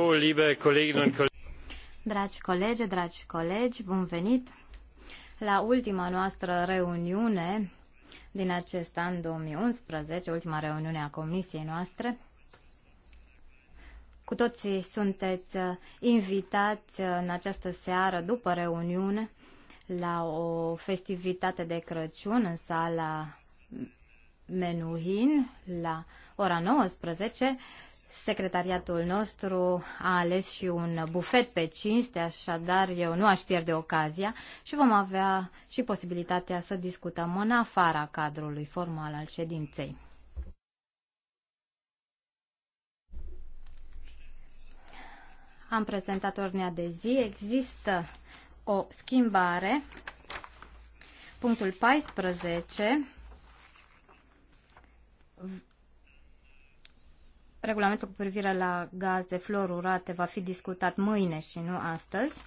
liebe Kolleginnen und Kollegen. Dragi colegi, dragi colegi, bun venit la ultima noastră reuniune din acest an 2011, ultima reuniune a comisiei noastre. Cu toții sunteți uh, invitați uh, în această seară, după reuniune, la o festivitate de Crăciun în sala Menuhin la ora 19 Secretariatul nostru a ales și un bufet pe cinste, așadar eu nu aș pierde ocazia și vom avea și posibilitatea să discutăm în afara cadrului formal al ședinței. Am prezentat ordinea de zi. Există o schimbare. Punctul 14 Regulamentul cu privire la gaze fluorurate va fi discutat mâine și nu astăzi.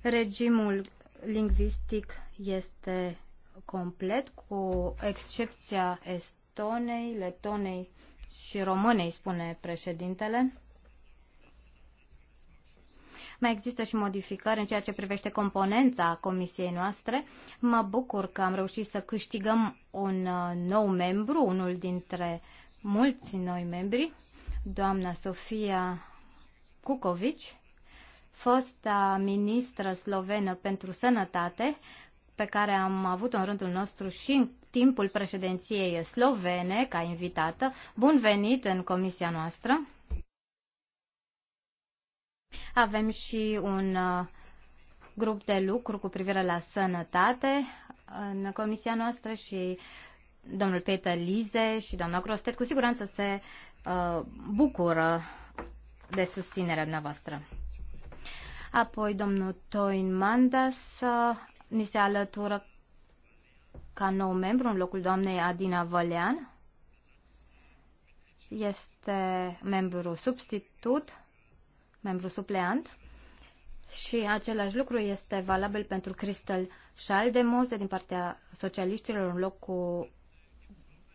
Regimul lingvistic este complet, cu excepția Estonei, Letonei și Românei, spune președintele. Mai există și modificări în ceea ce privește componența comisiei noastre. Mă bucur că am reușit să câștigăm un uh, nou membru, unul dintre uh, mulți noi membri, doamna Sofia Cucovici, fosta ministră slovenă pentru sănătate, pe care am avut-o în rândul nostru și în timpul președinției slovene ca invitată. Bun venit în comisia noastră! Avem și un uh, grup de lucru cu privire la sănătate în comisia noastră și domnul Peter Lize și doamna Crostet cu siguranță se uh, bucură de susținerea dumneavoastră. Apoi domnul Toin Mandas uh, ni se alătură ca nou membru în locul doamnei Adina Vălean. Este membru substitut, membru supleant. Și același lucru este valabil pentru Cristel Schaldemose din partea socialiștilor în locul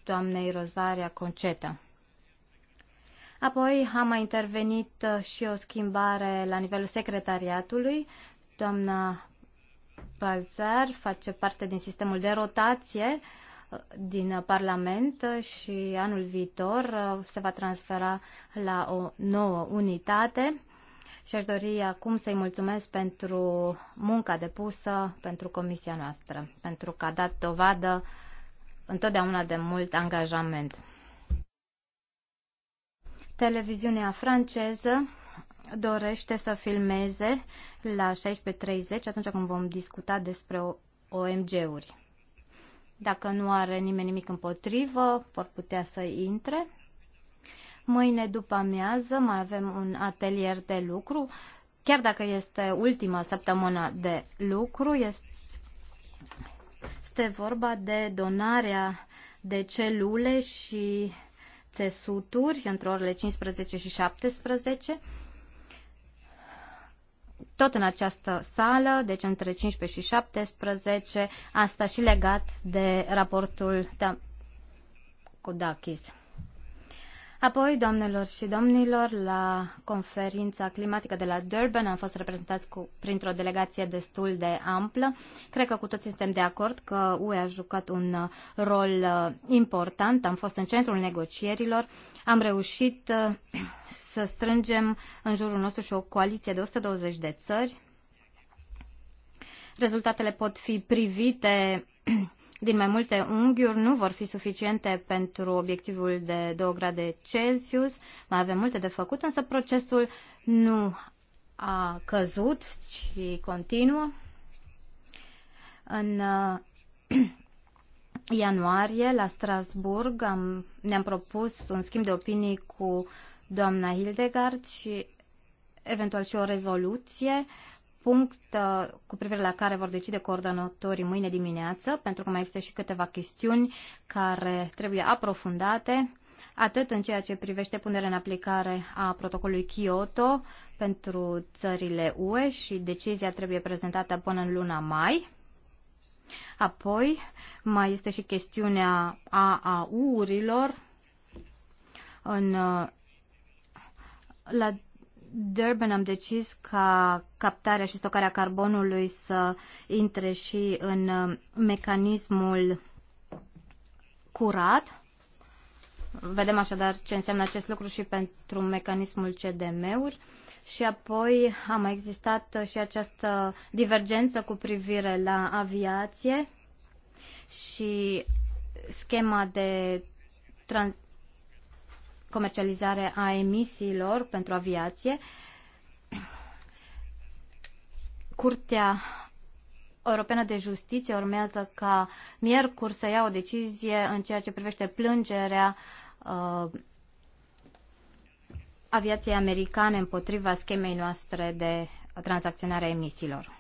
doamnei Rosaria Concetă. Apoi a mai intervenit uh, și o schimbare la nivelul secretariatului. Doamna Balzar face parte din sistemul de rotație uh, din Parlament uh, și anul viitor se va transfera la o nouă unitate și aș dori acum să-i mulțumesc pentru munca depusă pentru comisia noastră, pentru că a dat dovadă întotdeauna de mult angajament. Televiziunea franceză dorește să filmeze la 16.30 atunci când vom discuta despre OMG-uri. Dacă nu are nimeni nimic împotrivă, vor putea să intre. Mâine după amiază mai avem un atelier de lucru. Chiar dacă este ultima săptămână de lucru, este este vorba de donarea de celule și țesuturi între orele 15 și 17 tot în această sală, deci între 15 și 17, asta și legat de raportul Kodakis. Da, Apoi, doamnelor și domnilor, la conferința climatică de la Durban am fost reprezentați cu, printr-o delegație destul de amplă. Cred că cu toți suntem de acord că UE a jucat un uh, rol uh, important. Am fost în centrul negocierilor. Am reușit uh, să strângem în jurul nostru și o coaliție de 120 de țări. Rezultatele pot fi privite din mai multe unghiuri nu vor fi suficiente pentru obiectivul de 2 grade Celsius. Mai avem multe de făcut, însă procesul nu a căzut, ci continuă. În uh, ianuarie, la Strasburg, am, ne-am propus un schimb de opinii cu doamna Hildegard și eventual și o rezoluție punct uh, cu privire la care vor decide coordonatorii mâine dimineață, pentru că mai există și câteva chestiuni care trebuie aprofundate, atât în ceea ce privește punerea în aplicare a protocolului Kyoto pentru țările UE și decizia trebuie prezentată până în luna mai. Apoi mai este și chestiunea AAU-urilor în uh, la Durban am decis ca captarea și stocarea carbonului să intre și în uh, mecanismul curat. Vedem așadar ce înseamnă acest lucru și pentru mecanismul CDM-uri. Și apoi a mai existat și această divergență cu privire la aviație și schema de trans- comercializare a emisiilor pentru aviație, Curtea Europeană de Justiție urmează ca miercuri să ia o decizie în ceea ce privește plângerea uh, aviației americane împotriva schemei noastre de tranzacționare a emisiilor.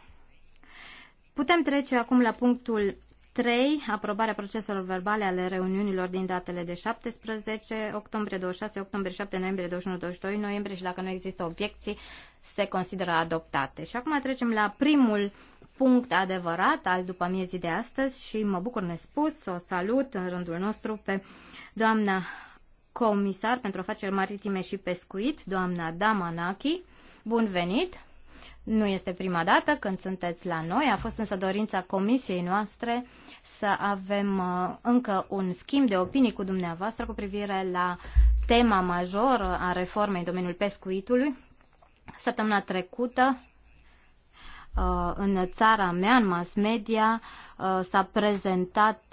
Putem trece acum la punctul 3. Aprobarea proceselor verbale ale reuniunilor din datele de 17 octombrie, 26 octombrie, 7 noiembrie, 21, 22 noiembrie și dacă nu există obiecții, se consideră adoptate. Și acum trecem la primul punct adevărat al după miezii de astăzi și mă bucur nespus, o salut în rândul nostru pe doamna comisar pentru afaceri maritime și pescuit, doamna Damanaki. Bun venit! Nu este prima dată când sunteți la noi, a fost însă dorința comisiei noastre să avem uh, încă un schimb de opinii cu dumneavoastră cu privire la tema majoră a reformei în domeniul pescuitului. Săptămâna trecută, uh, în țara mea, în mass media, uh, s-a prezentat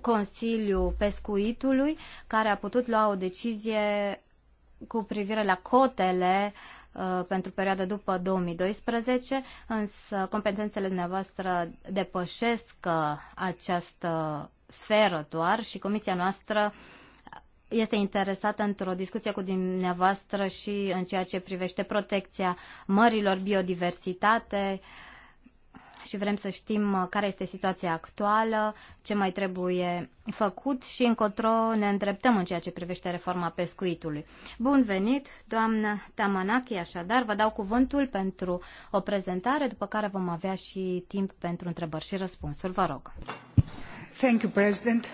Consiliul Pescuitului, care a putut lua o decizie cu privire la cotele uh, Uh, pentru perioada după 2012, însă competențele dumneavoastră depășesc uh, această sferă doar și comisia noastră este interesată într-o discuție cu dumneavoastră și în ceea ce privește protecția mărilor, biodiversitate, uh, și vrem să știm uh, care este situația actuală, ce mai trebuie făcut și încotro ne îndreptăm în ceea ce privește reforma pescuitului. Bun venit, doamnă Tamanaki, așadar vă dau cuvântul pentru o prezentare, după care vom avea și timp pentru întrebări și răspunsuri. Vă rog. Thank you, President.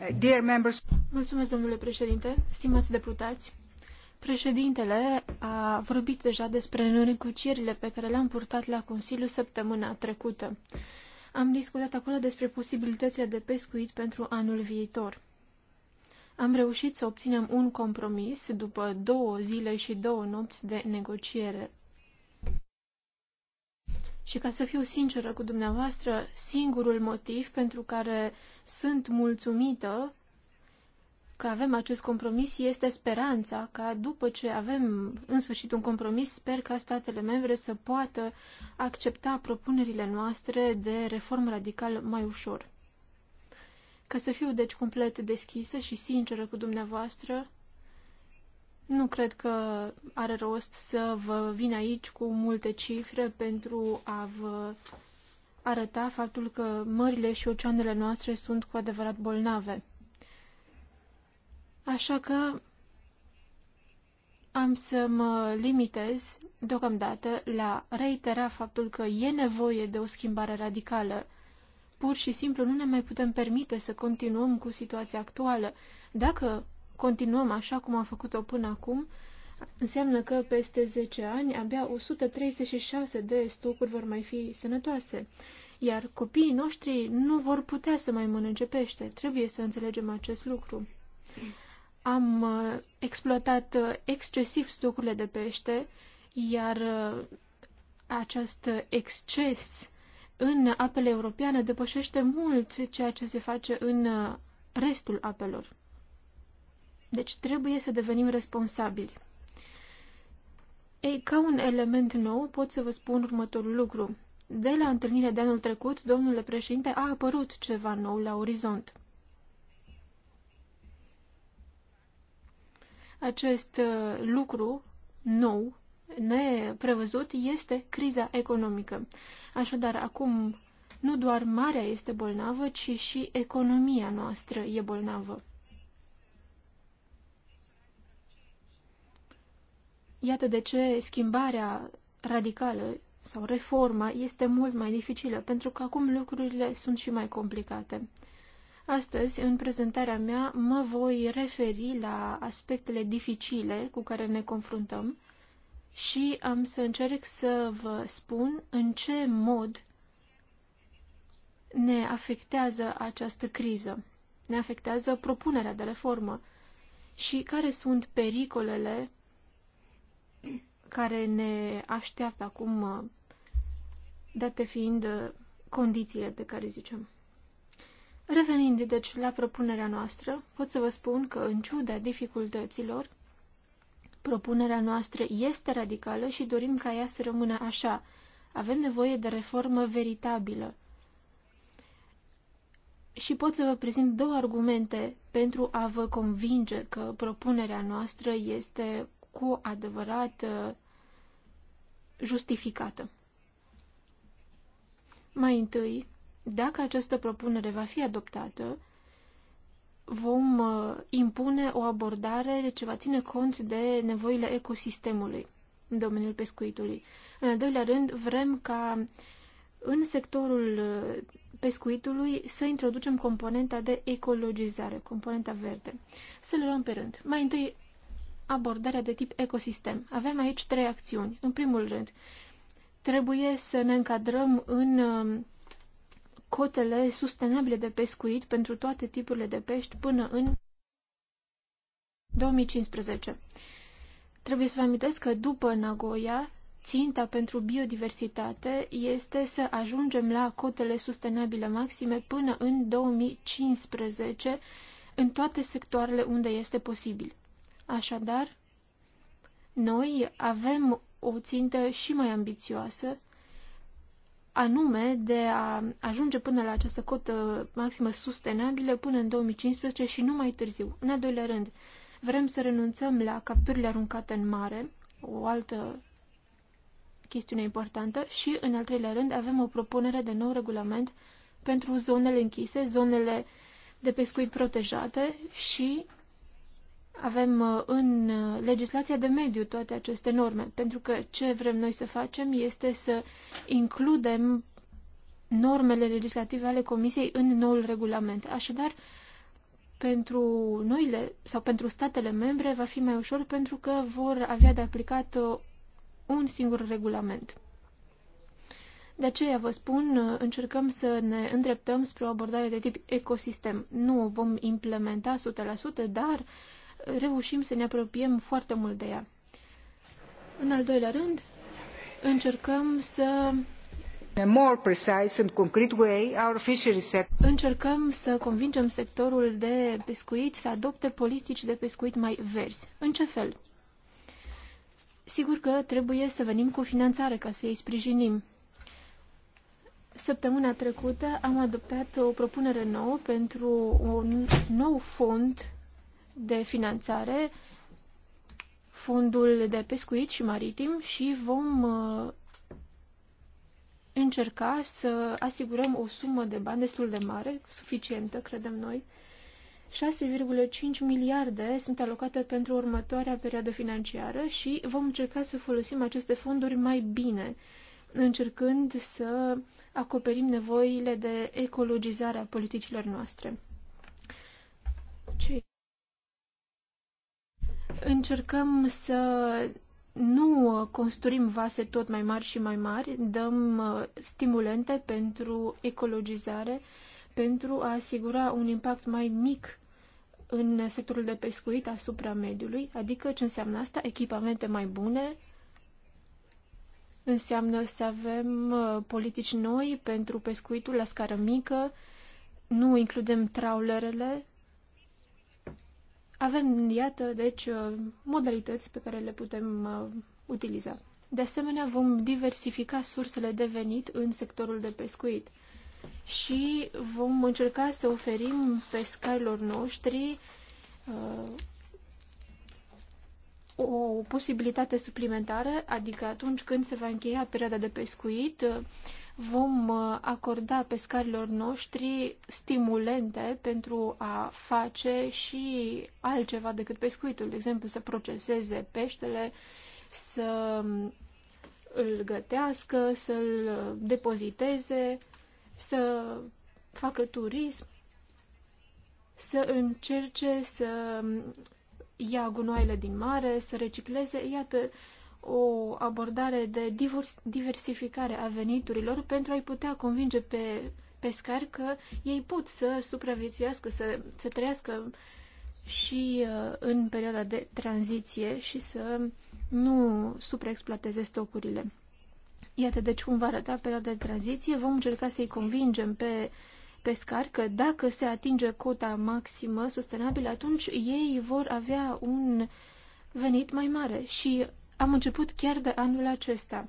Uh, dear members... Mulțumesc, domnule președinte, stimați deputați. Președintele a vorbit deja despre negocierile pe care le-am purtat la Consiliu săptămâna trecută. Am discutat acolo despre posibilitățile de pescuit pentru anul viitor. Am reușit să obținem un compromis după două zile și două nopți de negociere. Și ca să fiu sinceră cu dumneavoastră, singurul motiv pentru care sunt mulțumită că avem acest compromis este speranța ca după ce avem în sfârșit un compromis, sper ca statele membre să poată accepta propunerile noastre de reformă radical mai ușor. Ca să fiu deci complet deschisă și sinceră cu dumneavoastră, nu cred că are rost să vă vin aici cu multe cifre pentru a vă arăta faptul că mările și oceanele noastre sunt cu adevărat bolnave. Așa că am să mă limitez deocamdată la reitera faptul că e nevoie de o schimbare radicală. Pur și simplu nu ne mai putem permite să continuăm cu situația actuală. Dacă continuăm așa cum am făcut-o până acum, înseamnă că peste 10 ani abia 136 de stocuri vor mai fi sănătoase, iar copiii noștri nu vor putea să mai mănânce pește. Trebuie să înțelegem acest lucru am uh, exploatat uh, excesiv stocurile de pește, iar uh, acest exces în apele europeane depășește mult ceea ce se face în restul apelor. Deci trebuie să devenim responsabili. Ei, ca un element nou, pot să vă spun următorul lucru. De la întâlnirea de anul trecut, domnule președinte, a apărut ceva nou la orizont. Acest uh, lucru nou, neprevăzut, este criza economică. Așadar, acum nu doar marea este bolnavă, ci și economia noastră e bolnavă. Iată de ce schimbarea radicală sau reforma este mult mai dificilă, pentru că acum lucrurile sunt și mai complicate. Astăzi, în prezentarea mea, mă voi referi la aspectele dificile cu care ne confruntăm și am să încerc să vă spun în ce mod ne afectează această criză, ne afectează propunerea de reformă și care sunt pericolele care ne așteaptă acum, date fiind condițiile de care zicem. Revenind, deci, la propunerea noastră, pot să vă spun că, în ciuda dificultăților, propunerea noastră este radicală și dorim ca ea să rămână așa. Avem nevoie de reformă veritabilă. Și pot să vă prezint două argumente pentru a vă convinge că propunerea noastră este cu adevărat uh, justificată. Mai întâi, dacă această propunere va fi adoptată, vom uh, impune o abordare ce va ține cont de nevoile ecosistemului în domeniul pescuitului. În al doilea rând, vrem ca în sectorul uh, pescuitului să introducem componenta de ecologizare, componenta verde. Să le luăm pe rând. Mai întâi, abordarea de tip ecosistem. Avem aici trei acțiuni. În primul rând, trebuie să ne încadrăm în uh, cotele sustenabile de pescuit pentru toate tipurile de pești până în 2015. Trebuie să vă amintesc că după Nagoya, ținta pentru biodiversitate este să ajungem la cotele sustenabile maxime până în 2015 în toate sectoarele unde este posibil. Așadar, noi avem o țintă și mai ambițioasă anume de a ajunge până la această cotă maximă sustenabilă până în 2015 și nu mai târziu. În al doilea rând, vrem să renunțăm la capturile aruncate în mare, o altă chestiune importantă, și în al treilea rând avem o propunere de nou regulament pentru zonele închise, zonele de pescuit protejate și avem uh, în uh, legislația de mediu toate aceste norme, pentru că ce vrem noi să facem este să includem normele legislative ale Comisiei în noul regulament. Așadar, pentru noile sau pentru statele membre va fi mai ușor pentru că vor avea de aplicat uh, un singur regulament. De aceea vă spun, încercăm să ne îndreptăm spre o abordare de tip ecosistem. Nu o vom implementa 100%, dar uh, reușim să ne apropiem foarte mult de ea. În al doilea rând, încercăm să In a more precise and concrete way, our fisheries sector. Încercăm să convingem sectorul de pescuit să adopte politici de pescuit mai verzi. În ce fel? Sigur că trebuie să venim cu finanțare ca să îi sprijinim. Săptămâna trecută am adoptat o propunere nouă pentru un nou fond de finanțare, fondul de pescuit și maritim și vom uh, încerca să asigurăm o sumă de bani destul de mare, suficientă, credem noi. 6,5 miliarde sunt alocate pentru următoarea perioadă financiară și vom încerca să folosim aceste fonduri mai bine, încercând să acoperim nevoile de ecologizare a politicilor noastre. Ce? Încercăm să nu construim vase tot mai mari și mai mari, dăm uh, stimulente pentru ecologizare, pentru a asigura un impact mai mic în sectorul de pescuit asupra mediului, adică ce înseamnă asta? Echipamente mai bune, înseamnă să avem uh, politici noi pentru pescuitul la scară mică, nu includem traulerele, avem, iată, deci, uh, modalități pe care le putem uh, utiliza. De asemenea, vom diversifica sursele de venit în sectorul de pescuit și vom încerca să oferim pescarilor noștri uh, o posibilitate suplimentară, adică atunci când se va încheia perioada de pescuit, uh, vom uh, acorda pescarilor noștri stimulente pentru a face și altceva decât pescuitul, de exemplu să proceseze peștele, să um, îl gătească, să-l uh, depoziteze, să facă turism, să încerce să um, ia gunoaiele din mare, să recicleze. Iată, o abordare de diversificare a veniturilor pentru a-i putea convinge pe pescari că ei pot să supraviețuiască, să, să trăiască și uh, în perioada de tranziție și să nu supraexploateze stocurile. Iată deci cum va arăta perioada de tranziție. Vom încerca să-i convingem pe pescari că dacă se atinge cota maximă sustenabilă, atunci ei vor avea un venit mai mare și am început chiar de anul acesta.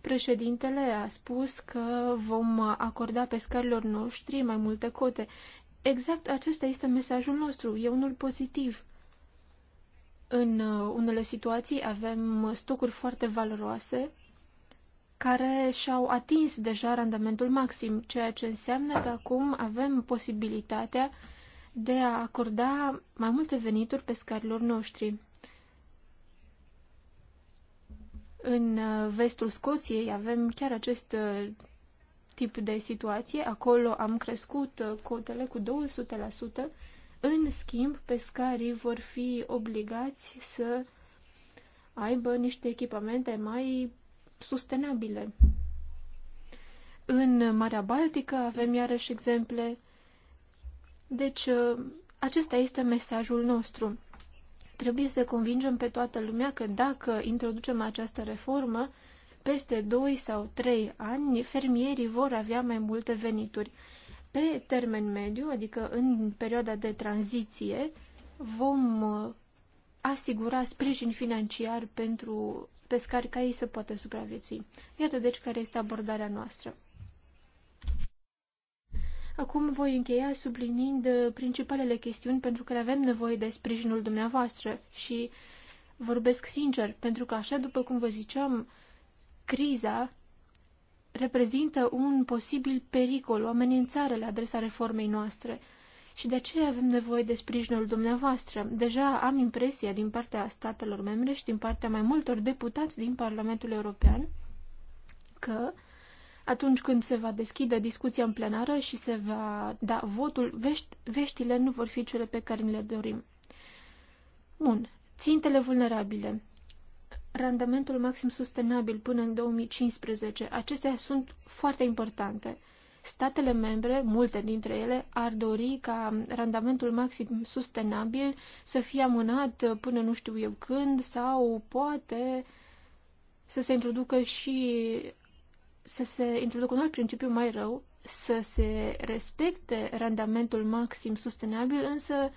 Președintele a spus că vom acorda pescarilor noștri mai multe cote. Exact acesta este mesajul nostru, e unul pozitiv. În uh, unele situații avem stocuri foarte valoroase care și-au atins deja randamentul maxim, ceea ce înseamnă că acum avem posibilitatea de a acorda mai multe venituri pescarilor noștri. În uh, vestul Scoției avem chiar acest uh, tip de situație. Acolo am crescut uh, cotele cu 200%. În schimb, pescarii vor fi obligați să aibă niște echipamente mai sustenabile. În Marea Baltică avem iarăși exemple. Deci, acesta este mesajul nostru. Trebuie să convingem pe toată lumea că dacă introducem această reformă, peste 2 sau 3 ani fermierii vor avea mai multe venituri. Pe termen mediu, adică în perioada de tranziție, vom uh, asigura sprijin financiar pentru pescari ca ei să poată supraviețui. Iată deci care este abordarea noastră. Acum voi încheia sublinind uh, principalele chestiuni pentru care avem nevoie de sprijinul dumneavoastră și vorbesc sincer, pentru că așa, după cum vă ziceam, criza reprezintă un posibil pericol, o amenințare la adresa reformei noastre. Și de aceea avem nevoie de sprijinul dumneavoastră. Deja am impresia din partea statelor membre și din partea mai multor deputați din Parlamentul European că uh, atunci când se va deschide discuția în plenară și se va da votul, vești, veștile nu vor fi cele pe care ni le dorim. Bun. Țintele vulnerabile. Randamentul maxim sustenabil până în 2015. Acestea sunt foarte importante. Statele membre, multe dintre ele, ar dori ca randamentul maxim sustenabil să fie amânat până nu știu eu când sau poate să se introducă și să se introducă un alt principiu mai rău, să se respecte randamentul maxim sustenabil, însă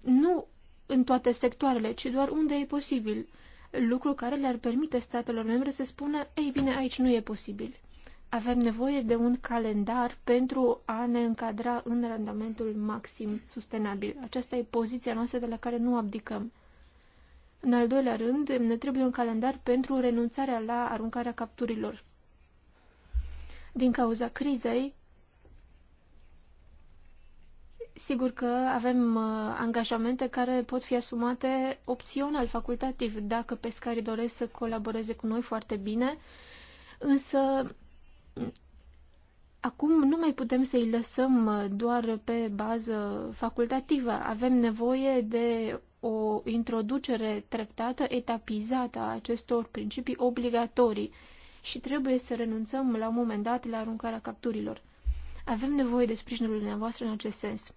nu în toate sectoarele, ci doar unde e posibil, lucru care le-ar permite statelor membre să spună, ei bine, aici nu e posibil. Avem nevoie de un calendar pentru a ne încadra în randamentul maxim sustenabil. Aceasta e poziția noastră de la care nu abdicăm. În al doilea rând, ne trebuie un calendar pentru renunțarea la aruncarea capturilor din cauza crizei, sigur că avem uh, angajamente care pot fi asumate opțional, facultativ, dacă pescarii doresc să colaboreze cu noi foarte bine, însă acum nu mai putem să îi lăsăm uh, doar pe bază facultativă. Avem nevoie de o introducere treptată, etapizată a acestor principii obligatorii și trebuie să renunțăm la un moment dat la aruncarea capturilor. Avem nevoie de sprijinul dumneavoastră în acest sens.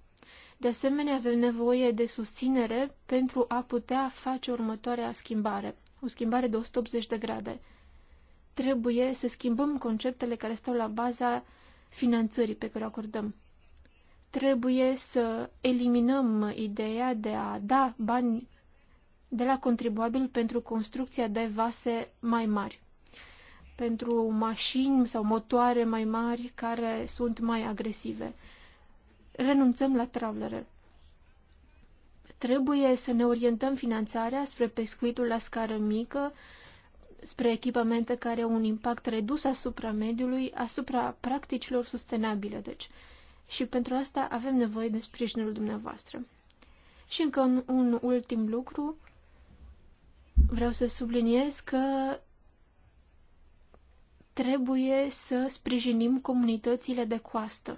De asemenea, avem nevoie de susținere pentru a putea face următoarea schimbare, o schimbare de 180 de grade. Trebuie să schimbăm conceptele care stau la baza finanțării pe care o acordăm. Trebuie să eliminăm ideea de a da bani de la contribuabil pentru construcția de vase mai mari pentru mașini sau motoare mai mari care sunt mai agresive. Renunțăm la travlere. Trebuie să ne orientăm finanțarea spre pescuitul la scară mică, spre echipamente care au un impact redus asupra mediului, asupra practicilor sustenabile, deci. Și pentru asta avem nevoie de sprijinul dumneavoastră. Și încă un, un ultim lucru, vreau să subliniez că Trebuie să sprijinim comunitățile de coastă.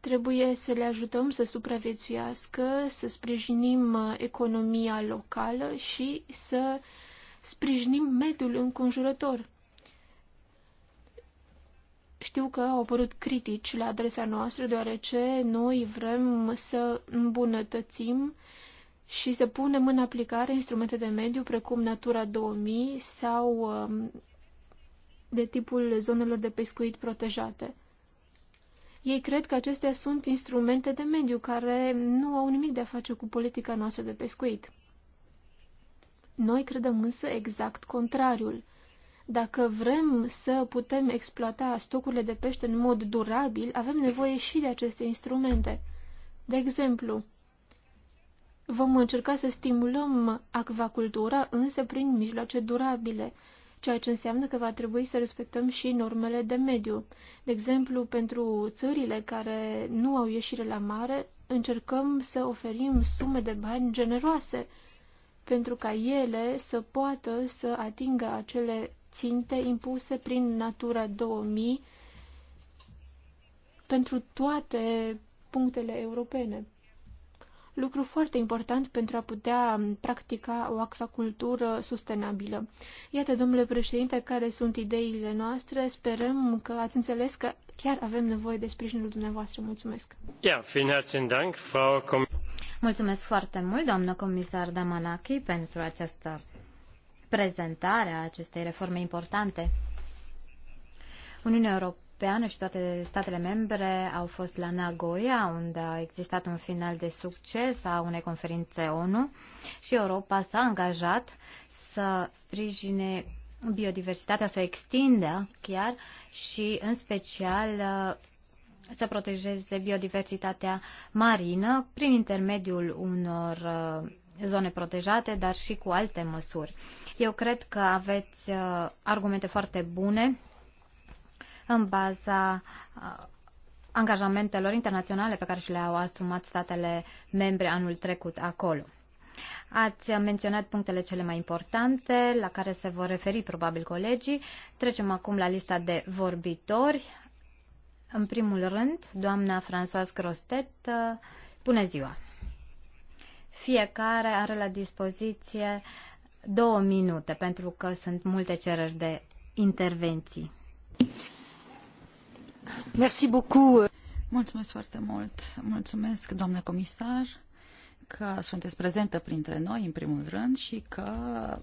Trebuie să le ajutăm să supraviețuiască, să sprijinim uh, economia locală și să sprijinim mediul înconjurător. Știu că au apărut critici la adresa noastră, deoarece noi vrem să îmbunătățim și să punem în aplicare instrumente de mediu precum Natura 2000 sau um, de tipul zonelor de pescuit protejate. Ei cred că acestea sunt instrumente de mediu care nu au nimic de a face cu politica noastră de pescuit. Noi credem însă exact contrariul. Dacă vrem să putem exploata stocurile de pește în mod durabil, avem nevoie și de aceste instrumente. De exemplu, vom încerca să stimulăm acvacultura, însă prin mijloace durabile, ceea ce înseamnă că va trebui să respectăm și normele de mediu. De exemplu, pentru țările care nu au ieșire la mare, încercăm să oferim sume de bani generoase pentru ca ele să poată să atingă acele ținte impuse prin Natura 2000 pentru toate punctele europene lucru foarte important pentru a putea practica o acvacultură sustenabilă. Iată, domnule președinte, care sunt ideile noastre. Sperăm că ați înțeles că chiar avem nevoie de sprijinul dumneavoastră. Mulțumesc! Ja, vielen herzlichen Dank, Frau Mulțumesc foarte mult, doamnă comisar Damanaki, pentru această prezentare a acestei reforme importante. Uniunea Europeană Europeană și toate statele membre au fost la Nagoya, unde a existat un final de succes a unei conferințe ONU și Europa s-a angajat să sprijine biodiversitatea, să o extindă chiar și în special să protejeze biodiversitatea marină prin intermediul unor uh, zone protejate, dar și cu alte măsuri. Eu cred că aveți uh, argumente foarte bune în baza angajamentelor internaționale pe care și le-au asumat statele membre anul trecut acolo. Ați menționat punctele cele mai importante la care se vor referi probabil colegii. Trecem acum la lista de vorbitori. În primul rând, doamna Françoise Crostet, bună ziua! Fiecare are la dispoziție două minute, pentru că sunt multe cereri de intervenții. Mulțumesc foarte mult. Mulțumesc, doamnă comisar că sunteți prezentă printre noi, în primul rând, și că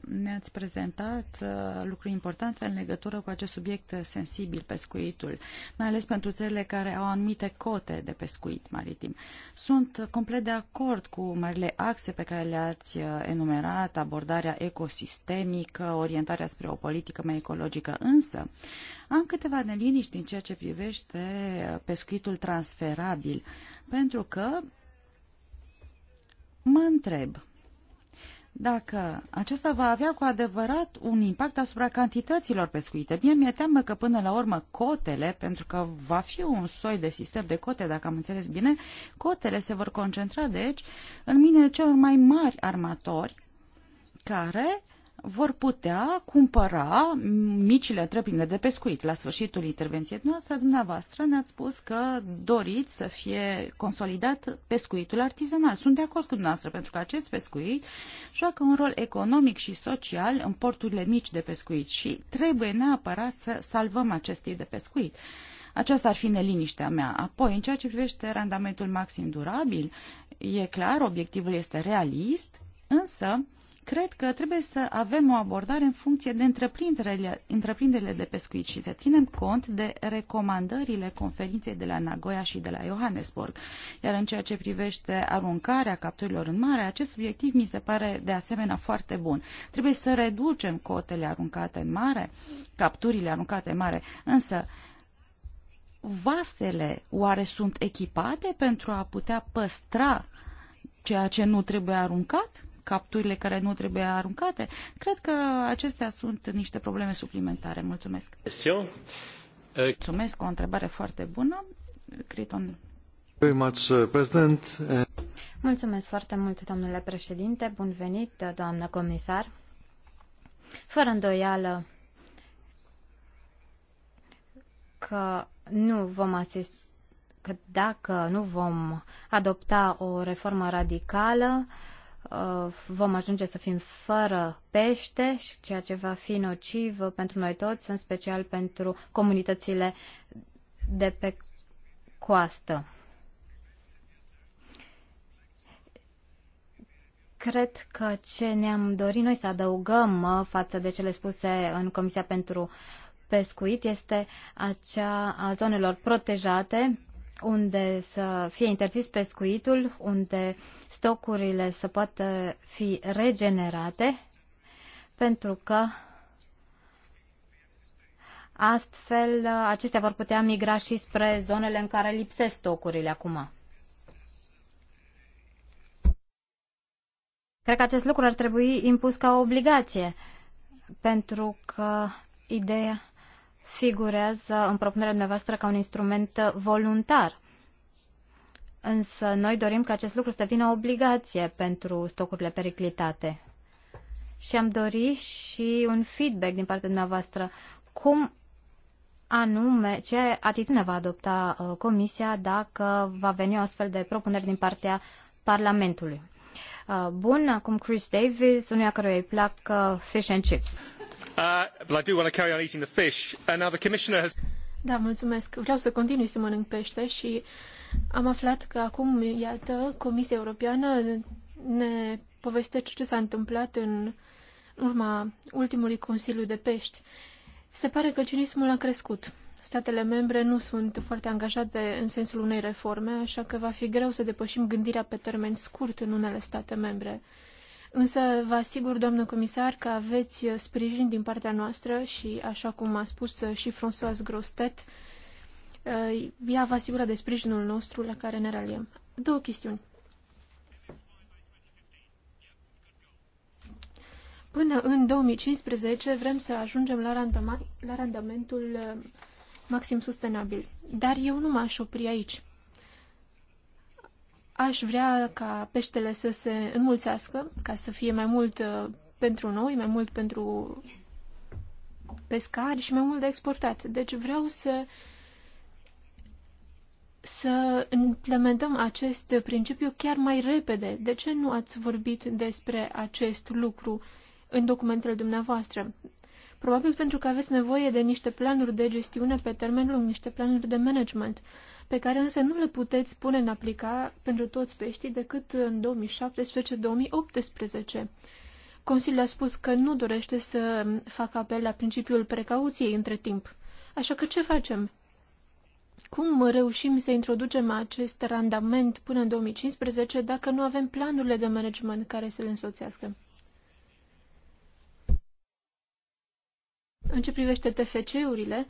ne-ați prezentat uh, lucruri importante în legătură cu acest subiect sensibil, pescuitul, mai ales pentru țările care au anumite cote de pescuit maritim. Sunt complet de acord cu marile axe pe care le-ați uh, enumerat, abordarea ecosistemică, orientarea spre o politică mai ecologică, însă am câteva neliniști în ceea ce privește uh, pescuitul transferabil, pentru că Mă întreb dacă acesta va avea cu adevărat un impact asupra cantităților pescuite. Mie mi-e teamă că până la urmă cotele, pentru că va fi un soi de sistem de cote, dacă am înțeles bine, cotele se vor concentra, deci, în mine celor mai mari armatori, care vor putea cumpăra micile întreprinderi de pescuit. La sfârșitul intervenției noastre, dumneavoastră ne-ați spus că doriți să fie consolidat pescuitul artizanal. Sunt de acord cu dumneavoastră, pentru că acest pescuit joacă un rol economic și social în porturile mici de pescuit și trebuie neapărat să salvăm acest tip de pescuit. Aceasta ar fi neliniștea mea. Apoi, în ceea ce privește randamentul maxim durabil, e clar, obiectivul este realist, însă Cred că trebuie să avem o abordare în funcție de întreprinderile, întreprinderile de pescuit și să ținem cont de recomandările conferinței de la Nagoya și de la Johannesburg. Iar în ceea ce privește aruncarea capturilor în mare, acest obiectiv mi se pare de asemenea foarte bun. Trebuie să reducem cotele aruncate în mare, capturile aruncate în mare, însă vasele oare sunt echipate pentru a putea păstra ceea ce nu trebuie aruncat? capturile care nu trebuie aruncate. Cred că acestea sunt niște probleme suplimentare. Mulțumesc. Eh, Mulțumesc, o întrebare foarte bună. Criton. Uh, Mulțumesc foarte mult, domnule președinte. Bun venit, doamnă comisar. Fără îndoială că nu vom asista că dacă nu vom adopta o reformă radicală, uh, Uh, vom ajunge să fim fără pește, ceea ce va fi nociv pentru noi toți, în special pentru comunitățile de pe coastă. Cred că ce ne-am dorit noi să adăugăm uh, față de cele spuse în Comisia pentru Pescuit este acea a zonelor protejate unde să fie interzis pescuitul, unde stocurile să poată fi regenerate, pentru că astfel acestea vor putea migra și spre zonele în care lipsesc stocurile acum. Cred că acest lucru ar trebui impus ca o obligație, pentru că ideea figurează în propunerea dumneavoastră ca un instrument voluntar. Însă noi dorim ca acest lucru să devină o obligație pentru stocurile periclitate. Și am dori și un feedback din partea dumneavoastră. Cum anume, ce atitudine va adopta uh, Comisia dacă va veni o astfel de propunere din partea Parlamentului? Uh, bun, acum Chris Davis, unuia căruia îi plac uh, fish and chips. Da, mulțumesc. Vreau să continui să mănânc pește și am aflat că acum, iată, Comisia Europeană ne povestește ce s-a întâmplat în urma ultimului Consiliu de Pești. Se pare că cinismul a crescut. Statele membre nu sunt foarte angajate în sensul unei reforme, așa că va fi greu să depășim gândirea pe termen scurt în unele state membre. Însă vă asigur, doamnă comisar, că aveți uh, sprijin din partea noastră și, așa cum a spus uh, și François Grostet, uh, ea va asigura de sprijinul nostru la care ne raliem. Două chestiuni. Până în 2015 vrem să ajungem la, randama, la randamentul maxim sustenabil. Dar eu nu m-aș opri aici. Aș vrea ca peștele să se înmulțească, ca să fie mai mult uh, pentru noi, mai mult pentru pescari și mai mult de exportat. Deci vreau să să implementăm acest principiu chiar mai repede. De ce nu ați vorbit despre acest lucru în documentele dumneavoastră? Probabil pentru că aveți nevoie de niște planuri de gestiune pe termen lung, niște planuri de management. Uh, pe care însă nu le puteți pune în aplica pentru toți peștii decât în 2017-2018. Consiliul a spus că nu dorește să facă apel la principiul precauției între timp. Așa că ce facem? Cum reușim să introducem acest randament până în 2015 dacă nu avem planurile de management care să le însoțească? În ce privește TFC-urile,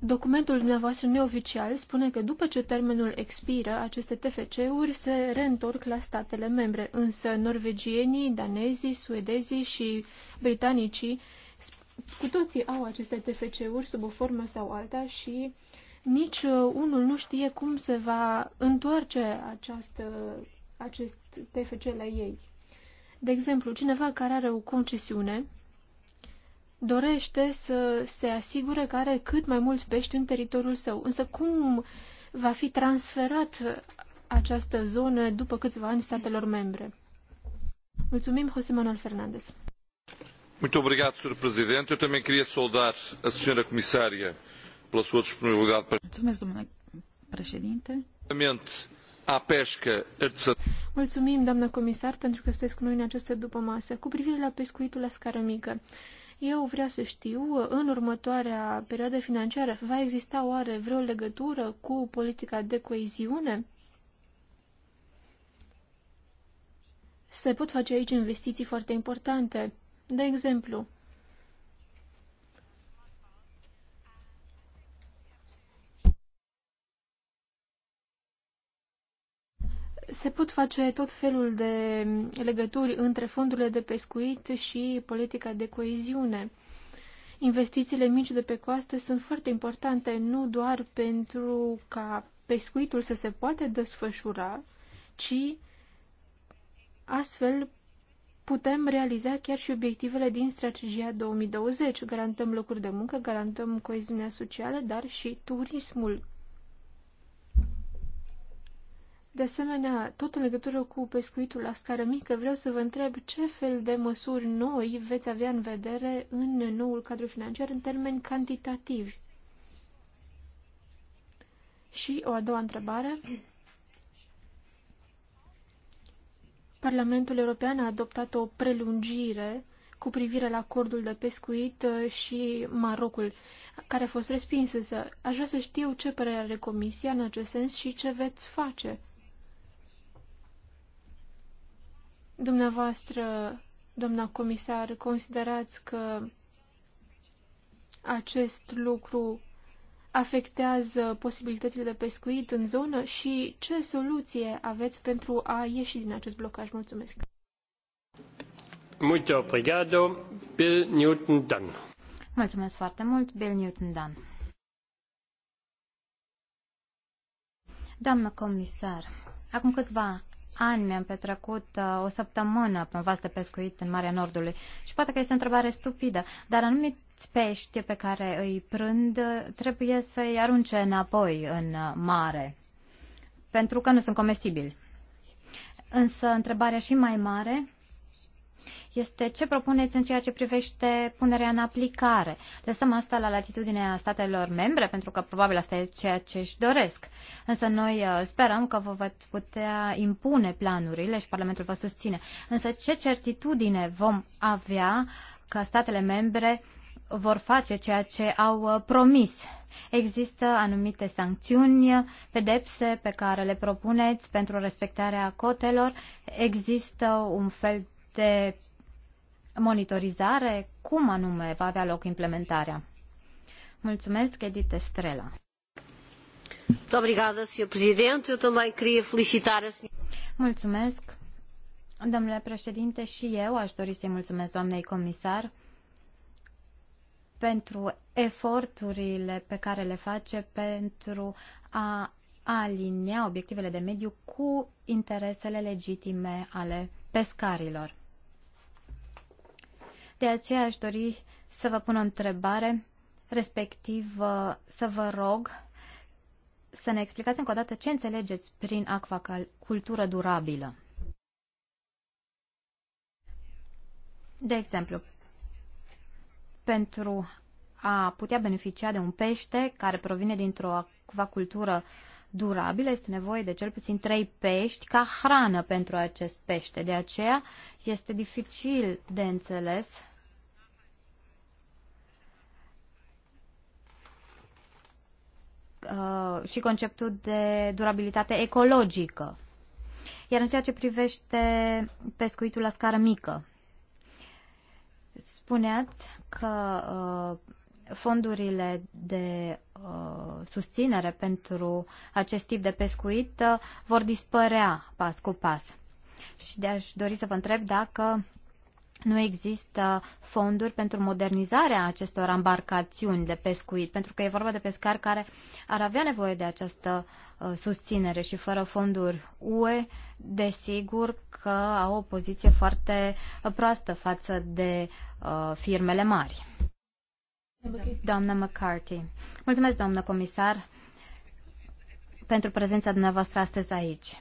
Documentul dumneavoastră neoficial spune că după ce termenul expiră, aceste TFC-uri se reîntorc la statele membre, însă norvegienii, danezii, suedezii și britanicii cu toții au aceste TFC-uri sub o formă sau alta și nici uh, unul nu știe cum se va întoarce această, acest TFC la ei. De exemplu, cineva care are o concesiune dorește să se asigure că are cât mai mulți pești în teritoriul său. Însă cum va fi transferat această zonă după câțiva ani statelor membre? Mulțumim, José Manuel Fernandez. Muito obrigado, Sr. Presidente. Eu também queria saudar a Sra. Comissária pela sua disponibilidade para. Mulțumesc, domnule președinte. à pesca artesanală. Mulțumim, doamnă comisar, pentru că sunteți cu noi în această după masă. Cu privire la pescuitul la scară mică, eu vreau să știu, în următoarea perioadă financiară, va exista oare vreo legătură cu politica de coeziune? Se pot face aici investiții foarte importante. De exemplu, se pot face tot felul de legături între fondurile de pescuit și politica de coeziune. Investițiile mici de pe coastă sunt foarte importante nu doar pentru ca pescuitul să se poate desfășura, ci astfel putem realiza chiar și obiectivele din strategia 2020. Garantăm locuri de muncă, garantăm coeziunea socială, dar și turismul de asemenea, tot în legătură cu pescuitul la scară mică, vreau să vă întreb ce fel de măsuri noi veți avea în vedere în noul cadru financiar în termeni cantitativi. Și o a doua întrebare. Parlamentul European a adoptat o prelungire cu privire la acordul de pescuit uh, și Marocul, care a fost respins Aș vrea să știu ce părere are Comisia în acest sens și ce veți face. Dumneavoastră, doamna comisar, considerați că acest lucru afectează posibilitățile de pescuit în zonă și ce soluție aveți pentru a ieși din acest blocaj? Mulțumesc! Muito obrigado, Bill Newton Dunn. Mulțumesc foarte mult, Bill Newton Dunn. Doamnă comisar, acum câțiva ani mi-am petrecut uh, o săptămână pe un vas de pescuit în Marea Nordului și poate că este o întrebare stupidă, dar anumiți pești pe care îi prând uh, trebuie să-i arunce înapoi în uh, mare, pentru că nu sunt comestibili. Însă întrebarea și mai mare este ce propuneți în ceea ce privește punerea în aplicare. Lăsăm asta la latitudinea statelor membre, pentru că probabil asta e ceea ce își doresc. Însă noi uh, sperăm că vă veți putea impune planurile și Parlamentul vă susține. Însă ce certitudine vom avea că statele membre vor face ceea ce au uh, promis. Există anumite sancțiuni, pedepse pe care le propuneți pentru respectarea cotelor, există un fel de monitorizare, cum anume va avea loc implementarea? Mulțumesc, Edith Estrela. Mulțumesc, domnule președinte, și eu aș dori să-i mulțumesc doamnei comisar pentru eforturile pe care le face pentru a alinia obiectivele de mediu cu interesele legitime ale pescarilor. De aceea aș dori să vă pun o întrebare, respectiv uh, să vă rog să ne explicați încă o dată ce înțelegeți prin acvacultură durabilă. De exemplu, pentru a putea beneficia de un pește care provine dintr-o acvacultură durabilă, este nevoie de cel puțin trei pești ca hrană pentru acest pește. De aceea este dificil de înțeles uh, și conceptul de durabilitate ecologică. Iar în ceea ce privește pescuitul la scară mică, spuneați că uh, fondurile de uh, susținere pentru acest tip de pescuit uh, vor dispărea pas cu pas. Și de-aș dori să vă întreb dacă nu există fonduri pentru modernizarea acestor embarcațiuni de pescuit, pentru că e vorba de pescari care ar avea nevoie de această uh, susținere și fără fonduri UE, desigur că au o poziție foarte proastă față de uh, firmele mari. Doamna McCarthy. Mulțumesc, doamnă comisar, pentru prezența dumneavoastră astăzi aici.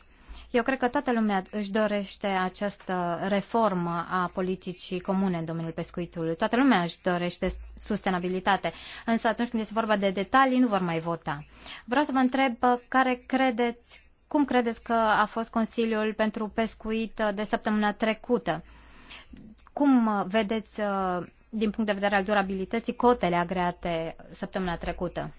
Eu cred că toată lumea își dorește această reformă a politicii comune în domeniul pescuitului. Toată lumea își dorește sustenabilitate. Însă atunci când este vorba de detalii, nu vor mai vota. Vreau să vă întreb care credeți, cum credeți că a fost Consiliul pentru Pescuit de săptămâna trecută? Cum vedeți uh, din punct de vedere al durabilității cotele agreate săptămâna trecută?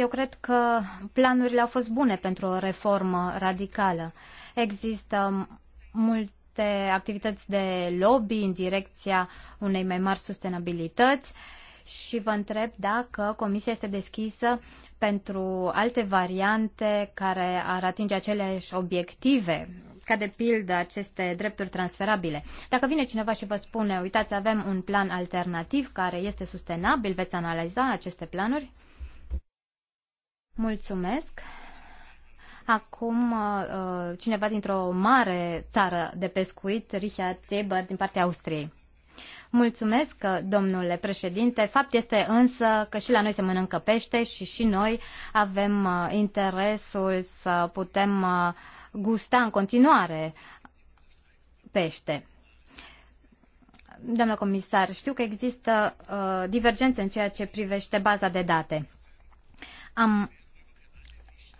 Eu cred că planurile au fost bune pentru o reformă radicală. Există multe activități de lobby în direcția unei mai mari sustenabilități și vă întreb dacă Comisia este deschisă pentru alte variante care ar atinge aceleași obiective, ca de pildă aceste drepturi transferabile. Dacă vine cineva și vă spune, uitați, avem un plan alternativ care este sustenabil, veți analiza aceste planuri? Mulțumesc. Acum, uh, uh, cineva dintr-o mare țară de pescuit, Richard Zeber, din partea Austriei. Mulțumesc, uh, domnule președinte. Fapt este însă că și la noi se mănâncă pește și și noi avem interesul să putem gusta în continuare pește. Doamnă comisar, știu că există divergențe în ceea ce privește baza de date. Am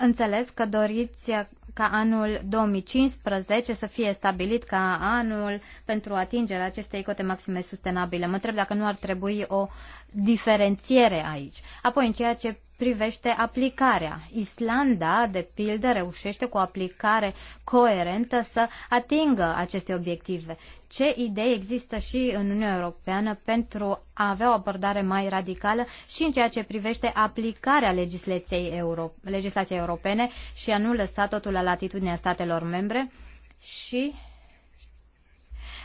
Înțeles că doriți ca anul 2015 să fie stabilit ca anul pentru atingerea acestei cote maxime sustenabile. Mă întreb dacă nu ar trebui o diferențiere aici. Apoi, în ceea ce privește aplicarea. Islanda, de pildă, reușește cu o aplicare coerentă să atingă aceste obiective. Ce idei există și în Uniunea Europeană pentru a avea o abordare mai radicală și în ceea ce privește aplicarea legislației, euro, legislației europene și a nu lăsa totul la latitudinea statelor membre? Și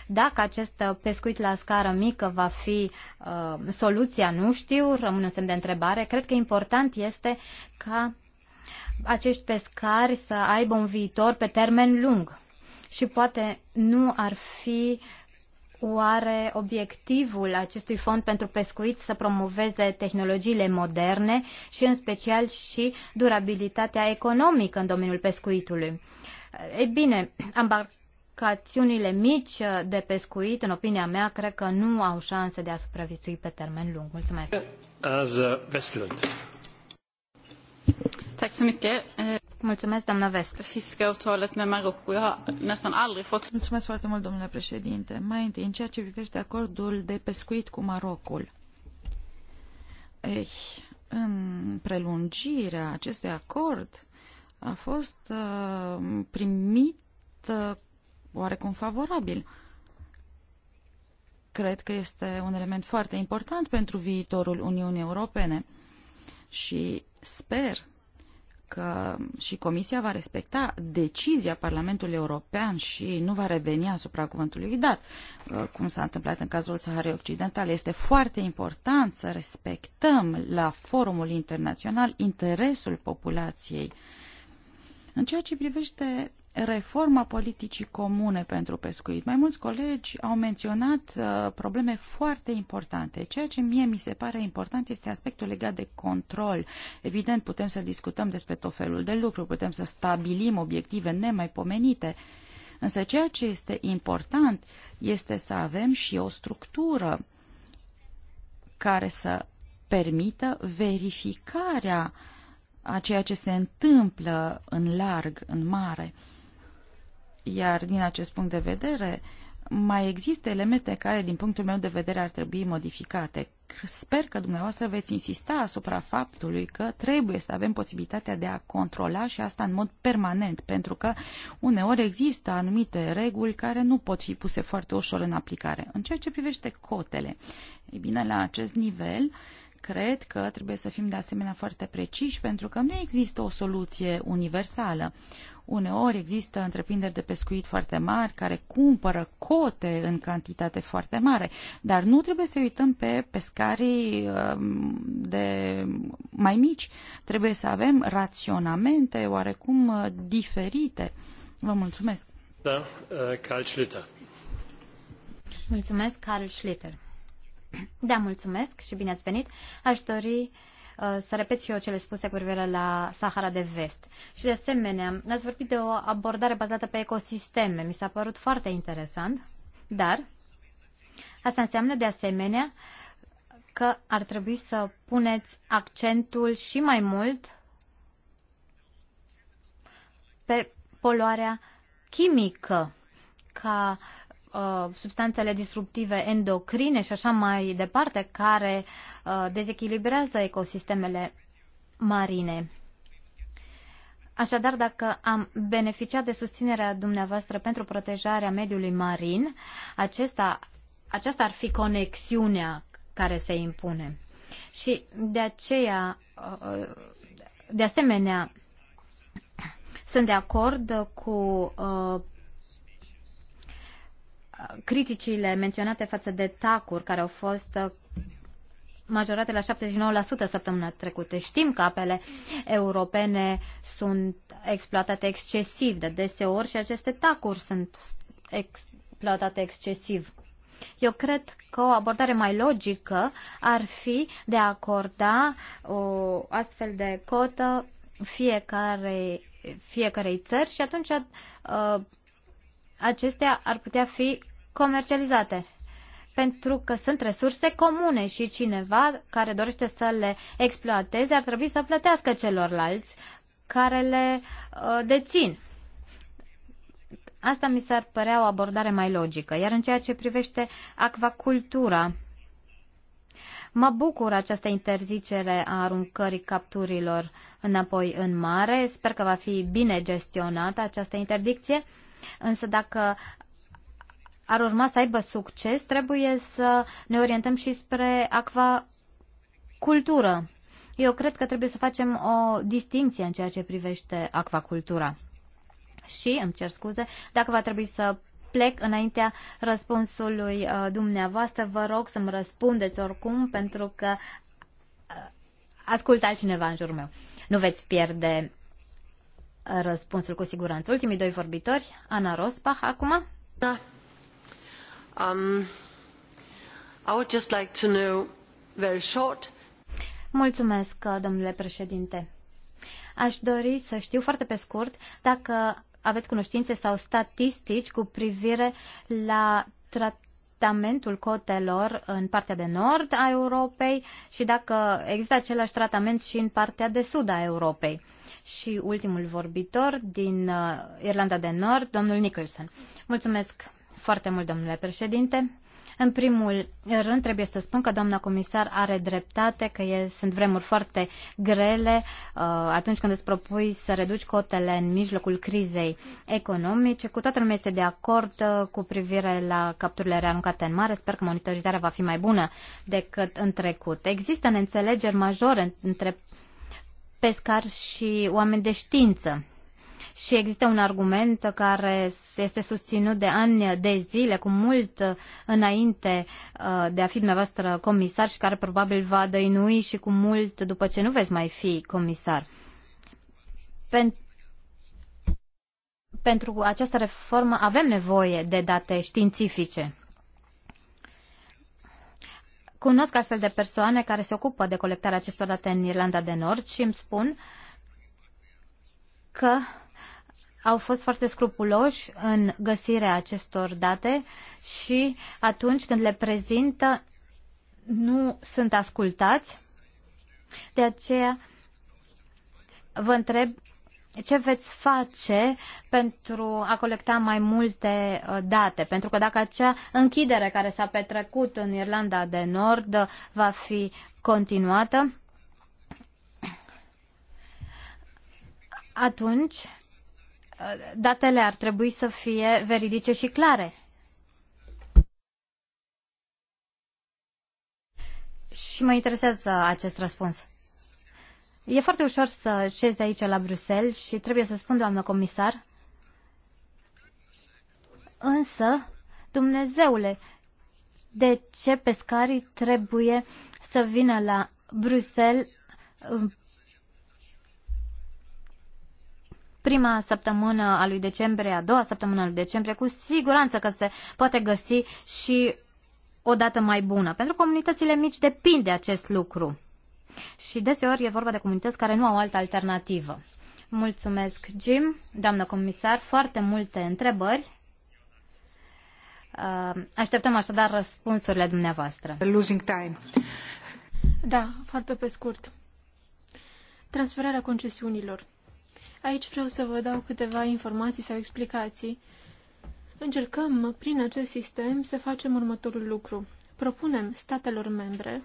dacă acest pescuit la scară mică va fi uh, soluția, nu știu, rămâne un semn de întrebare. Cred că important este ca acești pescari să aibă un viitor pe termen lung. Și poate nu ar fi oare obiectivul acestui fond pentru pescuit să promoveze tehnologiile moderne și în special și durabilitatea economică în domeniul pescuitului. Ei bine, embarcațiunile mici uh, de pescuit, în opinia mea, cred că nu au șanse de a supraviețui pe termen lung. Mulțumesc! Uh, eh, Mulțumesc, doamna Vest. Mulțumesc foarte mult, domnule președinte. Mai întâi, în ceea ce privește acordul de pescuit cu Marocul. Ei, eh, în prelungirea acestui acord a fost uh, primit oarecum favorabil. Cred că este un element foarte important pentru viitorul Uniunii Europene și sper că și Comisia va respecta decizia Parlamentului European și nu va reveni asupra cuvântului dat, uh, cum s-a întâmplat în cazul Saharei Occidentale. Este foarte important să respectăm la forumul internațional interesul populației. În ceea ce privește reforma politicii comune pentru pescuit. Mai mulți colegi au menționat uh, probleme foarte importante. Ceea ce mie mi se pare important este aspectul legat de control. Evident, putem să discutăm despre tot felul de lucruri, putem să stabilim obiective nemaipomenite, însă ceea ce este important este să avem și o structură care să permită verificarea a ceea ce se întâmplă în larg, în mare. Uh, iar din acest punct de vedere, mai există elemente care, din punctul meu de vedere, ar trebui modificate. Sper că dumneavoastră veți insista asupra faptului că trebuie să avem posibilitatea de a controla și asta în mod permanent, pentru că uneori există anumite reguli care nu pot fi puse foarte ușor în aplicare. În ceea ce privește cotele, e bine, la acest nivel, cred că trebuie să fim de asemenea foarte preciși, pentru că nu există o soluție universală. Uneori există întreprinderi de pescuit foarte mari care cumpără cote în cantitate foarte mare, dar nu trebuie să uităm pe pescarii um, de mai mici. Trebuie să avem raționamente oarecum uh, diferite. Vă mulțumesc. Da, uh, Carl Schlitter. Mulțumesc, Carl Schlitter. Da, mulțumesc și bine ați venit. Aș dori Uh, să repet și eu cele spuse cu privire la Sahara de Vest. Și de asemenea, ați vorbit de o abordare bazată pe ecosisteme. Mi s-a părut foarte interesant, dar asta înseamnă de asemenea că ar trebui să puneți accentul și mai mult pe poluarea chimică ca uh, Uh, substanțele disruptive endocrine și așa mai departe, care uh, dezechilibrează ecosistemele marine. Așadar, dacă am beneficiat de susținerea dumneavoastră pentru protejarea mediului marin, acesta, aceasta ar fi conexiunea care se impune. Și de aceea, uh, de asemenea, sunt de acord cu criticile menționate față de tacuri care au fost uh, majorate la 79% săptămâna trecută. Știm că apele europene sunt exploatate excesiv de deseori și aceste tacuri sunt exploatate excesiv. Eu cred că o abordare mai logică ar fi de a acorda o astfel de cotă fiecare, fiecarei țări și atunci uh, acestea ar putea fi comercializate pentru că sunt resurse comune și cineva care dorește să le exploateze ar trebui să plătească celorlalți care le uh, dețin. Asta mi s-ar părea o abordare mai logică. Iar în ceea ce privește acvacultura, mă bucur această interzicere a aruncării capturilor înapoi în mare. Sper că va fi bine gestionată această interdicție. Însă dacă ar urma să aibă succes, trebuie să ne orientăm și spre acvacultură. Eu cred că trebuie să facem o distinție în ceea ce privește acvacultura. Și, îmi cer scuze, dacă va trebui să plec înaintea răspunsului uh, dumneavoastră, vă rog să-mi răspundeți oricum, pentru că uh, ascultați cineva în jurul meu. Nu veți pierde răspunsul cu siguranță. Ultimii doi vorbitori, Ana Rosbach acum. Da. Um, I would just like to know very short. Mulțumesc, domnule președinte. Aș dori să știu foarte pe scurt dacă aveți cunoștințe sau statistici cu privire la trat tratamentul cotelor în partea de nord a Europei și dacă există același tratament și în partea de sud a Europei. Și ultimul vorbitor din uh, Irlanda de Nord, domnul Nicholson. Mulțumesc foarte mult, domnule președinte. În primul rând, trebuie să spun că doamna comisar are dreptate, că e, sunt vremuri foarte grele uh, atunci când îți propui să reduci cotele în mijlocul crizei economice. Cu toată lumea este de acord uh, cu privire la capturile rearuncate în mare. Sper că monitorizarea va fi mai bună decât în trecut. Există neînțelegeri majore între pescari și oameni de știință și există un argument care este susținut de ani de zile, cu mult uh, înainte uh, de a fi dumneavoastră comisar și care probabil va dăinui și cu mult după ce nu veți mai fi comisar. Pentru pentru această reformă avem nevoie de date științifice. Cunosc astfel de persoane care se ocupă de colectarea acestor date în Irlanda de Nord și îmi spun că au fost foarte scrupuloși în găsirea acestor date și atunci când le prezintă nu sunt ascultați. De aceea vă întreb ce veți face pentru a colecta mai multe uh, date? Pentru că dacă acea închidere care s-a petrecut în Irlanda de Nord uh, va fi continuată, atunci datele ar trebui să fie veridice și clare. Și mă interesează acest răspuns. E foarte ușor să șezi aici la Bruxelles și trebuie să spun, doamnă comisar, însă, Dumnezeule, de ce pescarii trebuie să vină la Bruxelles prima săptămână a lui decembrie, a doua săptămână a lui decembrie, cu siguranță că se poate găsi și o dată mai bună. Pentru comunitățile mici depinde acest lucru. Și deseori e vorba de comunități care nu au altă alternativă. Mulțumesc, Jim, doamnă comisar, foarte multe întrebări. Uh, așteptăm așadar răspunsurile dumneavoastră. Losing time. Da, foarte pe scurt. Transferarea concesiunilor. Aici vreau să vă dau câteva informații sau explicații. Încercăm, prin acest sistem, să facem următorul lucru. Propunem statelor membre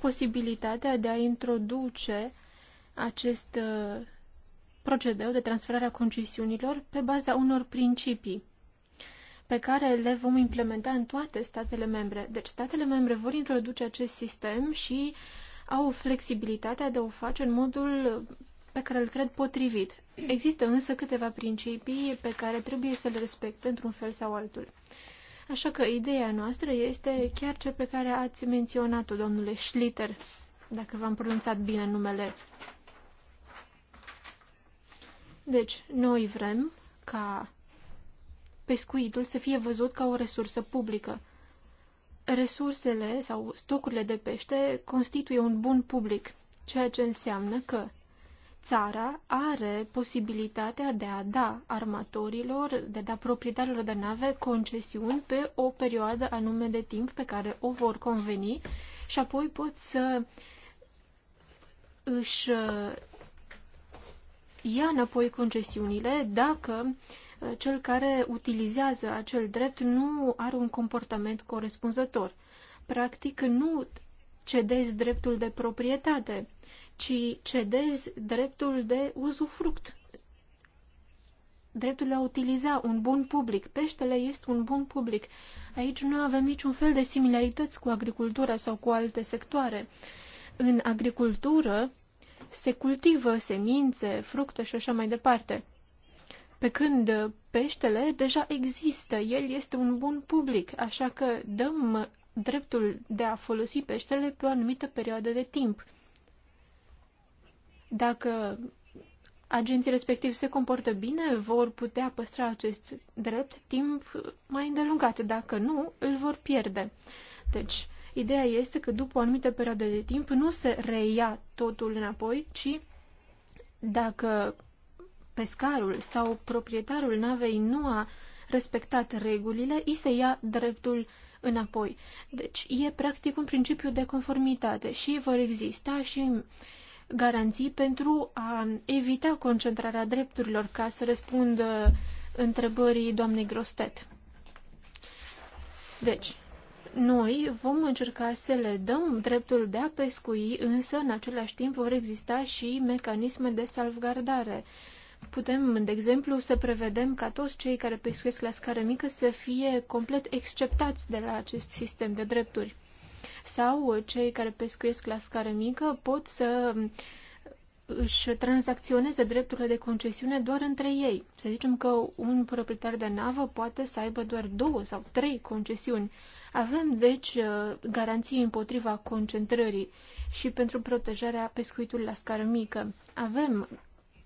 posibilitatea de a introduce acest uh, procedeu de transferare a concesiunilor pe baza unor principii pe care le vom implementa în toate statele membre. Deci statele membre vor introduce acest sistem și au flexibilitatea de a o face în modul pe care îl cred potrivit. Există însă câteva principii pe care trebuie să le respecte într-un fel sau altul. Așa că ideea noastră este chiar cea pe care ați menționat-o, domnule Schlitter, dacă v-am pronunțat bine numele. Deci, noi vrem ca pescuitul să fie văzut ca o resursă publică. Resursele sau stocurile de pește constituie un bun public, ceea ce înseamnă că țara are posibilitatea de a da armatorilor, de a da proprietarilor de nave concesiuni pe o perioadă anume de timp pe care o vor conveni și apoi pot să își uh, ia înapoi concesiunile dacă uh, cel care utilizează acel drept nu are un comportament corespunzător. Practic, nu cedezi dreptul de proprietate ci cedezi dreptul de uzufruct, dreptul de a utiliza un bun public. Peștele este un bun public. Aici nu avem niciun fel de similarități cu agricultura sau cu alte sectoare. În agricultură se cultivă semințe, fructe și așa mai departe. Pe când peștele deja există, el este un bun public, așa că dăm dreptul de a folosi peștele pe o anumită perioadă de timp. Dacă agenții respectivi se comportă bine, vor putea păstra acest drept timp mai îndelungat. Dacă nu, îl vor pierde. Deci, ideea este că după o anumită perioadă de timp nu se reia totul înapoi, ci dacă pescarul sau proprietarul navei nu a respectat regulile, îi se ia dreptul înapoi. Deci e practic un principiu de conformitate și vor exista și garanții pentru a evita concentrarea drepturilor, ca să răspundă întrebării doamnei Grostet. Deci, noi vom încerca să le dăm dreptul de a pescui, însă în același timp vor exista și mecanisme de salvgardare. Putem, de exemplu, să prevedem ca toți cei care pescuiesc la scară mică să fie complet exceptați de la acest sistem de drepturi sau cei care pescuiesc la scară mică pot să își tranzacționeze drepturile de concesiune doar între ei. Să zicem că un proprietar de navă poate să aibă doar două sau trei concesiuni. Avem, deci, uh, garanții împotriva concentrării și pentru protejarea pescuitului la scară mică. Avem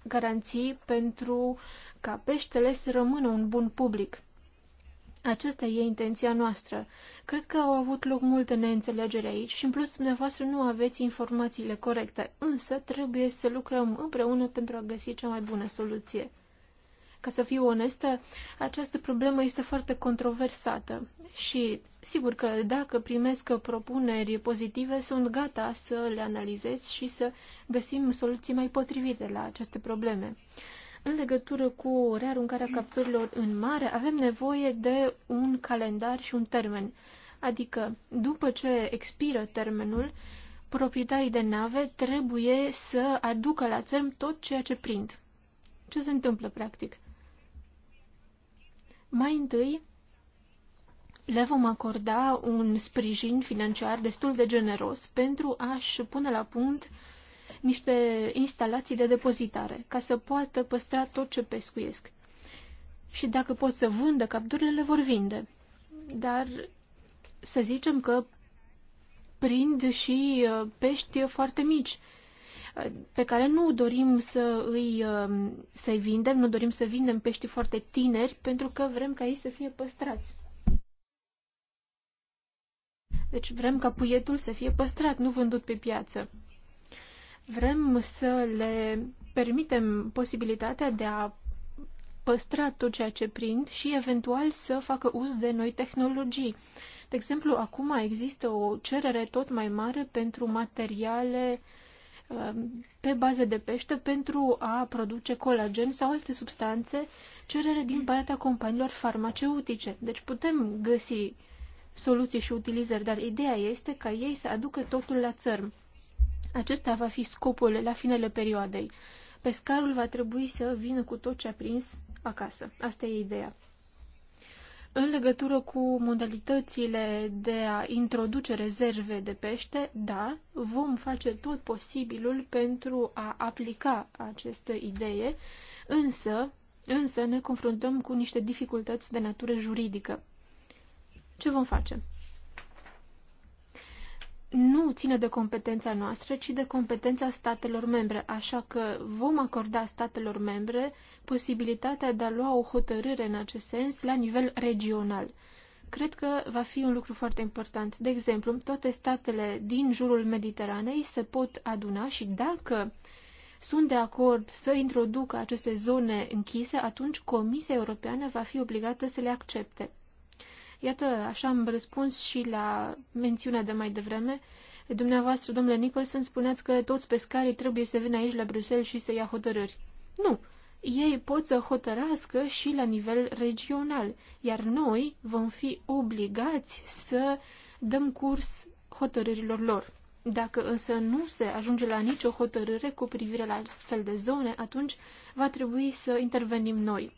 garanții pentru ca peștele să rămână un bun public. Aceasta e intenția noastră. Cred că au avut loc multe neînțelegeri aici și, în plus, dumneavoastră nu aveți informațiile corecte, însă trebuie să lucrăm împreună pentru a găsi cea mai bună soluție. Ca să fiu onestă, această problemă este foarte controversată și, sigur că dacă primesc propuneri pozitive, sunt gata să le analizez și să găsim soluții mai potrivite la aceste probleme. În legătură cu rearuncarea capturilor în mare, avem nevoie de un calendar și un termen. Adică, după ce expiră termenul, proprietarii de nave trebuie să aducă la țărm tot ceea ce prind. Ce se întâmplă, practic? Mai întâi, le vom acorda un sprijin financiar destul de generos pentru a-și pune la punct niște instalații de depozitare, ca să poată păstra tot ce pescuiesc. Și dacă pot să vândă capturile, le vor vinde. Dar să zicem că prind și uh, pești foarte mici, uh, pe care nu dorim să îi, uh, să-i vindem, nu dorim să vindem pești foarte tineri, pentru că vrem ca ei să fie păstrați. Deci vrem ca puietul să fie păstrat, nu vândut pe piață. Vrem să le permitem posibilitatea de a păstra tot ceea ce prind și eventual să facă uz de noi tehnologii. De exemplu, acum există o cerere tot mai mare pentru materiale um, pe bază de pește pentru a produce colagen sau alte substanțe, cerere din partea companiilor farmaceutice. Deci putem găsi soluții și utilizări, dar ideea este ca ei să aducă totul la țărm. Acesta va fi scopul la finele perioadei. Pescarul va trebui să vină cu tot ce a prins acasă. Asta e ideea. În legătură cu modalitățile de a introduce rezerve de pește, da, vom face tot posibilul pentru a aplica această idee, însă, însă ne confruntăm cu niște dificultăți de natură juridică. Ce vom face? nu ține de competența noastră, ci de competența statelor membre, așa că vom acorda statelor membre posibilitatea de a lua o hotărâre în acest sens la nivel regional. Cred că va fi un lucru foarte important. De exemplu, toate statele din jurul Mediteranei se pot aduna și dacă sunt de acord să introducă aceste zone închise, atunci Comisia Europeană va fi obligată să le accepte. Iată, așa am răspuns și la mențiunea de mai devreme. Dumneavoastră, domnule Nicholson, spuneați că toți pescarii trebuie să vină aici la Bruxelles și să ia hotărâri. Nu! Ei pot să hotărască și la nivel regional, iar noi vom fi obligați să dăm curs hotărârilor lor. Dacă însă nu se ajunge la nicio hotărâre cu privire la astfel de zone, atunci va trebui să intervenim noi.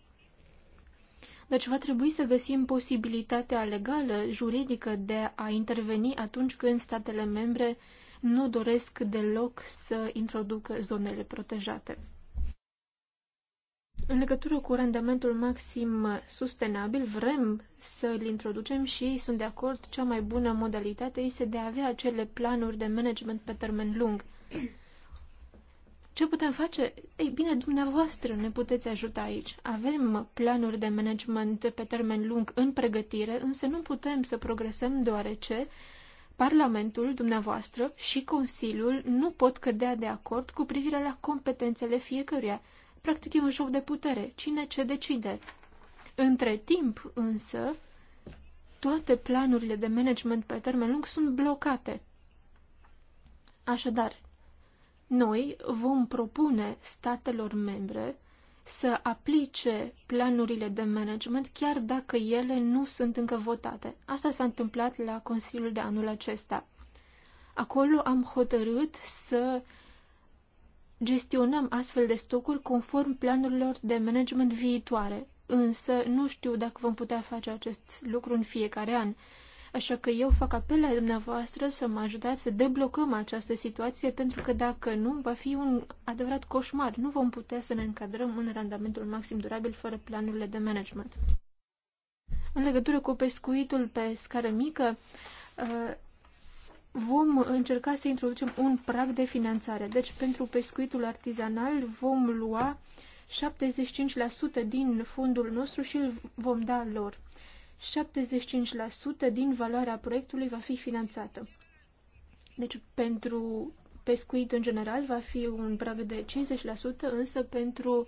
Deci va trebui să găsim posibilitatea legală, juridică de a interveni atunci când statele membre nu doresc deloc să introducă zonele protejate. În legătură cu randamentul maxim sustenabil, vrem să-l introducem și sunt de acord, cea mai bună modalitate este de a avea acele planuri de management pe termen lung. Ce putem face? Ei bine, dumneavoastră ne puteți ajuta aici. Avem planuri de management pe termen lung în pregătire, însă nu putem să progresăm deoarece Parlamentul, dumneavoastră și Consiliul nu pot cădea de acord cu privire la competențele fiecăruia. Practic e un joc de putere. Cine ce decide? Între timp, însă, toate planurile de management pe termen lung sunt blocate. Așadar, noi vom propune statelor membre să aplice planurile de management chiar dacă ele nu sunt încă votate. Asta s-a întâmplat la Consiliul de anul acesta. Acolo am hotărât să gestionăm astfel de stocuri conform planurilor de management viitoare, însă nu știu dacă vom putea face acest lucru în fiecare an. Așa că eu fac apel la dumneavoastră să mă ajutați să deblocăm această situație, pentru că dacă nu, va fi un adevărat coșmar. Nu vom putea să ne încadrăm în randamentul maxim durabil fără planurile de management. În legătură cu pescuitul pe scară mică, uh, vom încerca să introducem un prag de finanțare. Deci, pentru pescuitul artizanal vom lua 75% din fondul nostru și îl vom da lor. 75% din valoarea proiectului va fi finanțată. Deci pentru pescuit în general va fi un prag de 50%, însă pentru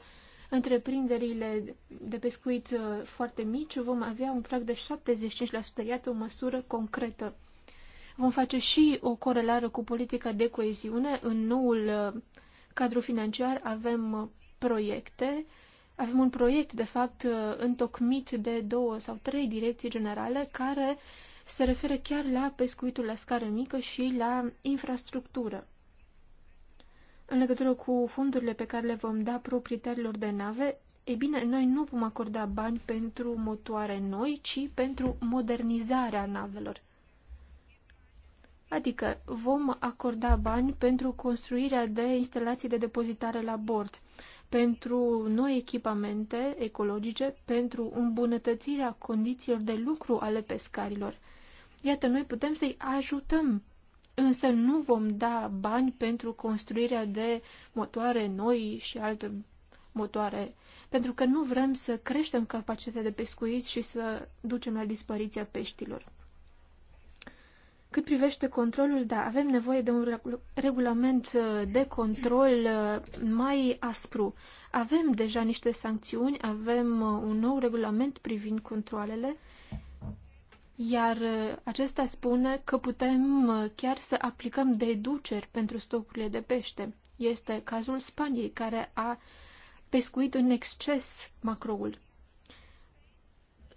întreprinderile de pescuit uh, foarte mici vom avea un prag de 75%, iată o măsură concretă. Vom face și o corelară cu politica de coeziune. În noul uh, cadru financiar avem uh, proiecte avem un proiect, de fapt, uh, întocmit de două sau trei direcții generale care se referă chiar la pescuitul la scară mică și la infrastructură. În legătură cu fondurile pe care le vom da proprietarilor de nave, e bine, noi nu vom acorda bani pentru motoare noi, ci pentru modernizarea navelor. Adică vom acorda bani pentru construirea de instalații de depozitare la bord, pentru noi echipamente ecologice, pentru îmbunătățirea condițiilor de lucru ale pescarilor. Iată, noi putem să-i ajutăm, însă nu vom da bani pentru construirea de motoare noi și alte motoare, pentru că nu vrem să creștem capacitatea de pescuit și să ducem la dispariția peștilor. Cât privește controlul, da, avem nevoie de un regulament uh, de control uh, mai aspru. Avem deja niște sancțiuni, avem uh, un nou regulament privind controlele, iar acesta spune că putem chiar să aplicăm deduceri pentru stocurile de pește. Este cazul Spaniei, care a pescuit în exces macroul.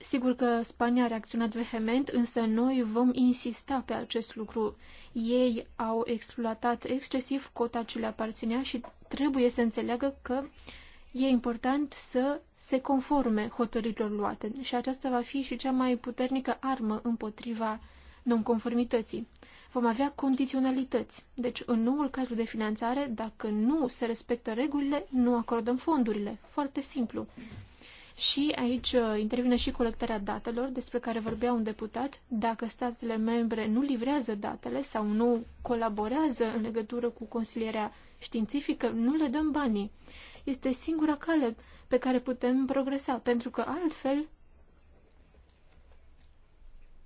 Sigur că Spania a reacționat vehement, însă noi vom insista pe acest lucru. Ei au exploatat excesiv cota ce le aparținea și trebuie să înțeleagă că e important să se conforme hotărârilor luate și aceasta va fi și cea mai puternică armă împotriva nonconformității. Vom avea condiționalități, deci în noul cadru de finanțare, dacă nu se respectă regulile, nu acordăm fondurile. Foarte simplu. Și aici uh, intervine și colectarea datelor, despre care vorbea un deputat. Dacă statele membre nu livrează datele sau nu colaborează în legătură cu consilierea științifică, nu le dăm banii. Este singura cale pe care putem progresa, pentru că altfel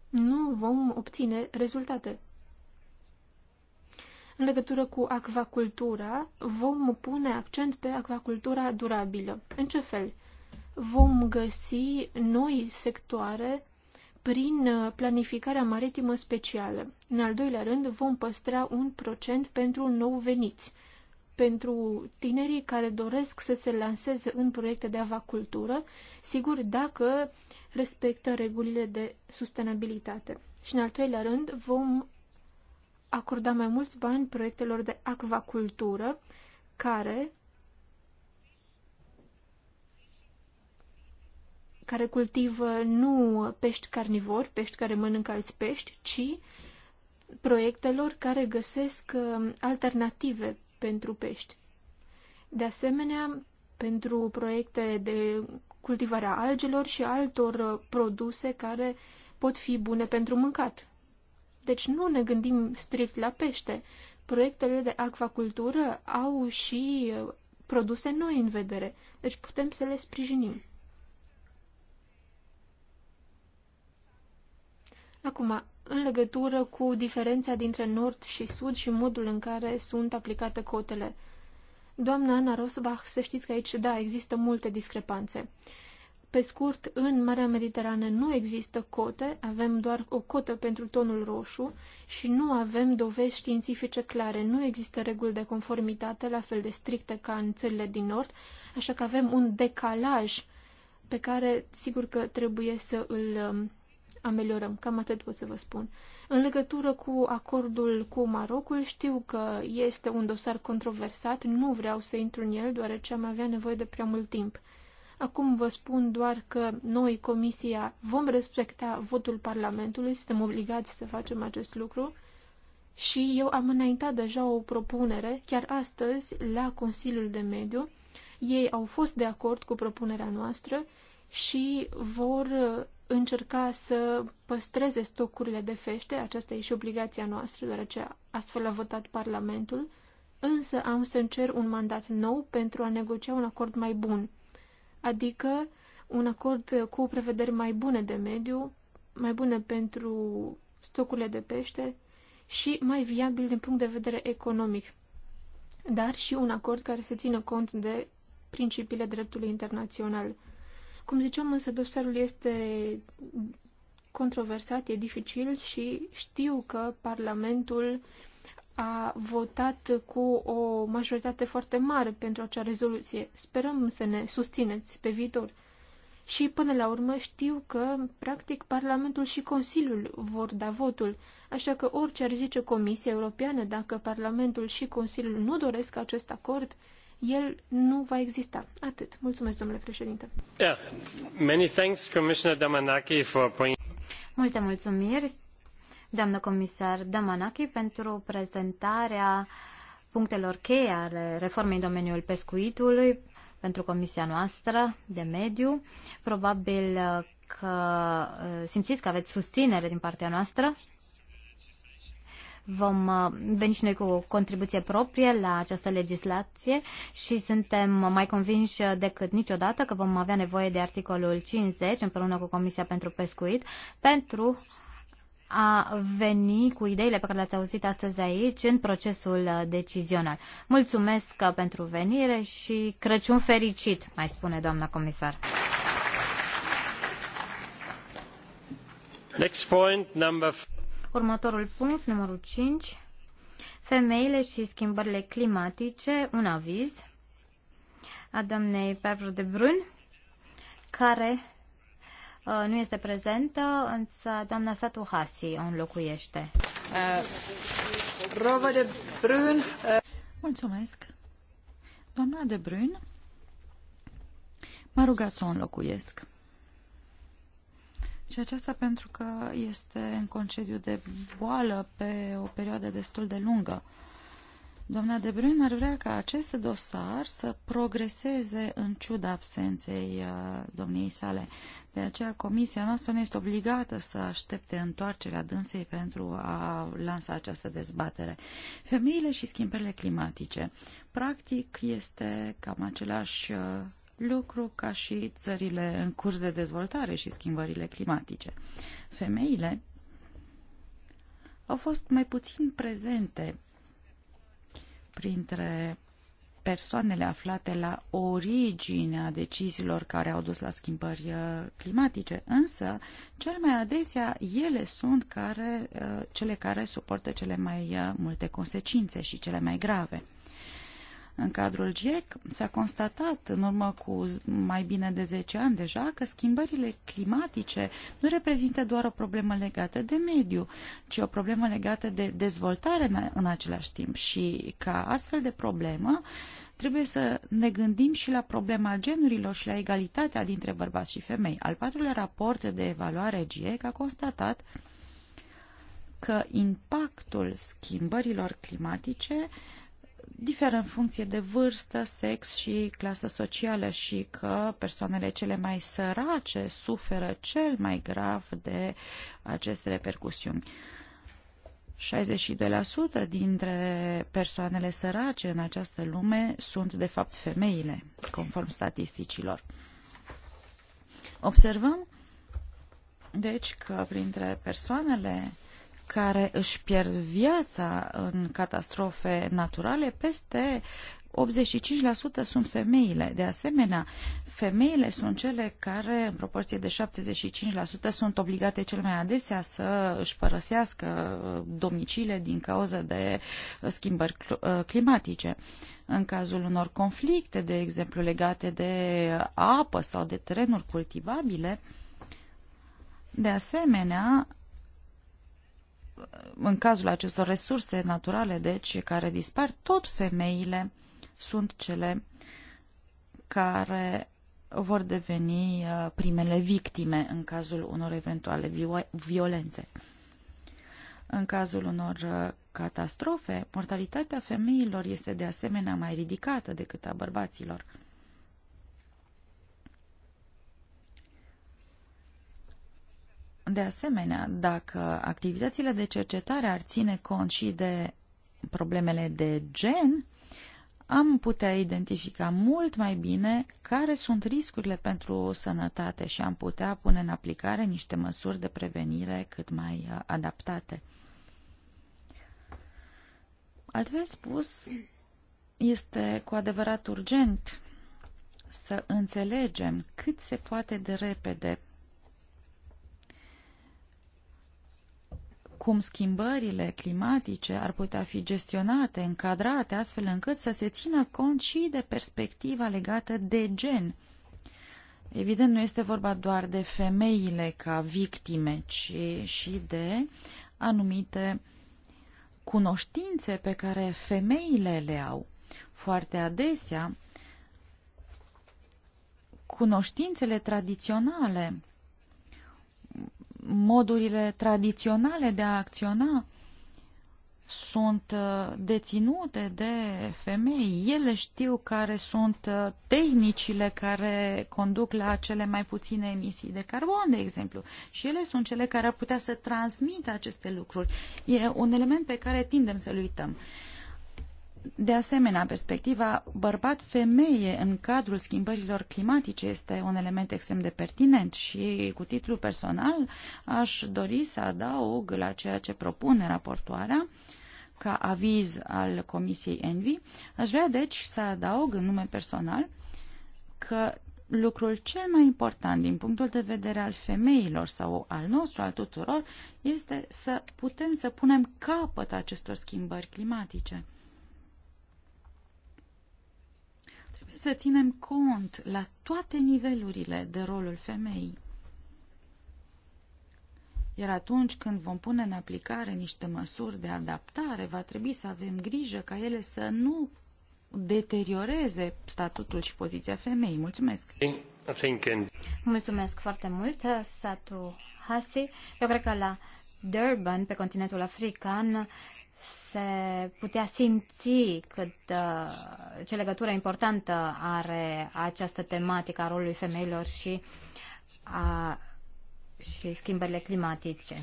nu vom obține rezultate. În legătură cu acvacultura, vom pune accent pe acvacultura durabilă. În ce fel? vom găsi noi sectoare prin uh, planificarea maritimă specială. În al doilea rând, vom păstra un procent pentru nou veniți, pentru tinerii care doresc să se lanseze în proiecte de avacultură, sigur dacă respectă regulile de sustenabilitate. Și în al treilea rând, vom acorda mai mulți bani proiectelor de acvacultură, care care cultivă nu pești carnivori, pești care mănâncă alți pești, ci proiectelor care găsesc uh, alternative pentru pești. De asemenea, pentru proiecte de cultivare a algelor și altor uh, produse care pot fi bune pentru mâncat. Deci nu ne gândim strict la pește. Proiectele de acvacultură au și uh, produse noi în vedere, deci putem să le sprijinim. Acum, în legătură cu diferența dintre nord și sud și modul în care sunt aplicate cotele. Doamna Ana Rosbach, să știți că aici, da, există multe discrepanțe. Pe scurt, în Marea Mediterană nu există cote, avem doar o cotă pentru tonul roșu și nu avem dovezi științifice clare, nu există reguli de conformitate la fel de stricte ca în țările din nord, așa că avem un decalaj pe care sigur că trebuie să îl um, ameliorăm. Cam atât pot să vă spun. În legătură cu acordul cu Marocul, știu că este un dosar controversat, nu vreau să intru în el, deoarece am avea nevoie de prea mult timp. Acum vă spun doar că noi, Comisia, vom respecta votul Parlamentului, suntem obligați să facem acest lucru și eu am înaintat deja o propunere, chiar astăzi, la Consiliul de Mediu. Ei au fost de acord cu propunerea noastră și vor încerca să păstreze stocurile de fește, aceasta e și obligația noastră, deoarece astfel a votat Parlamentul, însă am să încer un mandat nou pentru a negocia un acord mai bun, adică un acord cu prevederi mai bune de mediu, mai bune pentru stocurile de pește și mai viabil din punct de vedere economic, dar și un acord care să țină cont de principiile dreptului internațional. Cum ziceam, însă dosarul este controversat, e dificil și știu că Parlamentul a votat cu o majoritate foarte mare pentru acea rezoluție. Sperăm să ne susțineți pe viitor. Și până la urmă știu că, practic, Parlamentul și Consiliul vor da votul, așa că orice ar zice Comisia Europeană, dacă Parlamentul și Consiliul nu doresc acest acord, el nu va exista. Atât. Mulțumesc, domnule președinte. Yeah. Many thanks, Commissioner Damanaki, for bringing... Multe mulțumiri, doamnă comisar Damanaki, pentru prezentarea punctelor cheie ale reformei în domeniul pescuitului pentru comisia noastră de mediu. Probabil că uh, simțiți că aveți susținere din partea noastră vom uh, veni și noi cu o contribuție proprie la această legislație și suntem mai convinși decât niciodată că vom avea nevoie de articolul 50 împreună cu Comisia pentru Pescuit pentru a veni cu ideile pe care le-ați auzit astăzi aici în procesul decizional. Mulțumesc pentru venire și Crăciun fericit, mai spune doamna comisar. Next point, number Următorul punct, numărul 5. Femeile și schimbările climatice, un aviz a doamnei Pebru de Brun, care uh, nu este prezentă, însă doamna Satu Hasi o înlocuiește. Uh, Rova de Brun. Uh... Mulțumesc. Doamna de Brun m-a rugat să o înlocuiesc. Și aceasta pentru că este în concediu de boală pe o perioadă destul de lungă. Doamna de Brun ar vrea ca acest dosar să progreseze în ciuda absenței uh, domniei sale. De aceea comisia noastră nu este obligată să aștepte întoarcerea dânsei pentru a lansa această dezbatere. Femeile și schimbările climatice. Practic este cam același uh, lucru ca și țările în curs de dezvoltare și schimbările climatice. Femeile au fost mai puțin prezente printre persoanele aflate la originea deciziilor care au dus la schimbări uh, climatice, însă cel mai adesea ele sunt care, uh, cele care suportă cele mai uh, multe consecințe și cele mai grave. În cadrul GIEC s-a constatat în urmă cu mai bine de 10 ani deja că schimbările climatice nu reprezintă doar o problemă legată de mediu, ci o problemă legată de dezvoltare în același timp și ca astfel de problemă trebuie să ne gândim și la problema genurilor și la egalitatea dintre bărbați și femei. Al patrulea raport de evaluare GIEC a constatat că impactul schimbărilor climatice uh, diferă în funcție de vârstă, sex și clasă socială și că persoanele cele mai sărace suferă cel mai grav de aceste repercusiuni. 62% dintre persoanele sărace în această lume sunt de fapt femeile, conform statisticilor. Observăm, deci, că printre persoanele uh, care își pierd viața în catastrofe naturale, peste 85% sunt femeile. De asemenea, femeile sunt cele care, în proporție de 75%, sunt obligate cel mai adesea să își părăsească uh, domicile din cauza de uh, schimbări uh, climatice. În cazul unor conflicte, de exemplu, legate de apă sau de terenuri cultivabile, de asemenea, în cazul acestor resurse naturale, deci, care dispar, tot femeile sunt cele care vor deveni uh, primele victime în cazul unor eventuale violențe. În cazul unor uh, catastrofe, mortalitatea femeilor este de asemenea mai ridicată decât a bărbaților. De asemenea, dacă activitățile de cercetare ar ține cont și de problemele de gen, am putea identifica mult mai bine care sunt riscurile pentru sănătate și am putea pune în aplicare niște măsuri de prevenire cât mai uh, adaptate. Altfel spus, este cu adevărat urgent să înțelegem cât se poate de repede cum schimbările climatice ar putea fi gestionate, încadrate, astfel încât să se țină cont și de perspectiva legată de gen. Evident, nu este vorba doar de femeile ca victime, ci și de anumite cunoștințe pe care femeile le au. Foarte adesea, cunoștințele tradiționale modurile tradiționale de a acționa sunt uh, deținute de femei. Ele știu care sunt uh, tehnicile care conduc la cele mai puține emisii de carbon, de exemplu. Și ele sunt cele care ar putea să transmită aceste lucruri. E un element pe care tindem să-l uităm. Uh, de asemenea, perspectiva bărbat-femeie în cadrul schimbărilor climatice este un element extrem de pertinent și cu titlu personal aș dori să adaug la ceea ce propune raportoarea ca aviz al Comisiei Envi. Aș vrea deci să adaug în nume personal că lucrul cel mai important din punctul de vedere al femeilor sau al nostru, al tuturor, este să putem să punem capăt acestor schimbări climatice. să ținem cont la toate nivelurile de rolul femeii. Iar atunci când vom pune în aplicare niște măsuri de adaptare, va trebui să avem grijă ca ele să nu deterioreze statutul și poziția femeii. Mulțumesc! Mulțumesc foarte mult, Satu Hasi. Eu cred că la Durban, pe continentul african, se putea simți cât uh, ce legătură importantă are această tematică a rolului femeilor și, a, și schimbările climatice.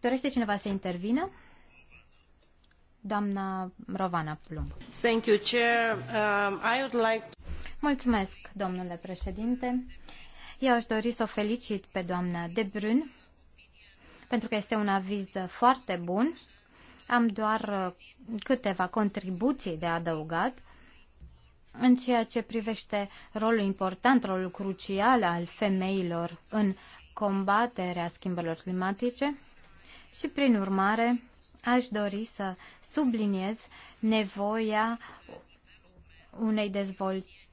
Dorește cineva să intervină? Doamna Rovana Plumb. Thank you, Chair. Um, I would like... Mulțumesc, domnule președinte. Eu aș dori să o felicit pe doamna De Brun pentru că este un aviz foarte bun am doar uh, câteva contribuții de adăugat în ceea ce privește rolul important, rolul crucial al femeilor în combaterea schimbărilor climatice și, prin urmare, aș dori să subliniez nevoia unei dezvoltări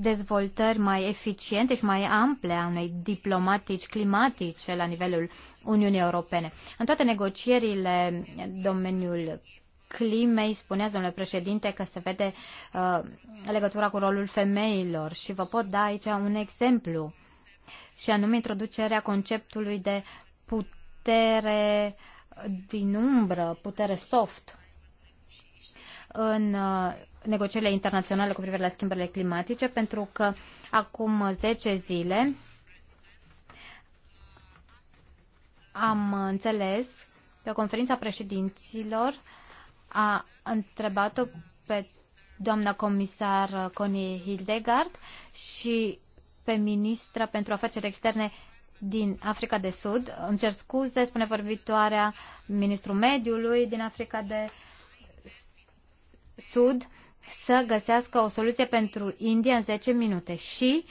dezvoltări mai eficiente și mai ample a unei diplomatici climatice la nivelul Uniunii Europene. În toate negocierile domeniul climei, spuneați, domnule președinte, că se vede uh, legătura cu rolul femeilor și vă pot da aici un exemplu și anume introducerea conceptului de putere din umbră, putere soft. În uh, negocierile internaționale cu privire la schimbările climatice, pentru că acum 10 zile am înțeles că conferința președinților a întrebat-o pe doamna comisar Connie Hildegard și pe ministra pentru afaceri externe din Africa de Sud. Îmi cer scuze, spune vorbitoarea, ministrul mediului din Africa de Sud să găsească o soluție pentru India în 10 minute și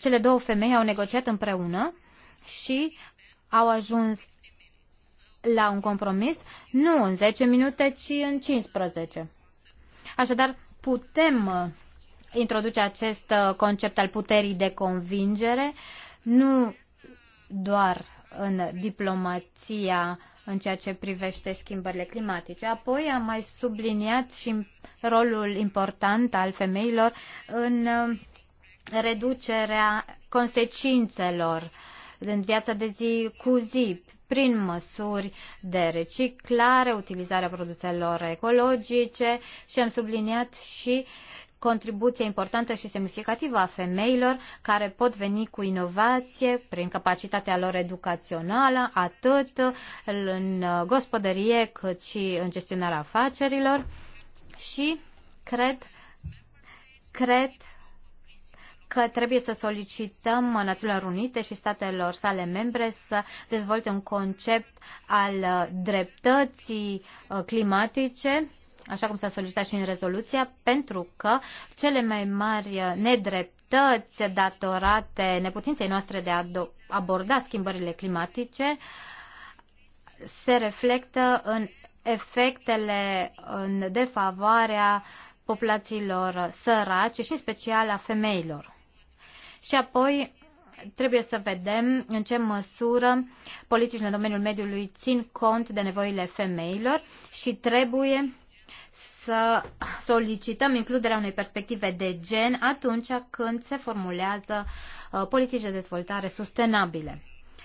cele două femei au negociat împreună și au ajuns la un compromis nu în 10 minute, ci în 15. Așadar, putem uh, introduce acest uh, concept al puterii de convingere, nu doar în diplomația în ceea ce privește schimbările climatice. Apoi am mai subliniat și rolul important al femeilor în uh, reducerea consecințelor în viața de zi cu zi prin măsuri de reciclare, utilizarea produselor ecologice și am subliniat și uh, contribuție importantă și semnificativă a femeilor care pot veni cu inovație prin capacitatea lor educațională, atât în gospodărie cât și în gestionarea afacerilor și cred, cred că trebuie să solicităm Națiunilor Unite și statelor sale membre să dezvolte un concept al dreptății uh, climatice așa cum s-a solicitat și în rezoluția, pentru că cele mai mari uh, nedreptăți datorate neputinței noastre de a aborda schimbările climatice se reflectă în efectele în defavoarea populațiilor sărace și în special a femeilor. Și apoi trebuie să vedem în ce măsură politicile în domeniul mediului țin cont de nevoile femeilor și trebuie să solicităm includerea unei perspective de gen atunci când se formulează uh, politici de dezvoltare sustenabile.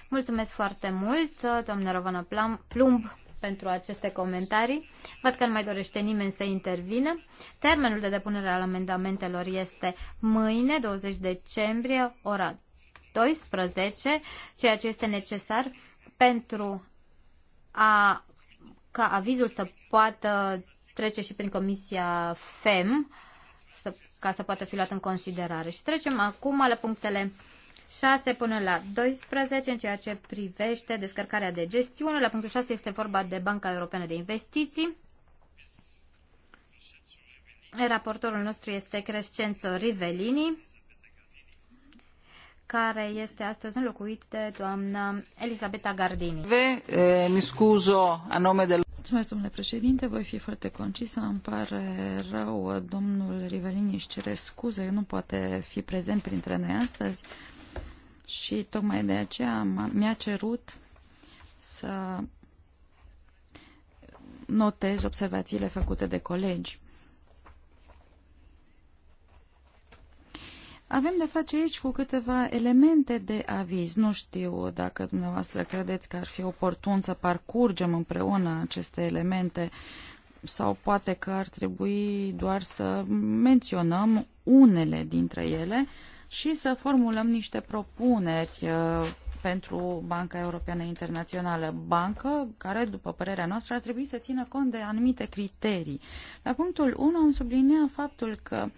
Mulțumesc foarte mult, uh, doamnă Rovana Plumb, pentru aceste comentarii. Văd că nu mai dorește nimeni să intervină. Termenul de depunere al amendamentelor este mâine, 20 decembrie, ora 12, ceea ce este necesar pentru a, ca avizul să poată trece și prin Comisia FEM să, ca să poată fi luat în considerare. Și trecem acum la punctele 6 până la 12 în ceea ce privește descărcarea de gestiune. La punctul 6 este vorba de Banca Europeană de Investiții. Raportorul nostru este Crescenzo Rivellini, care este astăzi înlocuit de doamna Elisabeta Gardini. Ve, eh, Mi scuzo a nome del... Mulțumesc, domnule președinte. Voi fi foarte concisă. Îmi pare rău, domnul Rivelini își cere scuze, nu poate fi prezent printre noi astăzi și tocmai de aceea mi-a cerut să notez observațiile făcute de colegi. Avem de face aici cu câteva elemente de aviz. Nu știu dacă dumneavoastră credeți că ar fi oportun să parcurgem împreună aceste elemente sau poate că ar trebui doar să menționăm unele dintre ele și să formulăm niște propuneri uh, pentru Banca Europeană Internațională. Bancă care, după părerea noastră, ar trebui să țină cont de anumite criterii. La punctul 1 am sublinea faptul că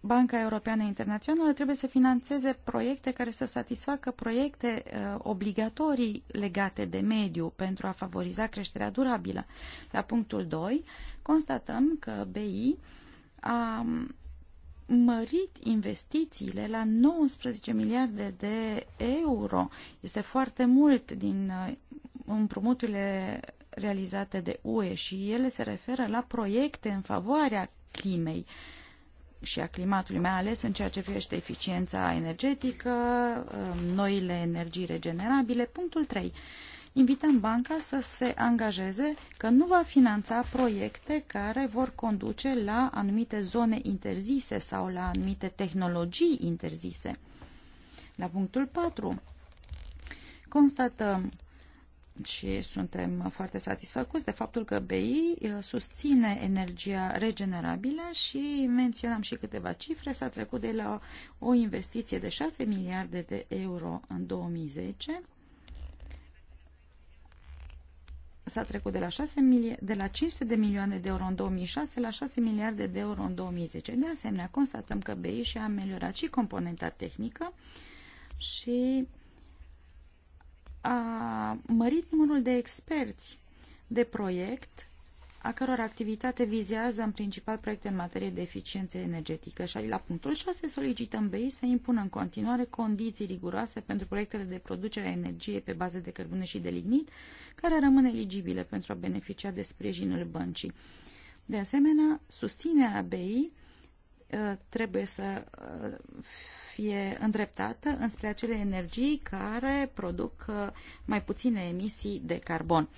Banca Europeană Internațională trebuie să financeze proiecte care să satisfacă proiecte uh, obligatorii legate de mediu pentru a favoriza creșterea durabilă. La punctul 2 constatăm că BI a mărit investițiile la 19 miliarde de euro. Este foarte mult din uh, împrumuturile realizate de UE și ele se referă la proiecte în favoarea climei și a climatului, mai ales în ceea ce privește eficiența energetică, uh, noile energii regenerabile. Punctul 3 invităm banca să se angajeze că nu va finanța proiecte care vor conduce la anumite zone interzise sau la anumite tehnologii interzise. La punctul 4 constatăm și suntem foarte satisfăcuți de faptul că BI uh, susține energia regenerabilă și menționam și câteva cifre. S-a trecut de la o investiție de 6 miliarde de euro în 2010 s-a trecut de la, 6 de la 500 de milioane de euro în 2006 la 6 miliarde de euro în 2010. De asemenea, constatăm că BI și-a ameliorat și componenta tehnică și a mărit numărul de experți de proiect a căror activitate vizează în principal proiecte în materie de eficiență energetică și la punctul 6 solicităm BEI să impună în continuare condiții riguroase pentru proiectele de producere a energiei pe bază de cărbune și de lignit, care rămân eligibile pentru a beneficia de sprijinul băncii. De asemenea, susținerea BEI uh, trebuie să uh, fie îndreptată înspre acele energii care produc uh, mai puține emisii de carbon.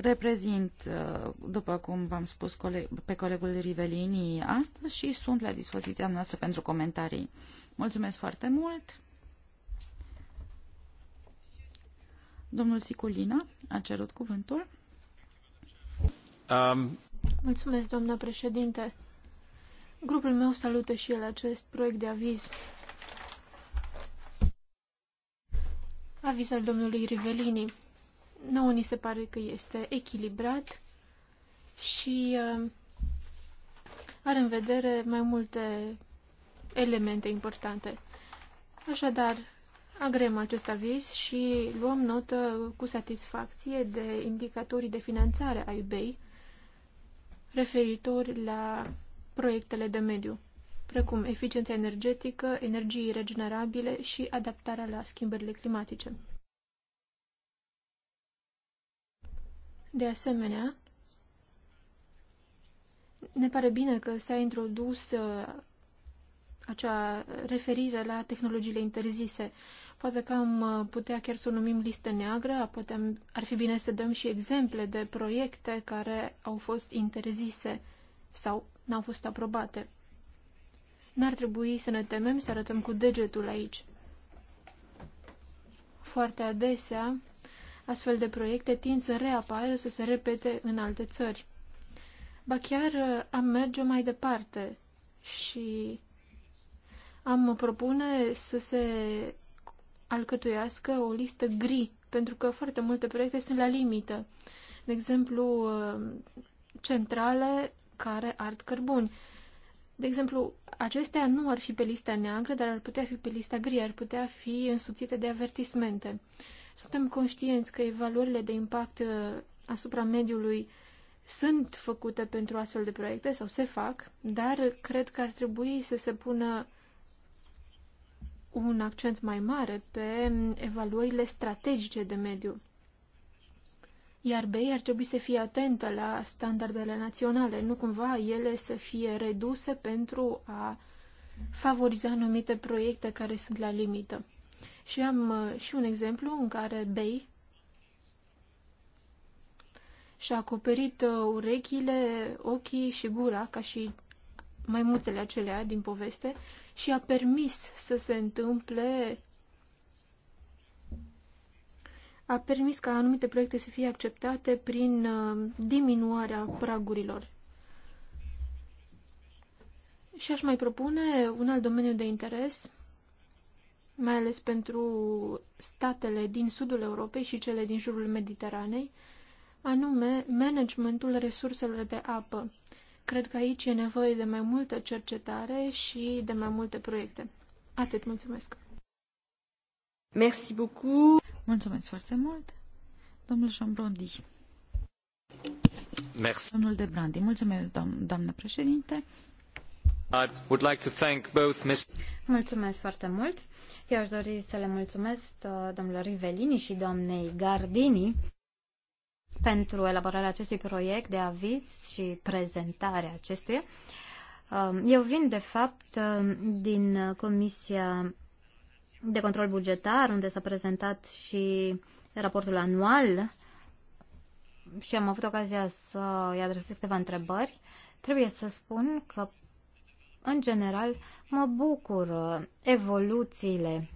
Reprezint, uh, după cum v-am spus, pe colegul Rivelini astăzi și sunt la dispoziția noastră pentru comentarii. Mulțumesc foarte mult! Domnul Siculina a cerut cuvântul. Um... Mulțumesc, doamna președinte. Grupul meu salută și el acest proiect de aviz. Aviz al domnului Rivelini nouă ni se pare că este echilibrat și uh, are în vedere mai multe elemente importante. Așadar, agrem acest aviz și luăm notă cu satisfacție de indicatorii de finanțare a eBay referitori la proiectele de mediu, precum eficiența energetică, energii regenerabile și adaptarea la schimbările climatice. De asemenea, ne pare bine că s-a introdus uh, acea referire la tehnologiile interzise. Poate că am uh, putea chiar să o numim listă neagră, poate ar fi bine să dăm și exemple de proiecte care au fost interzise sau n-au fost aprobate. N-ar trebui să ne temem să arătăm cu degetul aici. Foarte adesea astfel de proiecte tind să reapară, să se repete în alte țări. Ba chiar uh, am merge mai departe și am propune să se alcătuiască o listă gri, pentru că foarte multe proiecte sunt la limită. De exemplu, uh, centrale care ard cărbuni. De exemplu, acestea nu ar fi pe lista neagră, dar ar putea fi pe lista gri, ar putea fi însuțite de avertismente. Uh, suntem conștienți că evaluările de impact uh, asupra mediului sunt făcute pentru astfel de proiecte sau se fac, dar cred că ar trebui să se pună un accent mai mare pe evaluările strategice de mediu. Iar BEI ar trebui să fie atentă la standardele naționale, nu cumva ele să fie reduse pentru a favoriza anumite proiecte care sunt la limită. Și am uh, și un exemplu în care Bey și-a acoperit uh, urechile, ochii și gura, ca și maimuțele acelea din poveste, și a permis să se întâmple a permis ca anumite proiecte să fie acceptate prin uh, diminuarea pragurilor. Și aș mai propune un alt domeniu de interes mai ales pentru statele din sudul Europei și cele din jurul Mediteranei, anume managementul resurselor de apă. Cred că aici e nevoie de mai multă cercetare și de mai multe proiecte. Atât, mulțumesc. Merci beaucoup. Mulțumesc foarte mult. Domnul Jambrondi. Merci. Domnul de Brandi. Mulțumesc, doamnă președinte. I would like to thank both Mr. Mulțumesc foarte mult. Eu aș dori să le mulțumesc uh, domnilor Rivelini și doamnei Gardini pentru elaborarea acestui proiect de aviz și prezentarea acestuia. Um, eu vin, de fapt, uh, din Comisia de Control Bugetar, unde s-a prezentat și raportul anual și am avut ocazia să îi adresez câteva întrebări. Trebuie să spun că în general, mă bucur uh, evoluțiile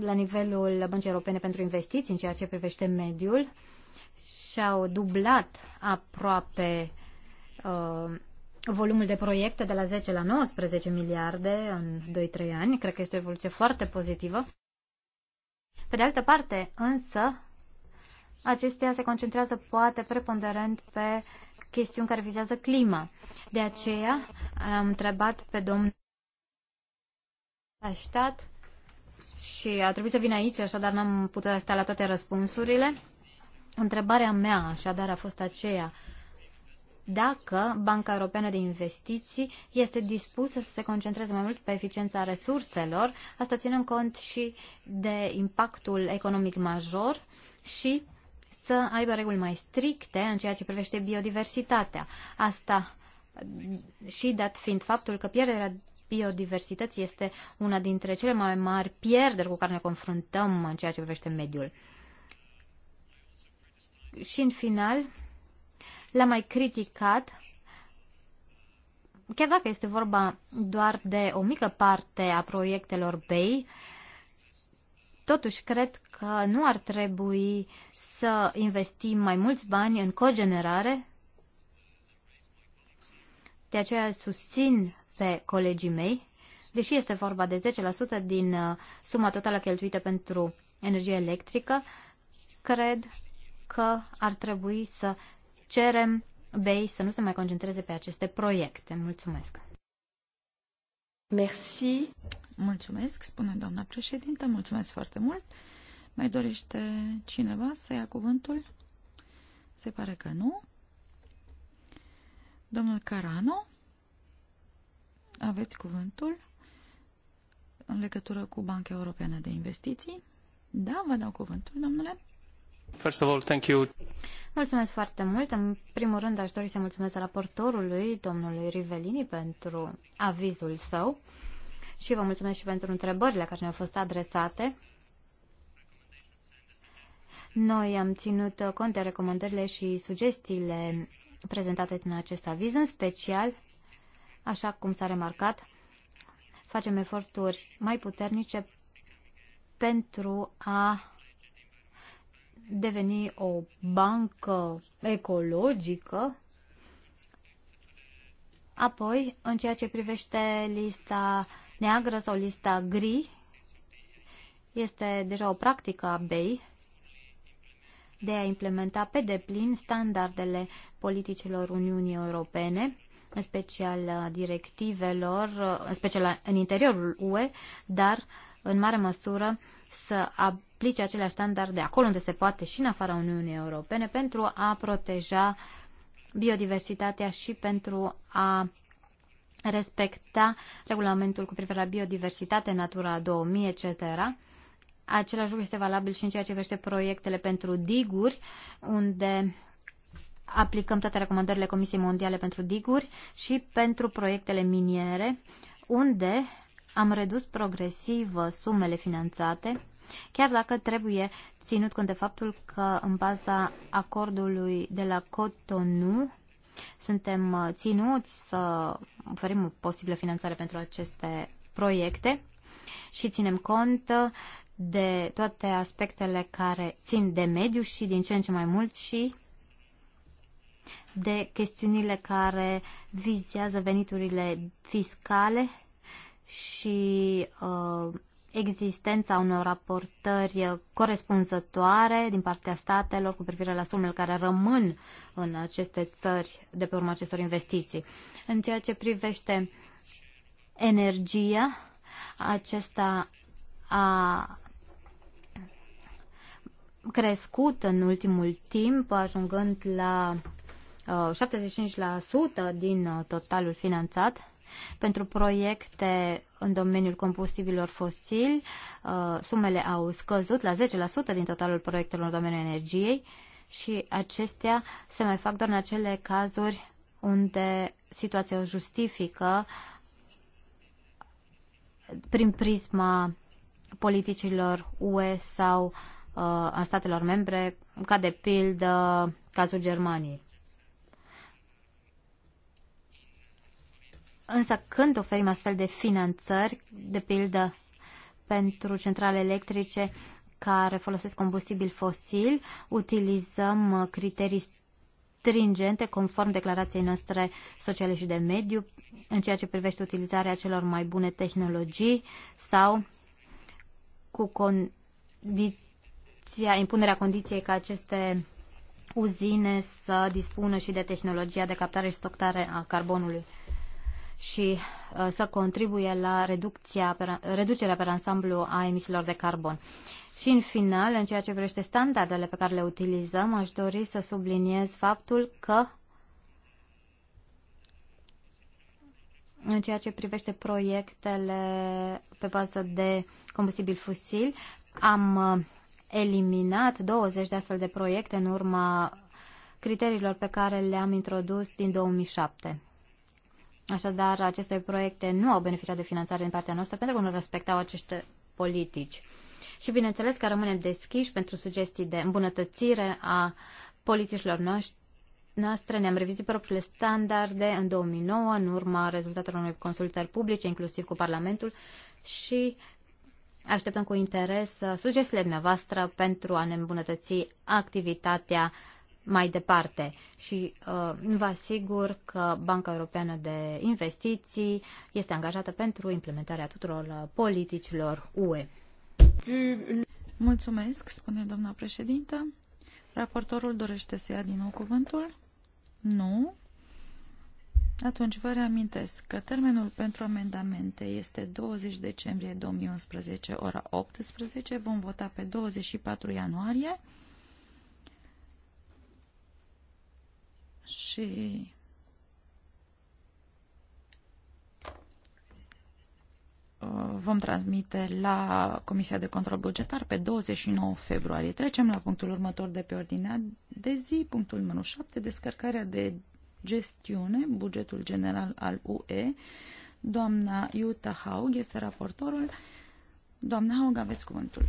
la nivelul Băncii Europene pentru Investiții în ceea ce privește mediul și-au dublat aproape uh, volumul de proiecte de la 10 la 19 miliarde în 2-3 ani. Cred că este o evoluție foarte pozitivă. Pe de altă parte, însă, acestea se concentrează poate preponderent pe chestiuni care vizează clima. De aceea am întrebat pe domnul Aștat și a trebuit să vin aici, așadar n-am putut sta la toate răspunsurile. Întrebarea mea, așadar, a fost aceea dacă Banca Europeană de Investiții este dispusă să se concentreze mai mult pe eficiența resurselor, asta ținând cont și de impactul economic major și să aibă reguli mai stricte în ceea ce privește biodiversitatea. Asta și dat fiind faptul că pierderea biodiversității este una dintre cele mai mari pierderi cu care ne confruntăm în ceea ce privește mediul. Și în final, l-a mai criticat, chiar dacă este vorba doar de o mică parte a proiectelor BEI, totuși cred că nu ar trebui să investim mai mulți bani în cogenerare. De aceea susțin pe colegii mei, deși este vorba de 10% din uh, suma totală cheltuită pentru energie electrică, cred că ar trebui să cerem BEI să nu se mai concentreze pe aceste proiecte. Mulțumesc! Merci. Mulțumesc, spune doamna președintă, mulțumesc foarte mult. Mai dorește cineva să ia cuvântul? Se pare că nu. Domnul Carano, aveți cuvântul în legătură cu Banca Europeană de Investiții? Da, vă dau cuvântul, domnule. First of all, thank you. Mulțumesc foarte mult. În primul rând, aș dori să mulțumesc raportorului, domnului Rivelini, pentru avizul său și vă mulțumesc și pentru întrebările care ne-au fost adresate. Noi am ținut cont de recomandările și sugestiile prezentate în acest aviz, în special, așa cum s-a remarcat, facem eforturi mai puternice pentru a deveni o bancă ecologică. Apoi, în ceea ce privește lista neagră sau lista gri, este deja o practică a BEI de a implementa pe deplin standardele politicilor Uniunii Europene, în special uh, directivelor, uh, în special uh, în interiorul UE, dar în mare măsură să aplice aceleași standarde acolo unde se poate și în afara Uniunii Europene pentru a proteja biodiversitatea și pentru a respecta regulamentul cu privire la biodiversitate, Natura 2000, etc. Același lucru este valabil și în ceea ce privește proiectele pentru diguri, unde aplicăm toate recomandările Comisiei Mondiale pentru diguri și pentru proiectele miniere, unde am redus progresiv sumele finanțate, chiar dacă trebuie ținut cont de faptul că în baza acordului de la Cotonou suntem ținuți să oferim o posibilă finanțare pentru aceste proiecte și ținem cont de toate aspectele care țin de mediu și din ce în ce mai mult și de chestiunile care vizează veniturile fiscale și uh, existența unor raportări corespunzătoare din partea statelor cu privire la sumele care rămân în aceste țări de pe urma acestor investiții. În ceea ce privește energia, acesta a crescut în ultimul timp, ajungând la 75% uh, din uh, totalul finanțat pentru proiecte în domeniul combustibilor fosili. Uh, sumele au scăzut la 10% din totalul proiectelor în domeniul energiei și acestea se mai fac doar în acele cazuri unde situația o justifică prin prisma politicilor UE sau uh, Uh, a statelor membre, ca de pildă cazul Germaniei. Însă când oferim astfel de finanțări, de pildă pentru centrale electrice care folosesc combustibil fosil, utilizăm criterii stringente conform declarației noastre sociale și de mediu în ceea ce privește utilizarea celor mai bune tehnologii sau cu condiții condiția, impunerea condiției ca aceste uzine să dispună și de tehnologia de captare și stoctare a carbonului și uh, să contribuie la reducția, reducerea pe ansamblu a emisiilor de carbon. Și în final, în ceea ce privește standardele pe care le utilizăm, aș dori să subliniez faptul că în ceea ce privește proiectele pe bază de combustibil fusil, am uh, eliminat 20 de astfel de proiecte în urma criteriilor pe care le-am introdus din 2007. Așadar, aceste proiecte nu au beneficiat de finanțare din partea noastră pentru că nu respectau aceste politici. Și bineînțeles că rămânem deschiși pentru sugestii de îmbunătățire a politicilor noștri noastre ne-am revizit propriile standarde în 2009 în urma rezultatelor unei consultări publice, inclusiv cu Parlamentul și Așteptăm cu interes uh, sugestiile dumneavoastră pentru a ne îmbunătăți activitatea mai departe și uh, vă asigur că Banca Europeană de Investiții este angajată pentru implementarea tuturor uh, politicilor UE. Mulțumesc, spune doamna președintă. Raportorul dorește să ia din nou cuvântul? Nu. Atunci vă reamintesc că termenul pentru amendamente este 20 decembrie 2011, ora 18. Vom vota pe 24 ianuarie. Și vom transmite la Comisia de Control Bugetar pe 29 februarie. Trecem la punctul următor de pe ordinea de zi, punctul numărul 7, descărcarea de gestiune, bugetul general al UE. Doamna Iuta Haug este raportorul. Doamna Haug, aveți cuvântul.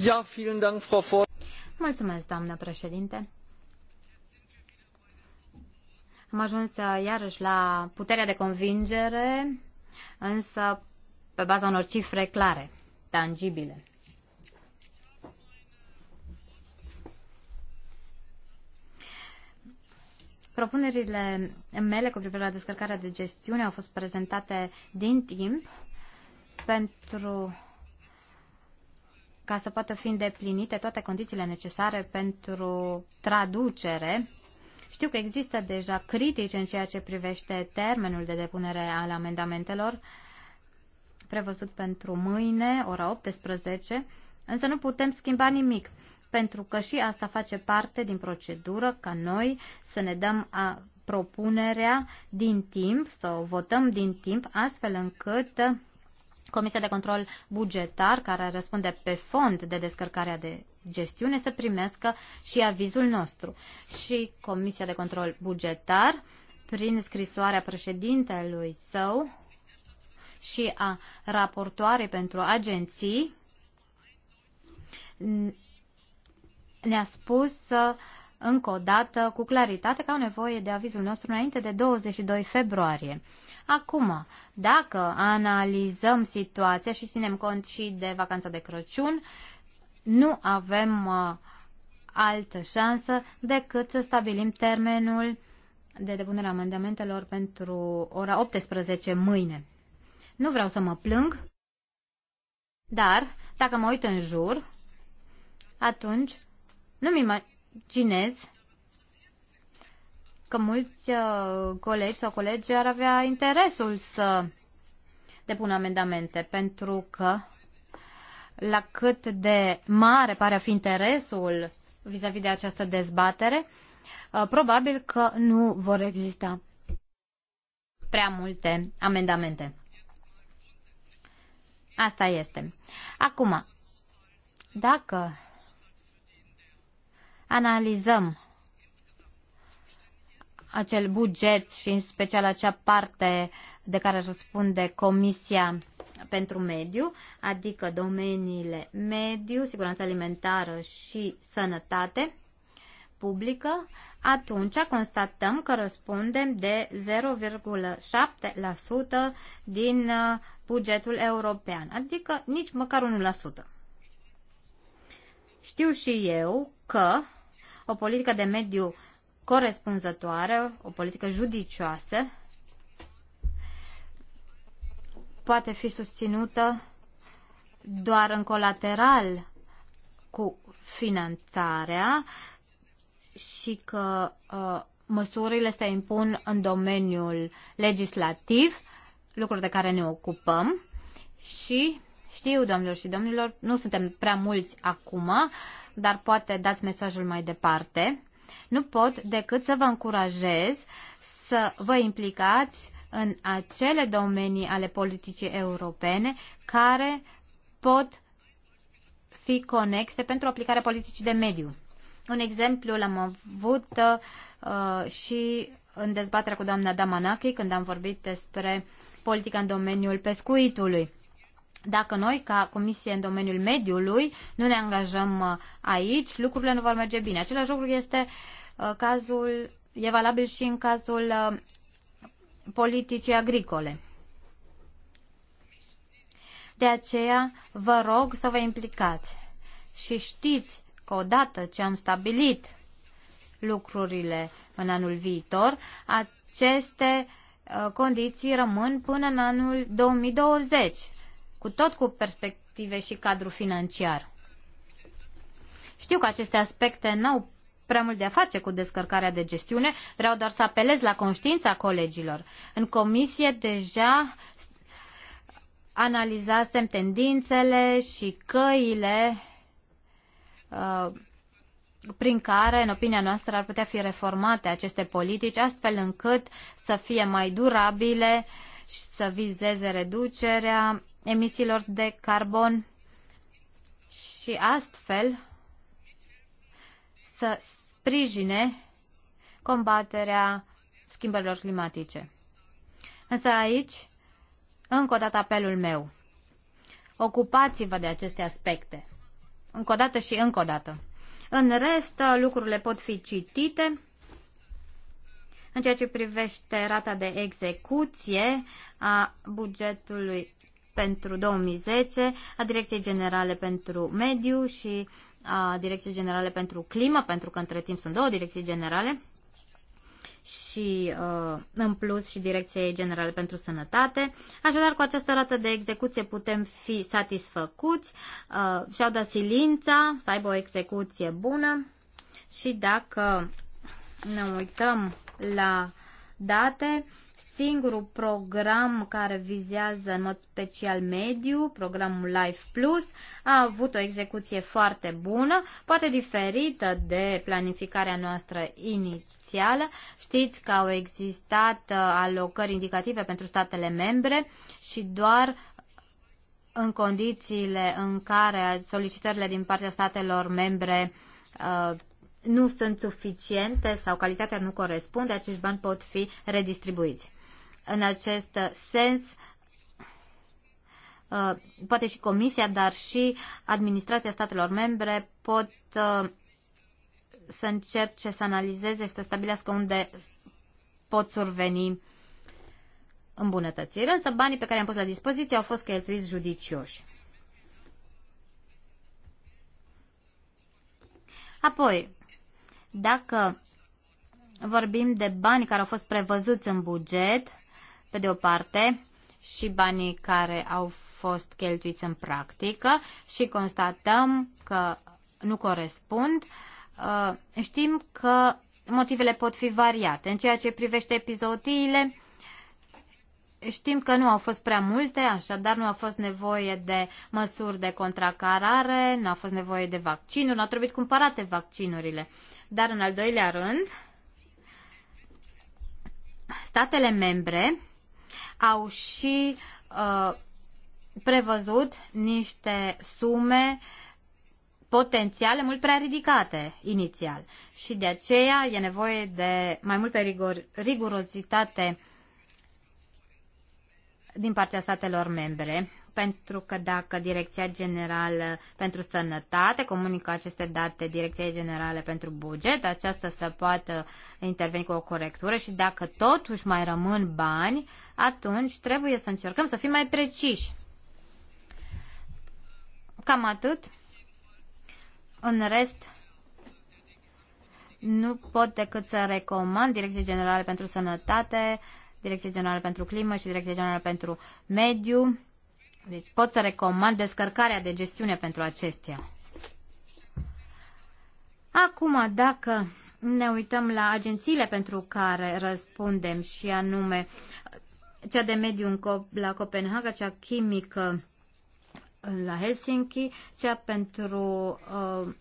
Ja, vielen Dank, Frau Vor Mulțumesc, doamnă președinte. Am ajuns uh, iarăși la puterea de convingere, însă pe baza unor cifre clare, tangibile. Propunerile mele cu privire la descărcarea de gestiune au fost prezentate din timp pentru ca să poată fi îndeplinite toate condițiile necesare pentru traducere. Știu că există deja critici în ceea ce privește termenul de depunere al amendamentelor prevăzut pentru mâine, ora 18, însă nu putem schimba nimic pentru că și asta face parte din procedură ca noi să ne dăm a propunerea din timp, să o votăm din timp, astfel încât Comisia de Control Bugetar, care răspunde pe fond de descărcarea de gestiune, să primească și avizul nostru. Și Comisia de Control Bugetar, prin scrisoarea președintelui său și a raportoarei pentru agenții, ne-a spus uh, încă o dată cu claritate că au nevoie de avizul nostru înainte de 22 februarie. Acum, dacă analizăm situația și ținem cont și de vacanța de Crăciun, nu avem uh, altă șansă decât să stabilim termenul de depunere a amendamentelor pentru ora 18 mâine. Nu vreau să mă plâng, dar dacă mă uit în jur, atunci nu-mi imaginez că mulți uh, colegi sau colegi ar avea interesul să depună amendamente, pentru că la cât de mare pare a fi interesul vis-a-vis -vis de această dezbatere, uh, probabil că nu vor exista prea multe amendamente. Asta este. Acum, dacă analizăm acel buget și în special acea parte de care răspunde Comisia pentru mediu, adică domeniile mediu, siguranță alimentară și sănătate publică, atunci constatăm că răspundem de 0,7% din uh, bugetul european, adică nici măcar 1%. Știu și eu că o politică de mediu corespunzătoare, o politică judicioasă, poate fi susținută doar în colateral cu finanțarea și că uh, măsurile se impun în domeniul legislativ, lucruri de care ne ocupăm și știu, domnilor și domnilor, nu suntem prea mulți acum, dar poate dați mesajul mai departe. Nu pot decât să vă încurajez să vă implicați în acele domenii ale politicii europene care pot fi conexe pentru aplicarea politicii de mediu. Un exemplu l-am avut uh, și în dezbaterea cu doamna Damanaki când am vorbit despre politica în domeniul pescuitului. Dacă noi, ca Comisie în domeniul mediului, nu ne angajăm uh, aici, lucrurile nu vor merge bine. Același lucru este uh, cazul, e valabil și în cazul uh, politicii agricole. De aceea vă rog să vă implicați și știți că odată ce am stabilit lucrurile în anul viitor, aceste condiții rămân până în anul 2020 cu tot cu perspective și cadru financiar. Știu că aceste aspecte n-au prea mult de a face cu descărcarea de gestiune, vreau doar să apelez la conștiința colegilor. În comisie deja analizasem tendințele și căile uh, prin care, în opinia noastră, ar putea fi reformate aceste politici, astfel încât să fie mai durabile și să vizeze reducerea emisiilor de carbon și astfel să sprijine combaterea schimbărilor climatice. Însă aici, încă o dată apelul meu, ocupați-vă de aceste aspecte. Încă o dată și încă o dată. În rest, lucrurile pot fi citite. În ceea ce privește rata de execuție a bugetului pentru 2010 a Direcției Generale pentru Mediu și a Direcției Generale pentru Climă, pentru că între timp sunt două direcții generale și uh, în plus și Direcției Generale pentru Sănătate. Așadar, cu această rată de execuție putem fi satisfăcuți uh, și-au dat silința să aibă o execuție bună și dacă ne uităm la date, singurul program care vizează în mod special mediu, programul Life Plus, a avut o execuție foarte bună, poate diferită de planificarea noastră inițială. Știți că au existat uh, alocări indicative pentru statele membre și doar în condițiile în care solicitările din partea statelor membre uh, nu sunt suficiente sau calitatea nu corespunde, acești bani pot fi redistribuiți în acest sens uh, poate și Comisia, dar și administrația statelor membre pot uh, să încerce să analizeze și să stabilească unde pot surveni îmbunătățiri. Însă banii pe care i-am pus la dispoziție au fost cheltuiți judicioși. Apoi, dacă vorbim de bani care au fost prevăzuți în buget, pe de o parte, și banii care au fost cheltuiți în practică și constatăm că nu corespund, uh, știm că motivele pot fi variate. În ceea ce privește epizodiile, știm că nu au fost prea multe, așadar nu a fost nevoie de măsuri de contracarare, nu a fost nevoie de vaccinuri, nu au trebuit cumpărate vaccinurile. Dar în al doilea rând, statele membre au și uh, prevăzut niște sume potențiale mult prea ridicate inițial și de aceea e nevoie de mai multă rigor, rigurozitate din partea statelor membre pentru că dacă Direcția Generală pentru Sănătate comunică aceste date Direcției Generale pentru Buget, aceasta să poată interveni cu o corectură și dacă totuși mai rămân bani, atunci trebuie să încercăm să fim mai preciși. Cam atât. În rest, nu pot decât să recomand Direcția Generală pentru Sănătate, Direcția Generală pentru Climă și Direcția Generală pentru Mediu deci pot să recomand descărcarea de gestiune pentru acestea. Acum, dacă ne uităm la agențiile pentru care răspundem și anume cea de mediu la Copenhaga, cea chimică la Helsinki, cea pentru uh,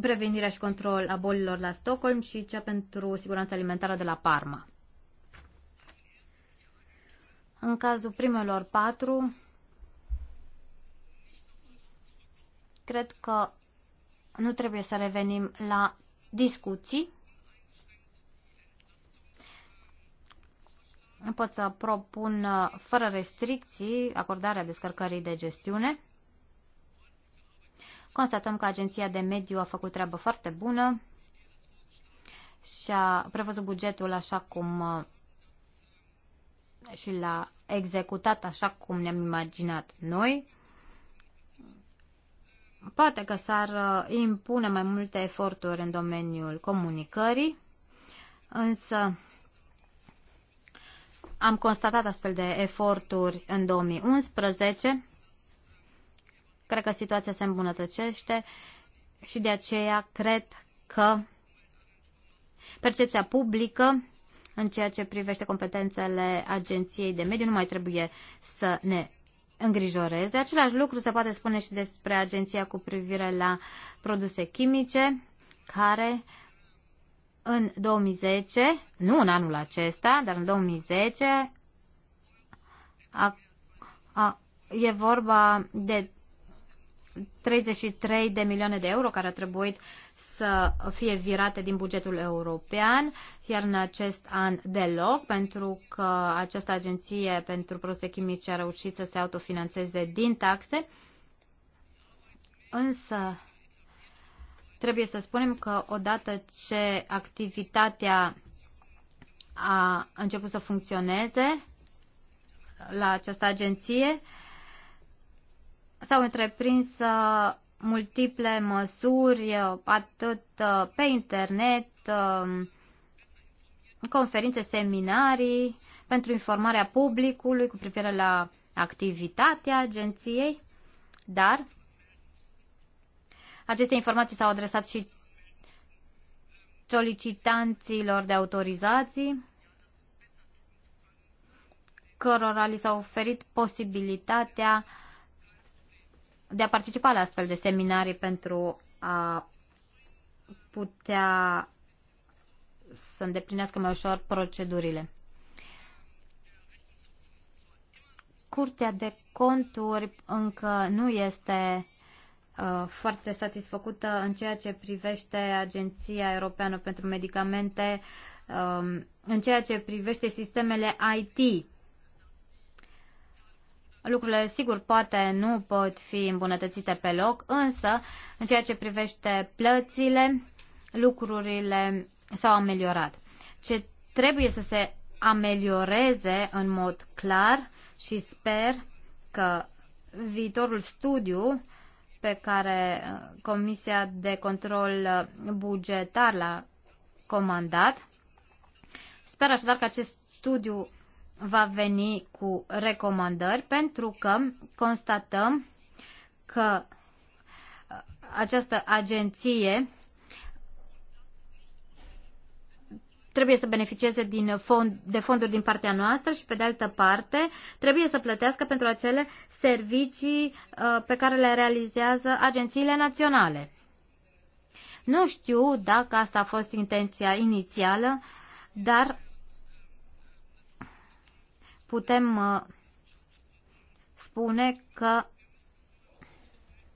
prevenirea și control a bolilor la Stockholm și cea pentru siguranța alimentară de la Parma. În cazul primelor patru, cred că nu trebuie să revenim la discuții. Pot să propun fără restricții acordarea descărcării de gestiune. Constatăm că Agenția de Mediu a făcut treabă foarte bună și a prevăzut bugetul așa cum și l-a executat așa cum ne-am imaginat noi, poate că s-ar uh, impune mai multe eforturi în domeniul comunicării, însă am constatat astfel de eforturi în 2011. Cred că situația se îmbunătățește și de aceea cred că percepția publică în ceea ce privește competențele Agenției de Mediu, nu mai trebuie să ne îngrijoreze. Același lucru se poate spune și despre agenția cu privire la produse chimice, care în 2010, nu în anul acesta, dar în 2010, a, a, e vorba de 33 de milioane de euro care a trebuit să fie virate din bugetul european, iar în acest an deloc, pentru că această agenție pentru produse chimice a reușit să se autofinanțeze din taxe. Însă, trebuie să spunem că odată ce activitatea a început să funcționeze la această agenție, S-au întreprins uh, multiple măsuri, uh, atât uh, pe internet, conferințe, seminarii pentru informarea publicului cu privire la activitatea agenției, dar aceste informații s-au adresat și solicitanților de autorizații, cărora li s-a oferit posibilitatea uh, de a participa la astfel de seminarii pentru a putea să îndeplinească mai ușor procedurile. Curtea de conturi încă nu este uh, foarte satisfăcută în ceea ce privește Agenția Europeană pentru Medicamente, uh, în ceea ce privește sistemele IT Lucrurile, sigur, poate nu pot fi îmbunătățite pe loc, însă, în ceea ce privește plățile, lucrurile s-au ameliorat. Ce trebuie să se amelioreze în mod clar și sper că viitorul studiu pe care uh, Comisia de Control uh, Bugetar l-a comandat. Sper așadar că acest studiu va veni cu recomandări pentru că constatăm că uh, această agenție trebuie să beneficieze din fond, de fonduri din partea noastră și, pe de altă parte, trebuie să plătească pentru acele servicii uh, pe care le realizează agențiile naționale. Nu știu dacă asta a fost intenția inițială, dar putem uh, spune că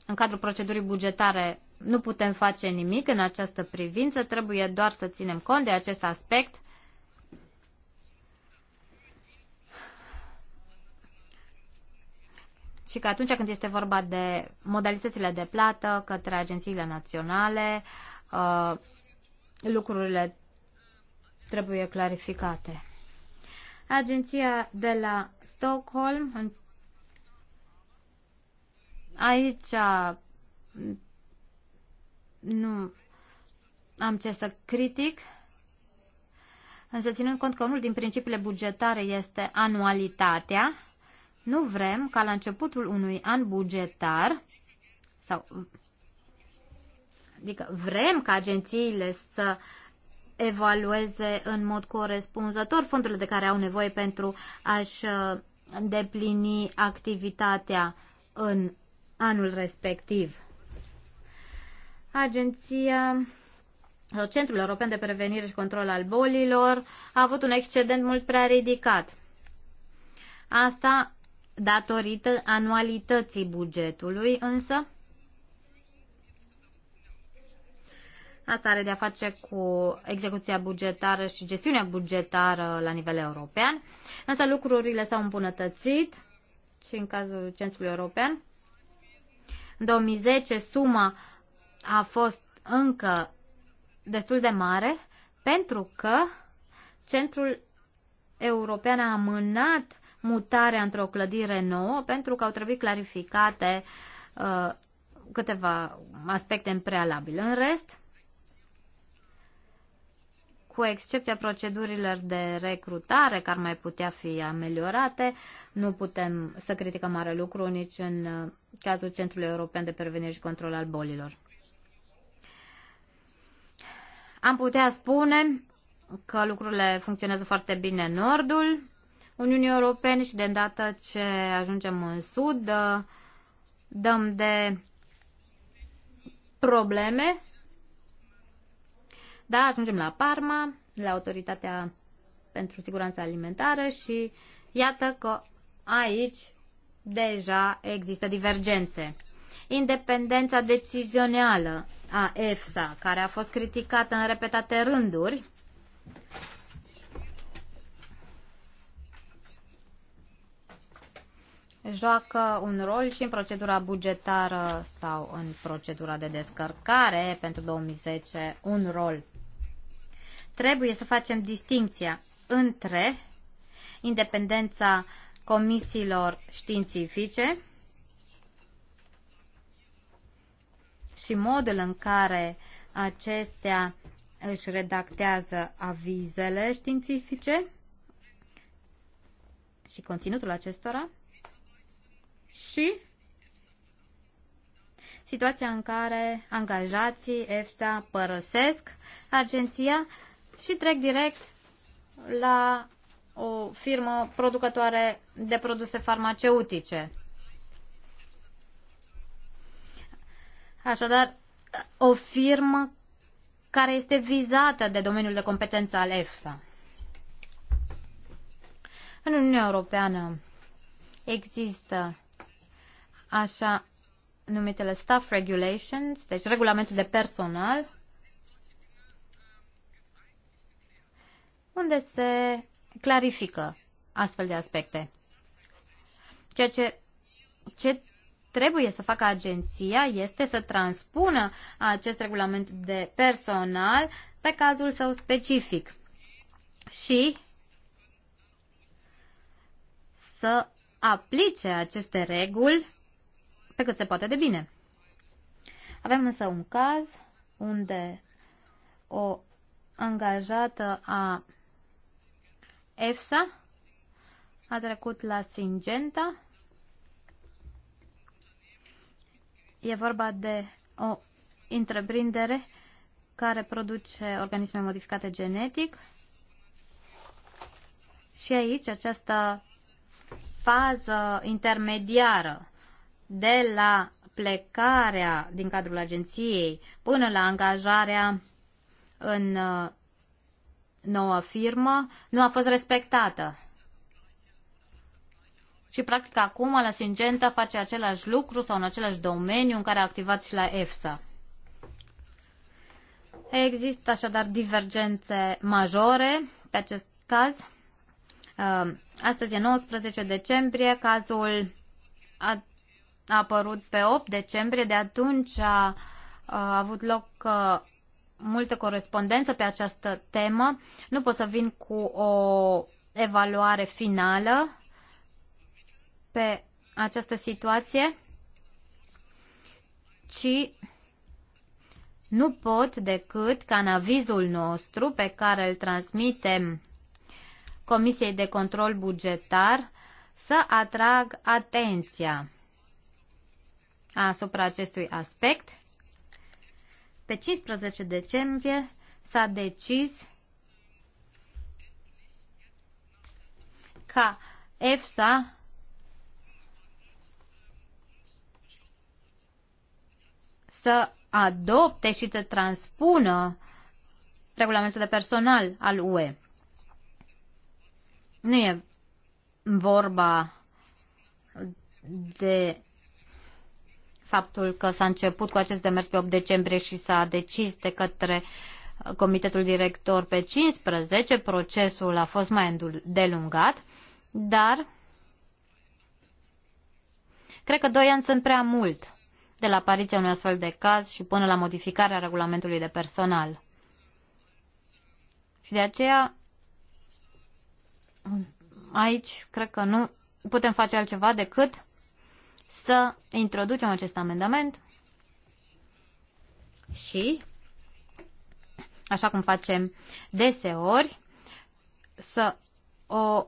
în cadrul procedurii bugetare nu putem face nimic în această privință, trebuie doar să ținem cont de acest aspect. Și că atunci când este vorba de modalitățile de plată către agențiile naționale, uh, lucrurile trebuie clarificate. Agenția de la Stockholm, aici nu am ce să critic, însă ținând cont că unul din principiile bugetare este anualitatea, nu vrem ca la începutul unui an bugetar sau adică vrem ca agențiile să uh, evalueze în mod corespunzător fondurile de care au nevoie pentru a-și uh, îndeplini activitatea în anul respectiv. Agenția Centrul European de Prevenire și Control al Bolilor a avut un excedent mult prea ridicat. Asta datorită anualității bugetului, însă Asta are de-a face cu execuția bugetară și gestiunea bugetară la nivel european, însă lucrurile s-au îmbunătățit și în cazul Centrului European. În 2010 suma a fost încă destul de mare pentru că Centrul European a amânat mutarea într-o clădire nouă pentru că au trebuit clarificate uh, câteva aspecte în prealabil. În rest, cu excepția procedurilor de recrutare care mai putea fi ameliorate, nu putem să criticăm mare lucru nici în uh, cazul Centrului European de Prevenire și Control al Bolilor. Am putea spune că lucrurile funcționează foarte bine în nordul Uniunii Europene și de îndată ce ajungem în sud, uh, dăm de probleme da, ajungem la Parma, la Autoritatea pentru Siguranța Alimentară și iată că aici deja există divergențe. Independența decizională a EFSA, care a fost criticată în repetate rânduri, joacă un rol și în procedura bugetară sau în procedura de descărcare pentru 2010 un rol trebuie să facem distinția între independența comisiilor științifice și modul în care acestea își redactează avizele științifice și conținutul acestora și situația în care angajații EFSA părăsesc agenția și trec direct la o firmă producătoare de produse farmaceutice. Așadar, o firmă care este vizată de domeniul de competență al EFSA. În Uniunea Europeană există așa numitele staff regulations, deci regulamente de personal, unde se clarifică astfel de aspecte. Ceea ce, ce trebuie să facă agenția este să transpună acest regulament de personal pe cazul său specific și să aplice aceste reguli pe cât se poate de bine. Avem însă un caz unde o angajată a EFSA a trecut la Singenta. E vorba de o întreprindere care produce organisme modificate genetic. Și aici această fază intermediară de la plecarea din cadrul agenției până la angajarea în uh, nouă firmă nu a fost respectată. Și practic acum la Syngenta face același lucru sau în același domeniu în care a activat și la EFSA. Există așadar divergențe majore pe acest caz. Uh, astăzi e 19 decembrie, cazul a apărut pe 8 decembrie, de atunci a, a avut loc uh, multă corespondență pe această temă. Nu pot să vin cu o evaluare finală pe această situație, ci nu pot decât ca în avizul nostru pe care îl transmitem Comisiei de Control Bugetar să atrag atenția asupra acestui aspect pe 15 decembrie s-a decis ca EFSA să adopte și să transpună regulamentul de personal al UE. Nu e vorba de faptul că s-a început cu acest demers pe 8 decembrie și s-a decis de către uh, comitetul director pe 15, procesul a fost mai delungat, dar cred că 2 ani sunt prea mult de la apariția unui astfel de caz și până la modificarea regulamentului de personal. Și de aceea aici cred că nu putem face altceva decât să introducem acest amendament și, așa cum facem deseori, să o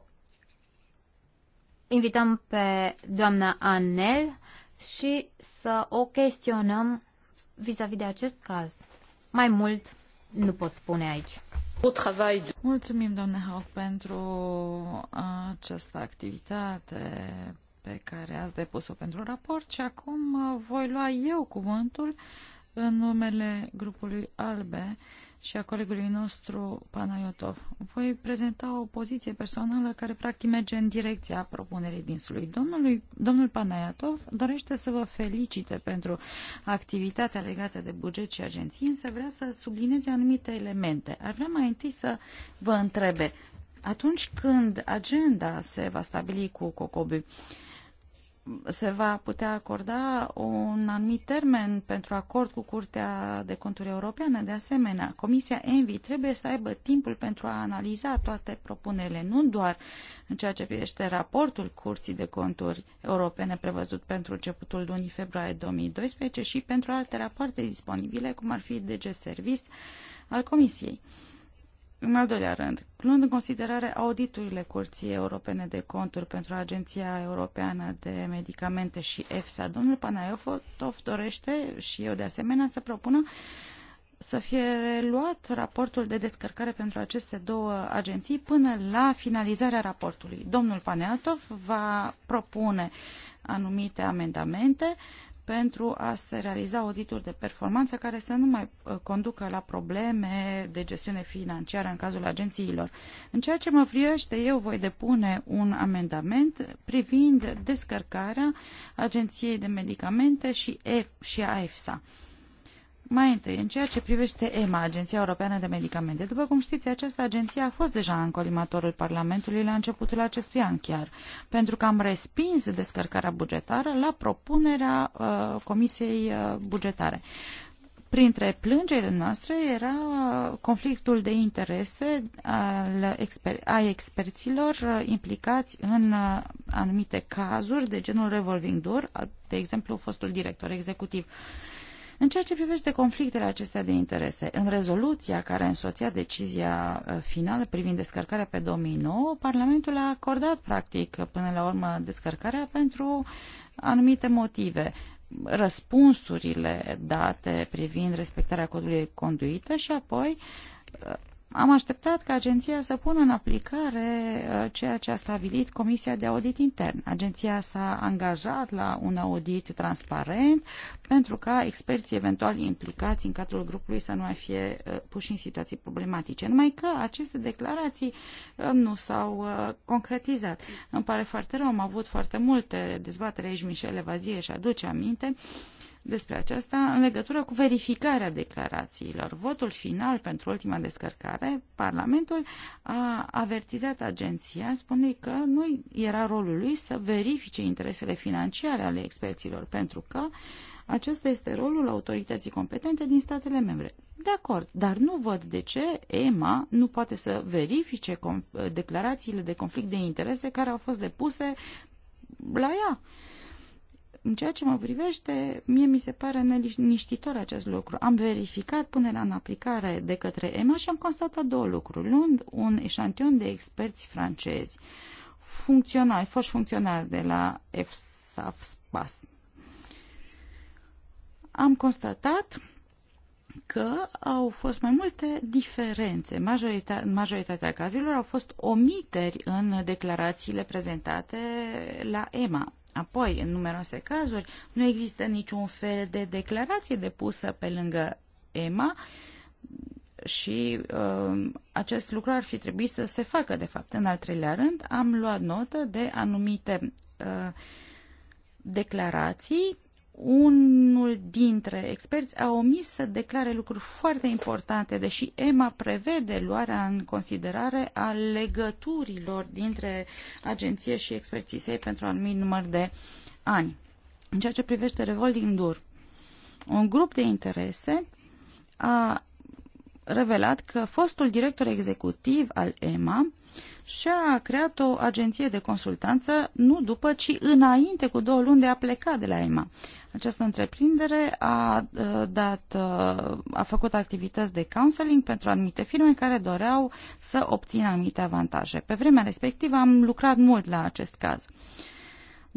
invităm pe doamna Anel și să o chestionăm vis-a-vis -vis de acest caz. Mai mult nu pot spune aici. Mulțumim, doamne Hauck, pentru această activitate pe care ați depus-o pentru raport și acum uh, voi lua eu cuvântul în numele grupului ALBE și a colegului nostru Panayotov. Voi prezenta o poziție personală care practic merge în direcția propunerii dinsului. Domnului, domnul Panayotov dorește să vă felicite pentru activitatea legată de buget și agenții, însă vrea să sublinieze anumite elemente. Ar vrea mai întâi să vă întrebe, atunci când agenda se va stabili cu COCOBU, se va putea acorda un anumit termen pentru acord cu Curtea de Conturi Europeană. De asemenea, Comisia ENVI trebuie să aibă timpul pentru a analiza toate propunerile, nu doar în ceea ce privește raportul Curții de Conturi Europene prevăzut pentru începutul lunii februarie 2012, ci și pentru alte rapoarte disponibile, cum ar fi DG Service al Comisiei. În al doilea rând, luând în considerare auditurile Curții Europene de Conturi pentru Agenția Europeană de Medicamente și EFSA, domnul Panayotov dorește și eu de asemenea să propună să fie reluat raportul de descărcare pentru aceste două agenții până la finalizarea raportului. Domnul Paneatov va propune anumite amendamente uh, pentru a se realiza audituri de performanță care să nu mai uh, conducă la probleme de gestiune financiară în cazul agențiilor. În ceea ce mă privește, eu voi depune un amendament privind descărcarea Agenției de Medicamente și, e- și a EFSA. Mai întâi, în ceea ce privește EMA, Agenția Europeană de Medicamente, după cum știți, această agenție a fost deja în colimatorul Parlamentului la începutul acestui an chiar, pentru că am respins descărcarea bugetară la propunerea uh, Comisiei uh, Bugetare. Printre plângerile noastre era uh, conflictul de interese al exper- ai experților uh, implicați în anumite cazuri de genul revolving door, de exemplu fostul director executiv. În ceea ce privește conflictele acestea de interese, în rezoluția care însoțea decizia uh, finală privind descărcarea pe 2009, Parlamentul a acordat practic până la urmă descărcarea pentru anumite motive răspunsurile date privind respectarea codului conduită și apoi uh, am așteptat ca agenția să pună în aplicare uh, ceea ce a stabilit Comisia de Audit Intern. Agenția s-a angajat la un audit transparent pentru ca experții eventual implicați în cadrul grupului să nu mai fie uh, puși în situații problematice. Numai că aceste declarații uh, nu s-au concretizat. Îmi pare foarte rău, am avut foarte multe dezbatere aici, Michel Evazie și aduce aminte despre aceasta în legătură cu verificarea declarațiilor. Votul final pentru ultima descărcare, Parlamentul a avertizat agenția spune că nu era rolul lui să verifice interesele financiare ale experților, pentru că acesta este rolul autorității competente din statele membre. De acord, dar nu văd de ce EMA nu poate să verifice declarațiile de conflict de interese care au fost depuse la ea. În ceea ce mă privește, mie mi se pare neliniștitor acest lucru. Am verificat punerea în aplicare de către EMA și am constatat două lucruri. Luând un eșantion de experți francezi, funcționari, foști funcționari de la EFSAF SPAS, am constatat că au fost mai multe diferențe. Majorita- majoritatea cazurilor au fost omiteri în declarațiile prezentate la EMA. Apoi, în numeroase cazuri, nu există niciun fel de declarație depusă pe lângă EMA și uh, acest lucru ar fi trebuit să se facă, de fapt. În al treilea rând, am luat notă de anumite uh, declarații unul dintre experți a omis să declare lucruri foarte importante, deși EMA prevede luarea în considerare a legăturilor dintre agenție și experții săi pentru un anumit număr de ani. În ceea ce privește revolving dur, un grup de interese a revelat că fostul director executiv al EMA și-a creat o agenție de consultanță nu după, ci înainte cu două luni de a pleca de la EMA. Această întreprindere a, uh, dat, uh, a făcut activități de counseling pentru anumite firme care doreau să obțină anumite avantaje. Pe vremea respectivă am lucrat mult la acest caz. Uh,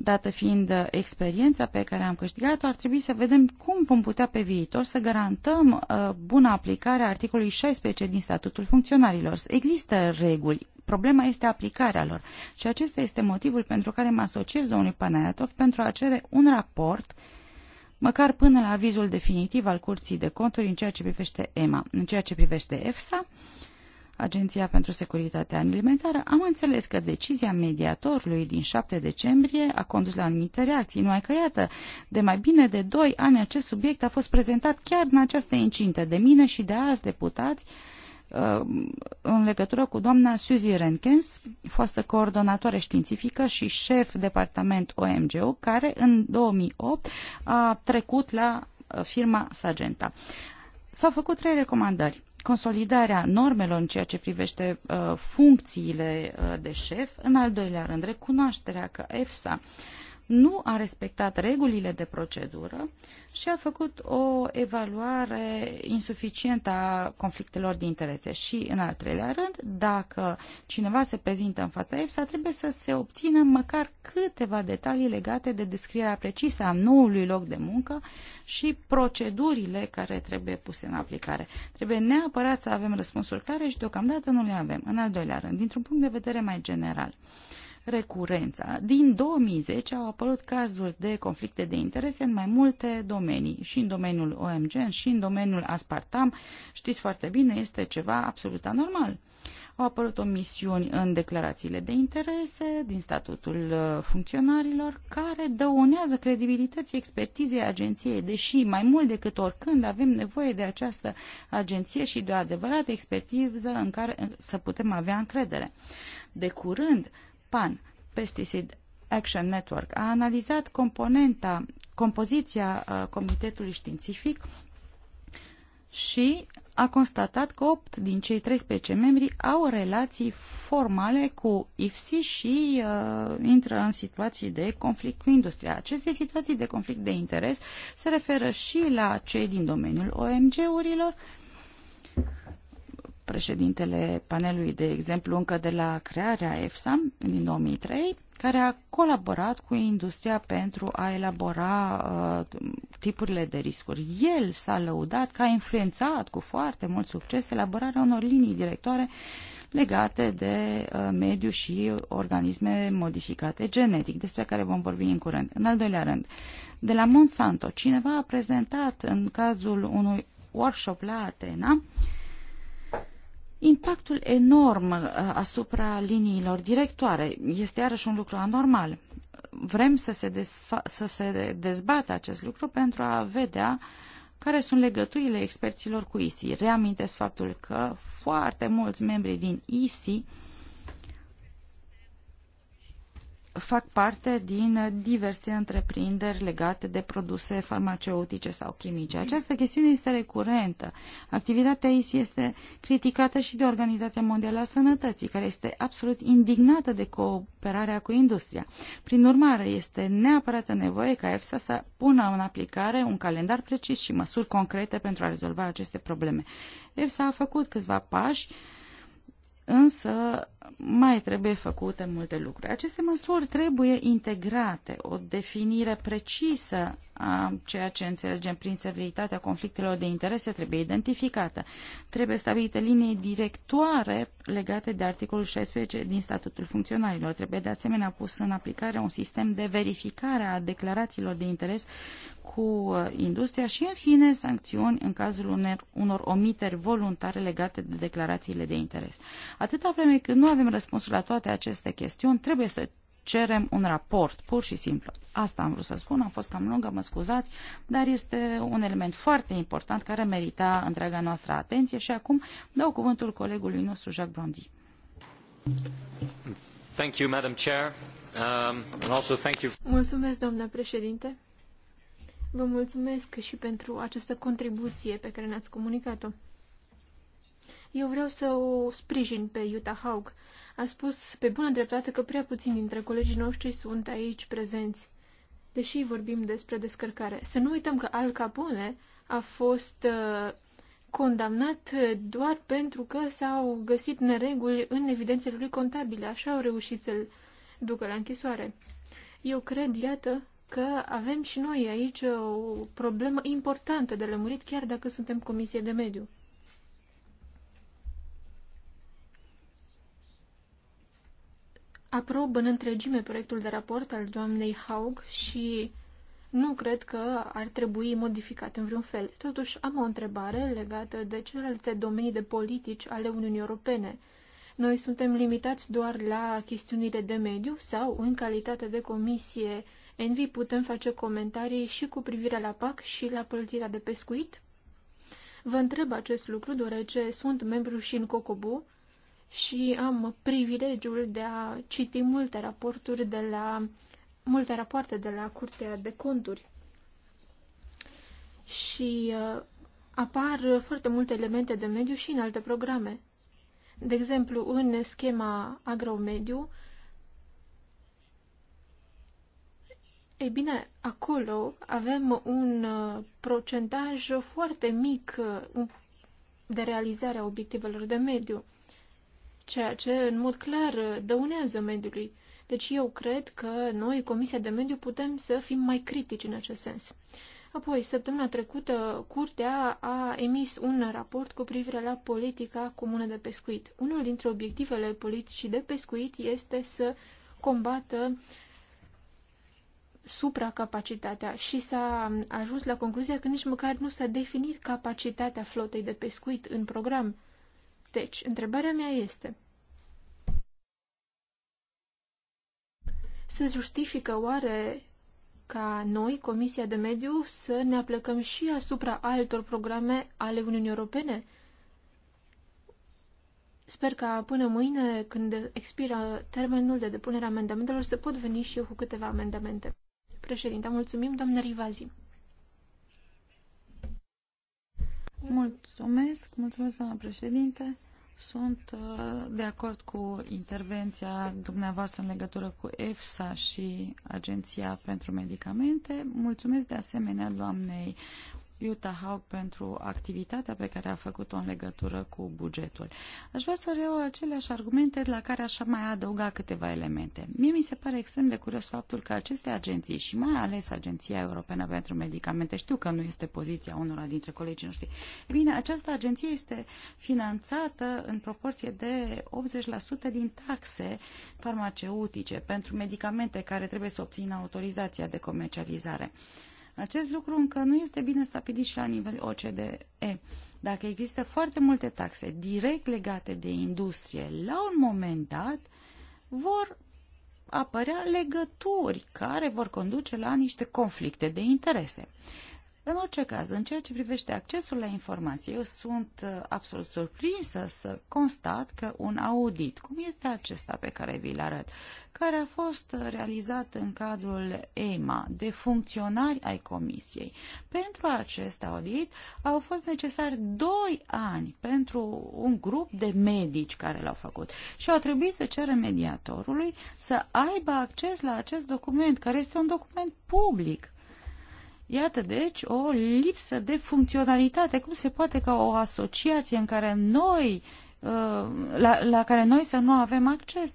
Dată fiind uh, experiența pe care am câștigat-o, ar trebui să vedem cum vom putea pe viitor să garantăm uh, bună aplicare a articolului 16 din statutul funcționarilor. Există reguli, problema este aplicarea lor și acesta este motivul pentru care mă asociez domnului Panayatov pentru a cere un raport măcar până la avizul definitiv al Curții de Conturi în ceea ce privește EMA, în ceea ce privește EFSA. Uh, Agenția pentru Securitatea Alimentară, am înțeles că decizia mediatorului din 7 decembrie a condus la anumite reacții, numai că, iată, de mai bine de 2 ani acest subiect a fost prezentat chiar în această incintă de mine și de alți deputați, uh, în legătură cu doamna Suzy Renkens, fostă coordonatoare științifică și șef departament OMGO, care în 2008 a trecut la uh, firma Sagenta. S-au făcut trei recomandări consolidarea normelor în ceea ce privește uh, funcțiile uh, de șef, în al doilea rând recunoașterea că EFSA uh, nu a respectat regulile de procedură și a făcut o evaluare insuficientă a conflictelor de interese. Și, în al treilea rând, dacă cineva se prezintă în fața EFSA, trebuie să se obțină măcar câteva detalii legate de descrierea precisă a noului loc de muncă și procedurile care trebuie puse în aplicare. Trebuie neapărat să avem răspunsuri clare și deocamdată nu le avem. În al doilea rând, dintr-un punct de vedere mai general. Uh, recurența. Din 2010 au apărut cazuri de conflicte de interese în mai multe domenii, și în domeniul OMG, și în domeniul aspartam. Știți foarte bine, este ceva absolut anormal. Au apărut omisiuni în declarațiile de interese din statutul uh, funcționarilor care dăunează credibilității expertizei agenției, deși mai mult decât oricând avem nevoie de această agenție și de o adevărată expertiză în care să putem avea încredere. De curând, PAN, Pesticide Action Network, a analizat componenta, compoziția uh, comitetului științific și a constatat că 8 din cei 13 membri au relații formale cu IFSI și uh, intră în situații de conflict cu industria. Aceste situații de conflict de interes se referă și la cei din domeniul OMG-urilor președintele panelului, de exemplu, încă de la crearea EFSA din 2003, care a colaborat cu industria pentru a elabora uh, tipurile de riscuri. El s-a lăudat că a influențat cu foarte mult succes elaborarea unor linii directoare legate de uh, mediu și organisme modificate genetic, despre care vom vorbi în curând. În al doilea rând, de la Monsanto, cineva a prezentat în cazul unui workshop la Atena uh, Impactul enorm uh, asupra liniilor directoare este iarăși un lucru anormal. Vrem să se, să se dezbată acest lucru pentru a vedea care sunt legăturile experților cu ISI. Reamintesc faptul că foarte mulți membri din ISI fac parte din diverse întreprinderi legate de produse farmaceutice sau chimice. Această chestiune este recurentă. Activitatea ei este criticată și de Organizația Mondială a Sănătății, care este absolut indignată de cooperarea cu industria. Prin urmare, este neapărat nevoie ca EFSA să pună în aplicare un calendar precis și măsuri concrete pentru a rezolva aceste probleme. EFSA a făcut câțiva pași uh, însă mai trebuie făcute multe lucruri. Aceste măsuri trebuie integrate, o definire precisă a ceea ce înțelegem prin severitatea conflictelor de interese trebuie identificată. Trebuie stabilite linii directoare legate de articolul 16 din statutul funcționarilor. Trebuie de asemenea pus în aplicare un sistem de verificare a declarațiilor de interes cu uh, industria și, în fine, sancțiuni în cazul unor, unor omiteri voluntare legate de declarațiile de interes. Atâta vreme cât nu avem răspunsul la toate aceste chestiuni, trebuie să cerem un raport, pur și simplu. Asta am vrut să spun, am fost cam lungă, mă scuzați, dar este un element foarte important care merita întreaga noastră atenție și acum dau cuvântul colegului nostru Jacques Brandi. Thank you, Madam Chair. Um, and also thank you. Mulțumesc, domnule președinte. Vă mulțumesc și pentru această contribuție pe care ne-ați comunicat-o. Eu vreau să o sprijin pe Utah Haug a spus pe bună dreptate că prea puțini dintre colegii noștri sunt aici prezenți, deși vorbim despre descărcare. Să nu uităm că Al Capone a fost uh, condamnat uh, doar pentru că s-au găsit nereguli în evidențele lui contabile, așa au reușit să-l ducă la închisoare. Eu cred, iată, că avem și noi aici o problemă importantă de lămurit, chiar dacă suntem Comisie de Mediu. Aprob în întregime proiectul de raport al doamnei Haug și nu cred că ar trebui modificat în vreun fel. Totuși, am o întrebare legată de celelalte domenii de politici ale Uniunii Europene. Noi suntem limitați doar la chestiunile de mediu sau, în calitate de comisie Envi, putem face comentarii și cu privire la PAC și la politica de pescuit? Vă întreb acest lucru, deoarece sunt membru și în COCOBU și am privilegiul de a citi multe raporturi de la multe rapoarte de la Curtea de Conturi. Și uh, apar foarte multe elemente de mediu și în alte programe. De exemplu, în schema agromediu, e bine, acolo avem un uh, procentaj foarte mic uh, de realizare a obiectivelor de mediu ceea ce în mod clar dăunează mediului. Deci eu cred că noi, Comisia de Mediu, putem să fim mai critici în acest sens. Apoi, săptămâna trecută, Curtea a emis un raport cu privire la politica comună de pescuit. Unul dintre obiectivele politicii de pescuit este să combată supracapacitatea și s-a ajuns la concluzia că nici măcar nu s-a definit capacitatea flotei de pescuit în program. Deci, întrebarea mea este, se justifică oare ca noi, Comisia de Mediu, să ne aplicăm și asupra altor programe ale Uniunii Europene? Sper că până mâine, când expiră termenul de depunere a amendamentelor, să pot veni și eu cu câteva amendamente. Președinte, mulțumim, doamna Rivazi. Mulțumesc, mulțumesc, doamna președinte. Sunt uh, de acord cu intervenția dumneavoastră în legătură cu EFSA și Agenția pentru Medicamente. Mulțumesc de asemenea doamnei Iuta Hawk pentru activitatea pe care a făcut-o în legătură cu bugetul. Aș vrea să reiau aceleași argumente la care aș mai adăuga câteva elemente. Mie mi se pare extrem de curios faptul că aceste agenții și mai ales Agenția Europeană pentru Medicamente, știu că nu este poziția unora dintre colegii noștri, e bine, această agenție este finanțată în proporție de 80% din taxe farmaceutice pentru medicamente care trebuie să obțină autorizația de comercializare. Acest lucru încă nu este bine stabilit și la nivel OCDE. Dacă există foarte multe taxe direct legate de industrie, la un moment dat vor apărea legături care vor conduce la niște conflicte de interese. În orice caz, în ceea ce privește accesul la informații, eu sunt uh, absolut surprinsă să constat că un audit, cum este acesta pe care vi-l arăt, care a fost uh, realizat în cadrul EMA de funcționari ai comisiei, pentru acest audit au fost necesari doi ani pentru un grup de medici care l-au făcut și au trebuit să ceră mediatorului să aibă acces la acest document, care este un document public Iată, deci, o lipsă de funcționalitate. Cum se poate ca o asociație în care noi, uh, la, la care noi să nu avem acces?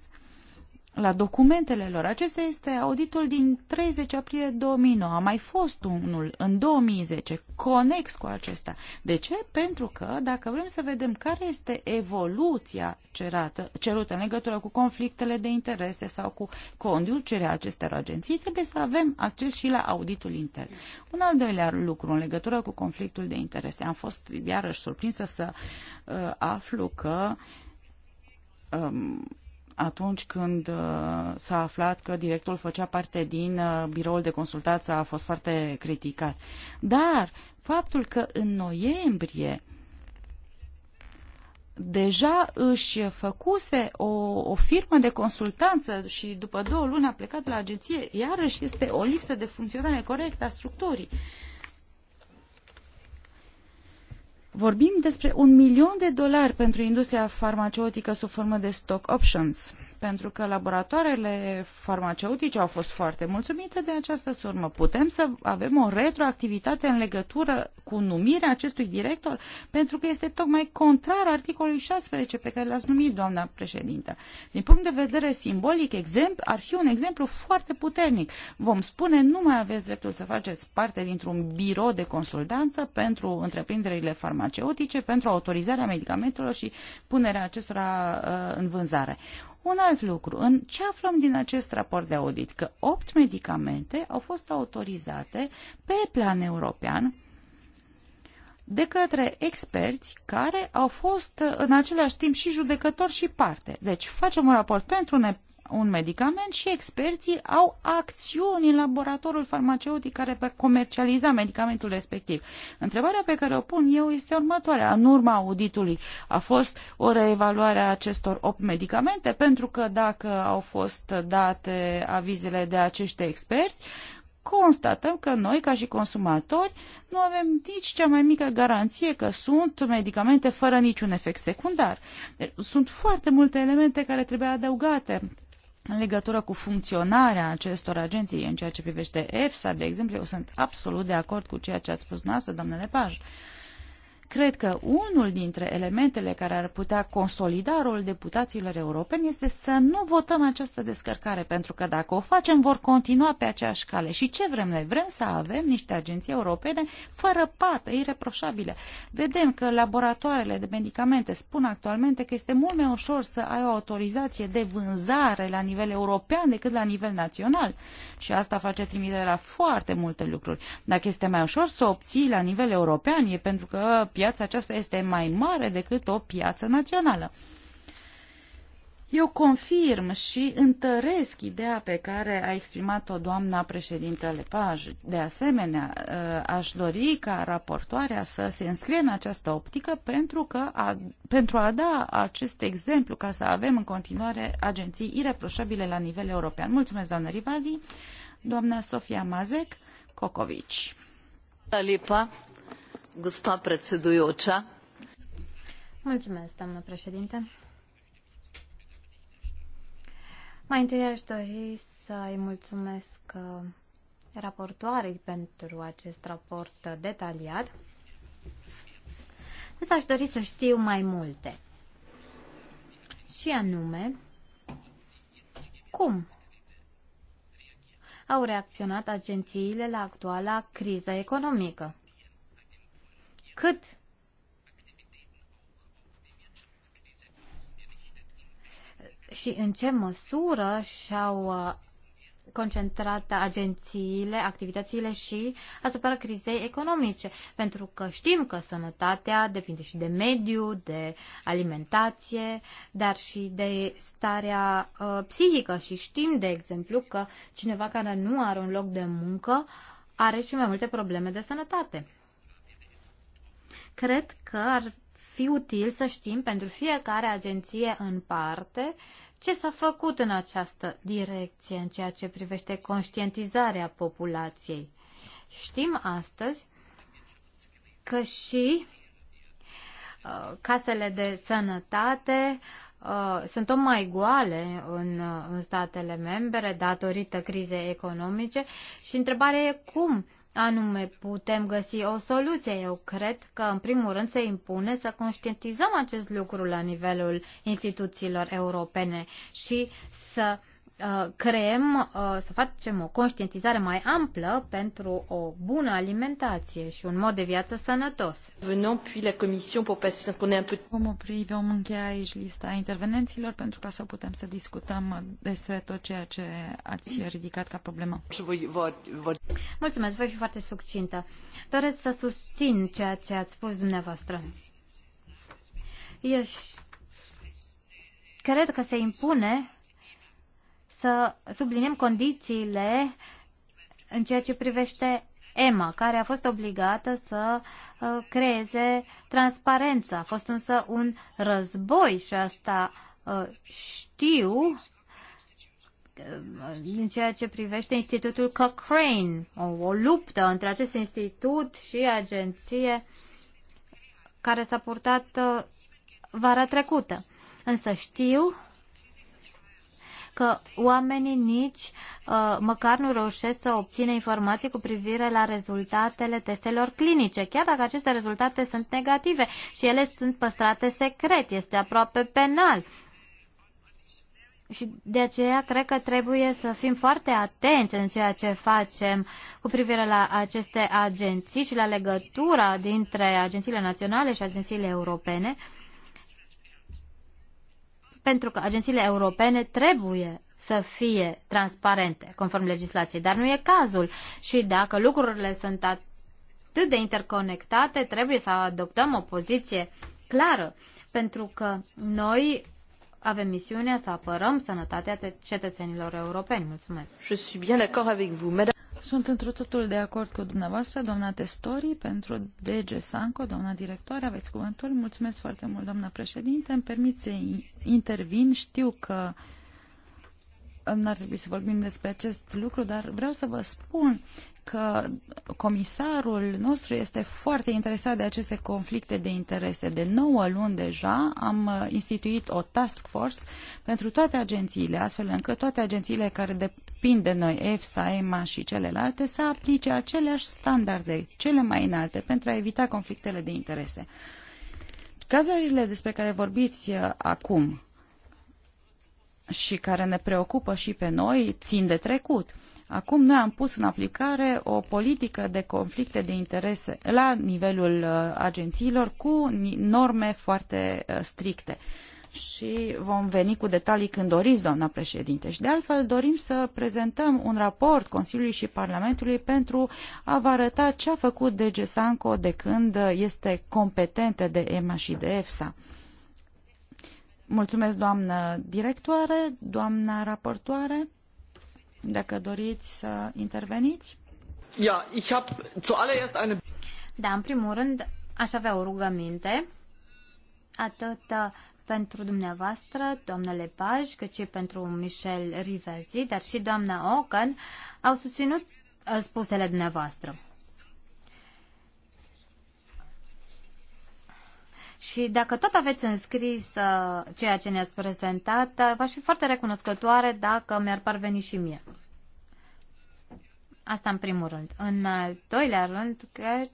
la documentele lor. Acesta este auditul din 30 aprilie 2009. A mai fost unul în 2010, conex cu acesta. De ce? Pentru că, dacă vrem să vedem care este evoluția cerată, cerută în legătură cu conflictele de interese sau cu conducerea acestor agenții, trebuie să avem acces și la auditul intern. Un al doilea lucru în legătură cu conflictul de interese. Am fost iarăși surprinsă să uh, aflu că um, atunci când uh, s-a aflat că directorul făcea parte din uh, biroul de consultați a fost foarte criticat. Dar faptul că în noiembrie deja își făcuse o, o firmă de consultanță și după două luni a plecat la agenție, iarăși este o lipsă de funcționare corectă a structurii. Uh, Vorbim despre un milion de dolari pentru industria farmaceutică sub formă de stock options pentru că laboratoarele farmaceutice au fost foarte mulțumite de această sumă. Putem să avem o retroactivitate în legătură cu numirea acestui director, pentru că este tocmai contrar articolului 16 pe care l-ați numit, doamna președintă. Din punct de vedere simbolic, exemplu, ar fi un exemplu foarte puternic. Vom spune, nu mai aveți dreptul să faceți parte dintr-un birou de consultanță pentru întreprinderile farmaceutice, pentru autorizarea medicamentelor și punerea acestora uh, în vânzare. Un alt lucru, în ce aflăm din acest raport de audit? Că 8 medicamente au fost autorizate pe plan european de către experți care au fost în același timp și judecători și parte. Deci facem un raport pentru un medicament și experții au acțiuni în laboratorul farmaceutic care va comercializa medicamentul respectiv. Întrebarea pe care o pun eu este următoarea. În urma auditului a fost o reevaluare a acestor 8 medicamente pentru că dacă au fost date avizele de acești experți, constatăm că noi, ca și consumatori, nu avem nici cea mai mică garanție că sunt medicamente fără niciun efect secundar. Deci, sunt foarte multe elemente care trebuie adăugate în legătură cu funcționarea acestor agenții în ceea ce privește EFSA, de exemplu, eu sunt absolut de acord cu ceea ce ați spus dumneavoastră, domnule Paj. Uh, Cred că unul dintre elementele care ar putea consolida rolul deputaților europeni este să nu votăm această descărcare, pentru că dacă o facem, vor continua pe aceeași cale. Și ce vrem noi? Vrem să avem niște agenții europene fără pată, ireproșabile. Vedem că laboratoarele de medicamente spun actualmente că este mult mai ușor să ai o autorizație de vânzare la nivel european decât la nivel național. Și asta face trimiterea foarte multe lucruri. Dacă este mai ușor să obții la nivel european, e pentru că piață, aceasta este mai mare decât o piață națională. Eu confirm și întăresc ideea pe care a exprimat-o doamna președintă Lepaj. De asemenea, ă, aș dori ca raportoarea să se înscrie în această optică pentru, că a, pentru a da acest exemplu, ca să avem în continuare agenții ireproșabile la nivel european. Mulțumesc, doamna Rivazi. Doamna Sofia Mazek, Cocovici. Lipa. Mulțumesc, doamnă președinte. Mai întâi aș dori să îi mulțumesc uh, raportoarei pentru acest raport detaliat. Însă aș dori să știu mai multe. Și anume, cum au reacționat agențiile la actuala criză economică? cât și în ce măsură și-au uh, concentrat agențiile, activitățile și asupra crizei economice, pentru că știm că sănătatea depinde și de mediu, de alimentație, dar și de starea uh, psihică și știm, de exemplu, că cineva care nu are un loc de muncă are și mai multe probleme de sănătate. Cred că ar fi util să știm pentru fiecare agenție în parte ce s-a făcut în această direcție în ceea ce privește conștientizarea populației. Știm astăzi că și uh, casele de sănătate uh, sunt tot mai goale în, uh, în statele membre datorită crizei economice și întrebarea e cum anume putem găsi o soluție. Eu cred că, în primul rând, se impune să conștientizăm acest lucru la nivelul instituțiilor europene și să uh, Uh, creăm, uh, să facem o conștientizare mai amplă pentru o bună alimentație și un mod de viață sănătos. Venons puis la comisie pour passer qu'on ait un peu Vom opri, vom încheia aici lista intervenenților pentru ca să putem să discutăm despre tot ceea ce ați ridicat ca problemă. Mulțumesc, voi fi foarte succintă. Doresc să susțin ceea ce ați spus dumneavoastră. Ești... Cred că se impune să subliniem condițiile în ceea ce privește Emma care a fost obligată să uh, creeze transparență. A fost însă un război și asta uh, știu în uh, ceea ce privește Institutul Cochrane, o, o luptă între acest institut și agenție care s-a purtat vara trecută. Însă știu că oamenii nici uh, măcar nu reușesc să obțină informații cu privire la rezultatele testelor clinice, chiar dacă aceste rezultate sunt negative și ele sunt păstrate secret, este aproape penal. Și de aceea cred că trebuie să fim foarte atenți în ceea ce facem cu privire la aceste agenții și la legătura dintre agențiile naționale și agențiile europene. Uh, pentru că agențiile europene trebuie să fie transparente conform legislației, dar nu e cazul. Și dacă lucrurile sunt atât de interconectate, trebuie să adoptăm o poziție clară, pentru că noi avem misiunea să apărăm sănătatea cetățenilor europeni. Mulțumesc. Je suis bien d'accord avec vous, madame. Sunt într totul de acord cu dumneavoastră, doamna Testori, pentru DG Sanco, doamna director, aveți cuvântul. Mulțumesc foarte mult, doamna președinte. Îmi permit să intervin. Știu că um, n-ar trebui să vorbim despre acest lucru, dar vreau să vă spun că comisarul nostru este foarte interesat de aceste conflicte de interese. De 9 luni deja am uh, instituit o task force pentru toate agențiile, astfel încât toate agențiile care depind de noi, EFSA, EMA și celelalte, să aplice aceleași standarde, cele mai înalte, pentru a evita conflictele de interese. Cazurile despre care vorbiți uh, acum și care ne preocupă și pe noi țin de trecut Acum noi am pus în aplicare o politică de conflicte de interese la nivelul uh, agențiilor cu norme foarte uh, stricte. Și vom veni cu detalii când doriți, doamna președinte. Și de altfel dorim să prezentăm un raport Consiliului și Parlamentului pentru a vă arăta ce a făcut DG Sanco de când uh, este competentă de EMA și de EFSA. Mulțumesc, doamnă directoare, doamna raportoare. Dacă doriți să interveniți. Ja, ich hab zuallererst eine... Da, în primul rând, aș avea o rugăminte, atât uh, pentru dumneavoastră, domnule Paj, cât și pentru Michel Rivelzi, dar și doamna Ocan, au susținut uh, spusele dumneavoastră. Și dacă tot aveți înscris uh, ceea ce ne-ați prezentat, uh, v-aș fi foarte recunoscătoare dacă mi-ar parveni și mie. Asta în primul rând. În al doilea rând, Kurt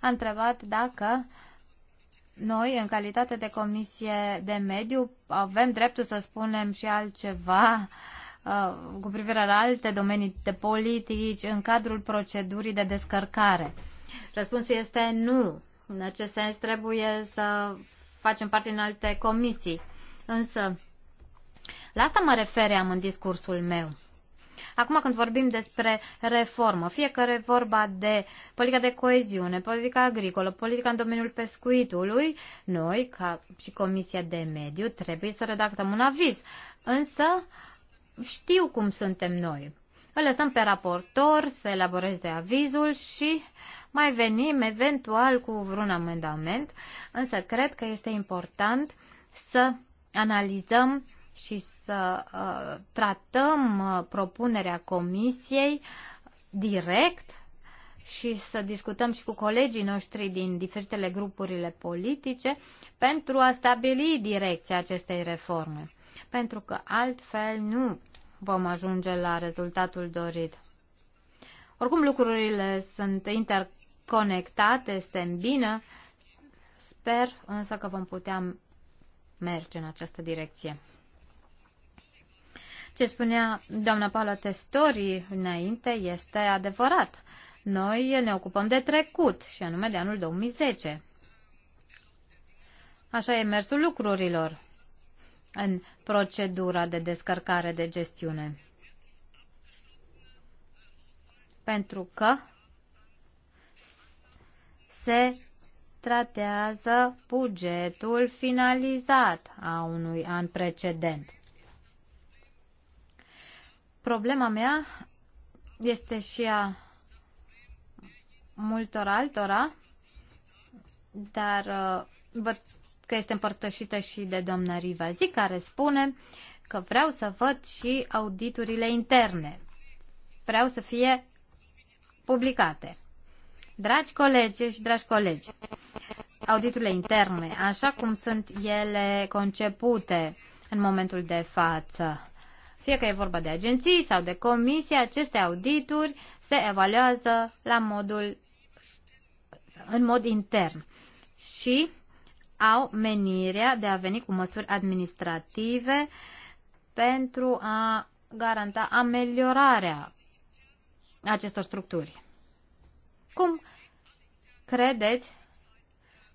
a întrebat dacă noi, în calitate de comisie de mediu, avem dreptul să spunem și altceva uh, cu privire la alte domenii de politici în cadrul procedurii de descărcare. Răspunsul este nu. În acest sens trebuie să facem parte în alte comisii. Însă, la asta mă refeream în discursul meu. Acum când vorbim despre reformă, fie că e vorba de politica de coeziune, politica agricolă, politica în domeniul pescuitului, noi, ca și Comisia de Mediu, trebuie să redactăm un aviz. Însă știu cum suntem noi. Îl lăsăm pe raportor să elaboreze avizul și mai venim eventual cu vreun amendament, însă cred că este important să analizăm și să uh, tratăm uh, propunerea comisiei direct și să discutăm și cu colegii noștri din diferitele grupurile politice pentru a stabili direcția acestei reforme. Pentru că altfel nu vom ajunge la rezultatul dorit. Oricum lucrurile sunt interconectate, este în bine, sper însă că vom putea merge în această direcție. Ce spunea doamna Paula Testori înainte este adevărat. Noi ne ocupăm de trecut și anume de anul 2010. Așa e mersul lucrurilor în procedura de descărcare de gestiune. Pentru că se tratează bugetul finalizat a unui an precedent. Problema mea este și a multor altora, dar uh, vă că este împărtășită și de doamna zic care spune că vreau să văd și auditurile interne. Vreau să fie publicate. Dragi colegi și dragi colegi, auditurile interne, așa cum sunt ele concepute în momentul de față, fie că e vorba de agenții sau de comisie, aceste audituri se evaluează la modul, în mod intern. Și au menirea de a veni cu măsuri administrative pentru a garanta ameliorarea acestor structuri. Cum credeți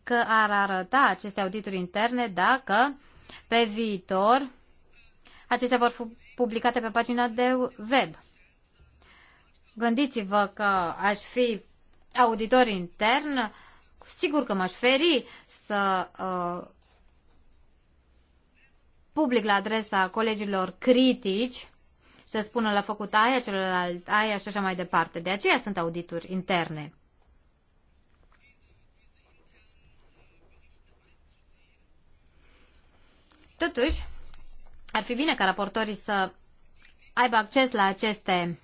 că ar arăta aceste audituri interne dacă pe viitor acestea vor fi publicate pe pagina de web? Gândiți-vă că aș fi auditor intern sigur că m-aș feri să uh, public la adresa colegilor critici să spună la făcut aia, celălalt aia și așa mai departe. De aceea sunt audituri interne. Totuși, ar fi bine ca raportorii să aibă acces la aceste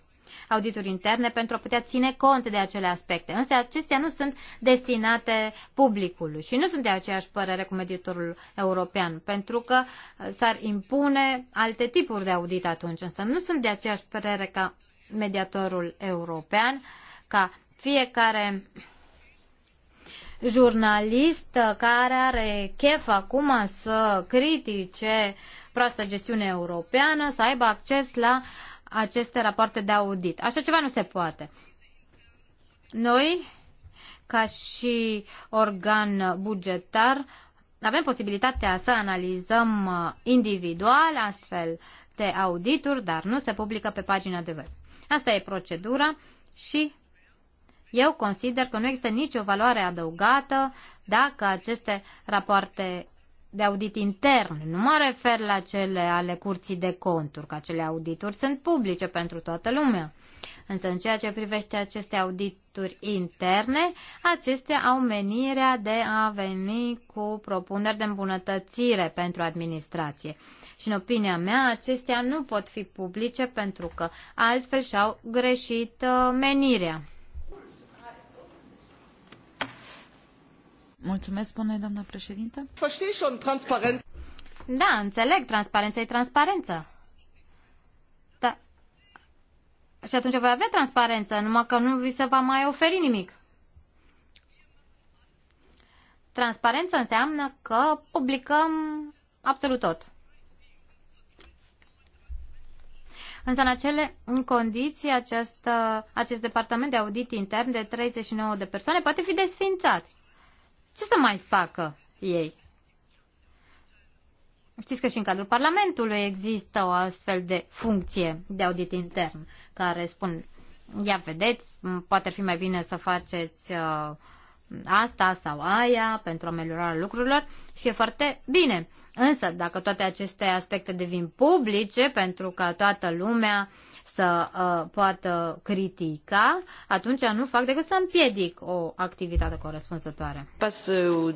audituri interne pentru a putea ține cont de acele aspecte. Însă acestea nu sunt destinate publicului și nu sunt de aceeași părere cu mediatorul european, pentru că uh, s-ar impune alte tipuri de audit atunci, însă nu sunt de aceeași părere ca mediatorul european, ca fiecare jurnalist care are chef acum să critique proastă gestiune europeană, să aibă acces la aceste rapoarte de audit. Așa ceva nu se poate. Noi, ca și organ bugetar, avem posibilitatea să analizăm uh, individual astfel de audituri, dar nu se publică pe pagina de web. Asta e procedura și eu consider că nu există nicio valoare adăugată dacă aceste rapoarte de audit intern, nu mă refer la cele ale curții de conturi, că acele audituri sunt publice pentru toată lumea. Însă în ceea ce privește aceste audituri interne, acestea au menirea de a veni cu propuneri de îmbunătățire pentru administrație. Și în opinia mea, acestea nu pot fi publice pentru că altfel și-au greșit uh, menirea. Mulțumesc, spune doamna președintă. Da, înțeleg, transparența e transparență. Da. Și atunci voi avea transparență, numai că nu vi se va mai oferi nimic. Transparență înseamnă că publicăm absolut tot. Însă în acele în condiții, această, acest departament de audit intern de 39 de persoane poate fi desfințat. Ce să mai facă ei? Știți că și în cadrul Parlamentului există o astfel de funcție de audit intern care spun: ia vedeți, poate ar fi mai bine să faceți uh, asta sau aia pentru ameliorarea lucrurilor și e foarte bine. Însă, dacă toate aceste aspecte devin publice pentru ca toată lumea uh, să uh, poată critica, atunci nu fac decât să împiedic o activitate corespunzătoare. Uh,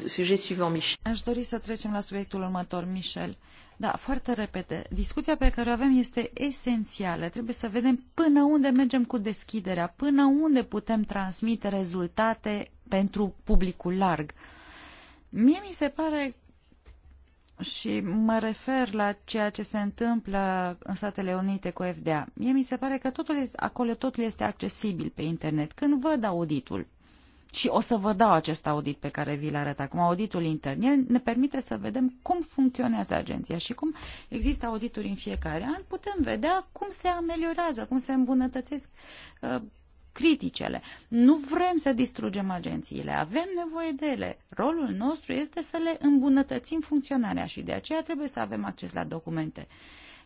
Aș dori să trecem la subiectul următor, Michel. Da, foarte repede. Discuția pe care o avem este esențială. Trebuie să vedem până unde mergem cu deschiderea, până unde putem transmite rezultate pentru publicul larg. Mie mi se pare și mă refer la ceea ce se întâmplă în Statele Unite cu FDA. Mie mi se pare că totul este, acolo totul este accesibil pe internet. Când văd auditul, și o să vă dau acest audit pe care vi-l arăt acum, auditul intern, el ne permite să vedem cum funcționează agenția și cum există audituri în fiecare an, putem vedea cum se ameliorează, cum se îmbunătățesc uh, criticele. Nu vrem să distrugem agențiile, avem nevoie de ele. Rolul nostru este să le îmbunătățim funcționarea și de aceea trebuie să avem acces la documente.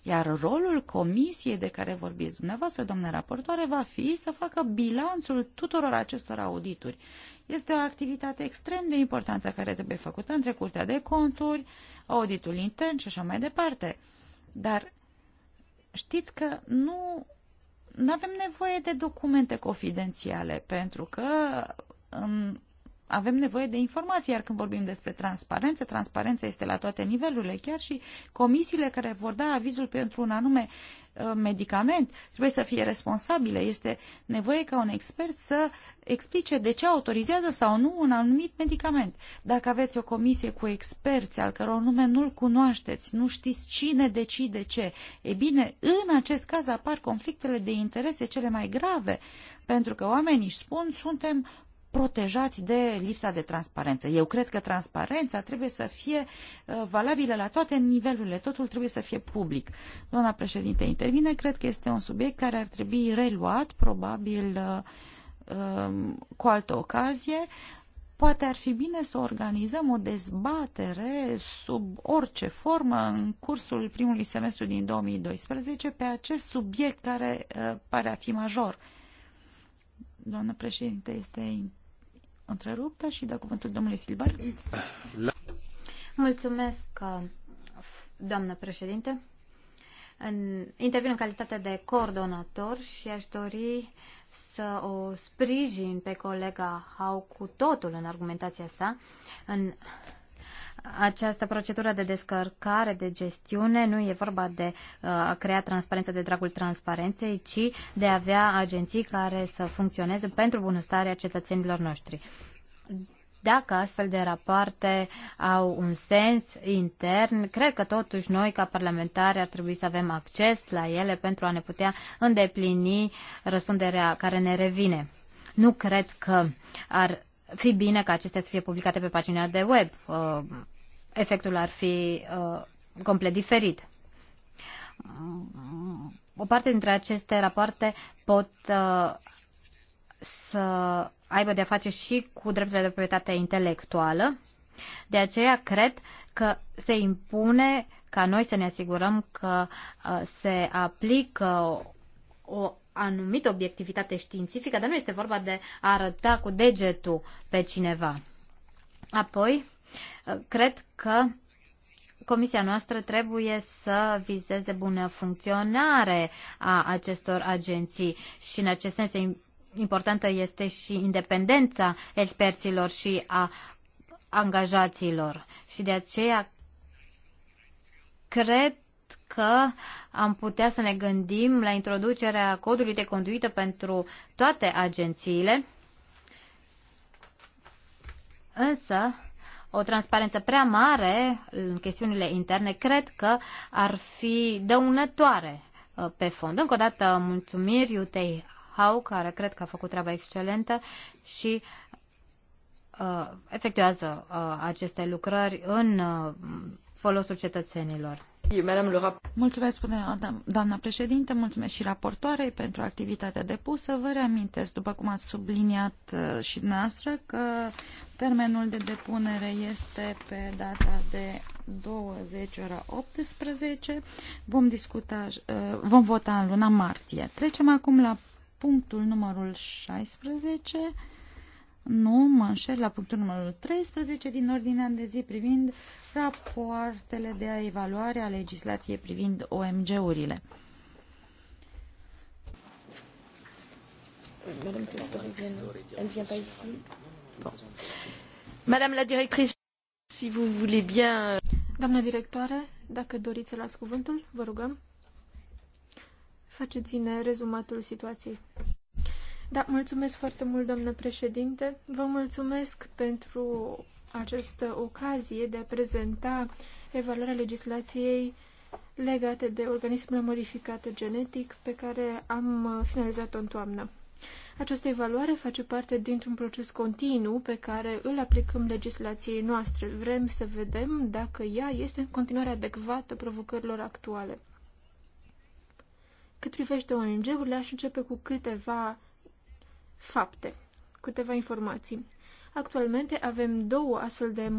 Iar rolul comisiei de care vorbiți dumneavoastră, domnule raportoare, va fi să facă bilanțul tuturor acestor audituri. Este o activitate extrem de importantă care trebuie făcută între Curtea de Conturi, auditul intern și așa mai departe. Dar știți că nu nu avem nevoie de documente confidențiale, pentru că în, um, avem nevoie de informații, iar când vorbim despre transparență, transparența este la toate nivelurile, chiar și comisiile care vor da avizul pentru un anume Uh, medicament, trebuie să fie responsabile. Este nevoie ca un expert să explice de ce autorizează sau nu un anumit medicament. Dacă aveți o comisie cu experți al căror nume nu-l cunoașteți, nu știți cine decide ce, e bine, în acest caz apar conflictele de interese cele mai grave, pentru că oamenii își spun suntem protejați de lipsa de transparență. Eu cred că transparența trebuie să fie uh, valabilă la toate nivelurile, totul trebuie să fie public. Doamna președinte intervine, cred că este un subiect care ar trebui reluat, probabil uh, um, cu altă ocazie. Poate ar fi bine să organizăm o dezbatere sub orice formă în cursul primului semestru din 2012 pe acest subiect care uh, pare a fi major doamnă președinte, este întreruptă și dă cuvântul domnului Silbar. Mulțumesc, doamnă președinte. În, intervin în calitate de coordonator și aș dori să o sprijin pe colega Hau cu totul în argumentația sa. În această procedură de descărcare, de gestiune, nu e vorba de uh, a crea transparență de dragul transparenței, ci de a avea agenții care să funcționeze pentru bunăstarea cetățenilor noștri. Dacă astfel de rapoarte au un sens intern, cred că totuși noi, ca parlamentari, ar trebui să avem acces la ele pentru a ne putea îndeplini răspunderea care ne revine. Nu cred că ar fi bine ca acestea să fie publicate pe pagina de web. Uh, efectul ar fi uh, complet diferit. O parte dintre aceste rapoarte pot uh, să aibă de-a face și cu drepturile de proprietate intelectuală. De aceea cred că se impune ca noi să ne asigurăm că uh, se aplică o anumită obiectivitate științifică, dar nu este vorba de a arăta cu degetul pe cineva. Apoi, Uh, cred că Comisia noastră trebuie să vizeze bună funcționare a acestor agenții și în acest sens importantă este și independența experților și a angajaților. Și de aceea cred că am putea să ne gândim la introducerea codului de conduită pentru toate agențiile, însă o transparență prea mare în chestiunile interne, cred că ar fi dăunătoare uh, pe fond. Încă o dată, mulțumiri Iutei Hau, care cred că a făcut treaba excelentă și uh, efectuează uh, aceste lucrări în uh, folosul cetățenilor. Mulțumesc, spune doamna președinte, mulțumesc și raportoarei pentru activitatea depusă. Vă reamintesc, după cum ați subliniat uh, și dumneavoastră, că termenul de depunere este pe data de 20 ora 18. Vom, discuta, uh, vom vota în luna martie. Trecem acum la punctul numărul 16 nu, mă înșel la punctul numărul 13 din ordinea de zi privind rapoartele de evaluare a legislației privind OMG-urile. Madame la directrice, si vous voulez bien... Doamna directoare, dacă doriți să luați cuvântul, vă rugăm. Faceți-ne rezumatul situației. Da, mulțumesc foarte mult, doamnă președinte. Vă mulțumesc pentru această ocazie de a prezenta evaluarea legislației legate de organismele modificate genetic pe care am finalizat-o în toamnă. Această evaluare face parte dintr-un proces continuu pe care îl aplicăm legislației noastre. Vrem să vedem dacă ea este în continuare adecvată provocărilor actuale. Cât privește ONG-urile, aș începe cu câteva fapte, câteva informații. Actualmente avem două astfel de,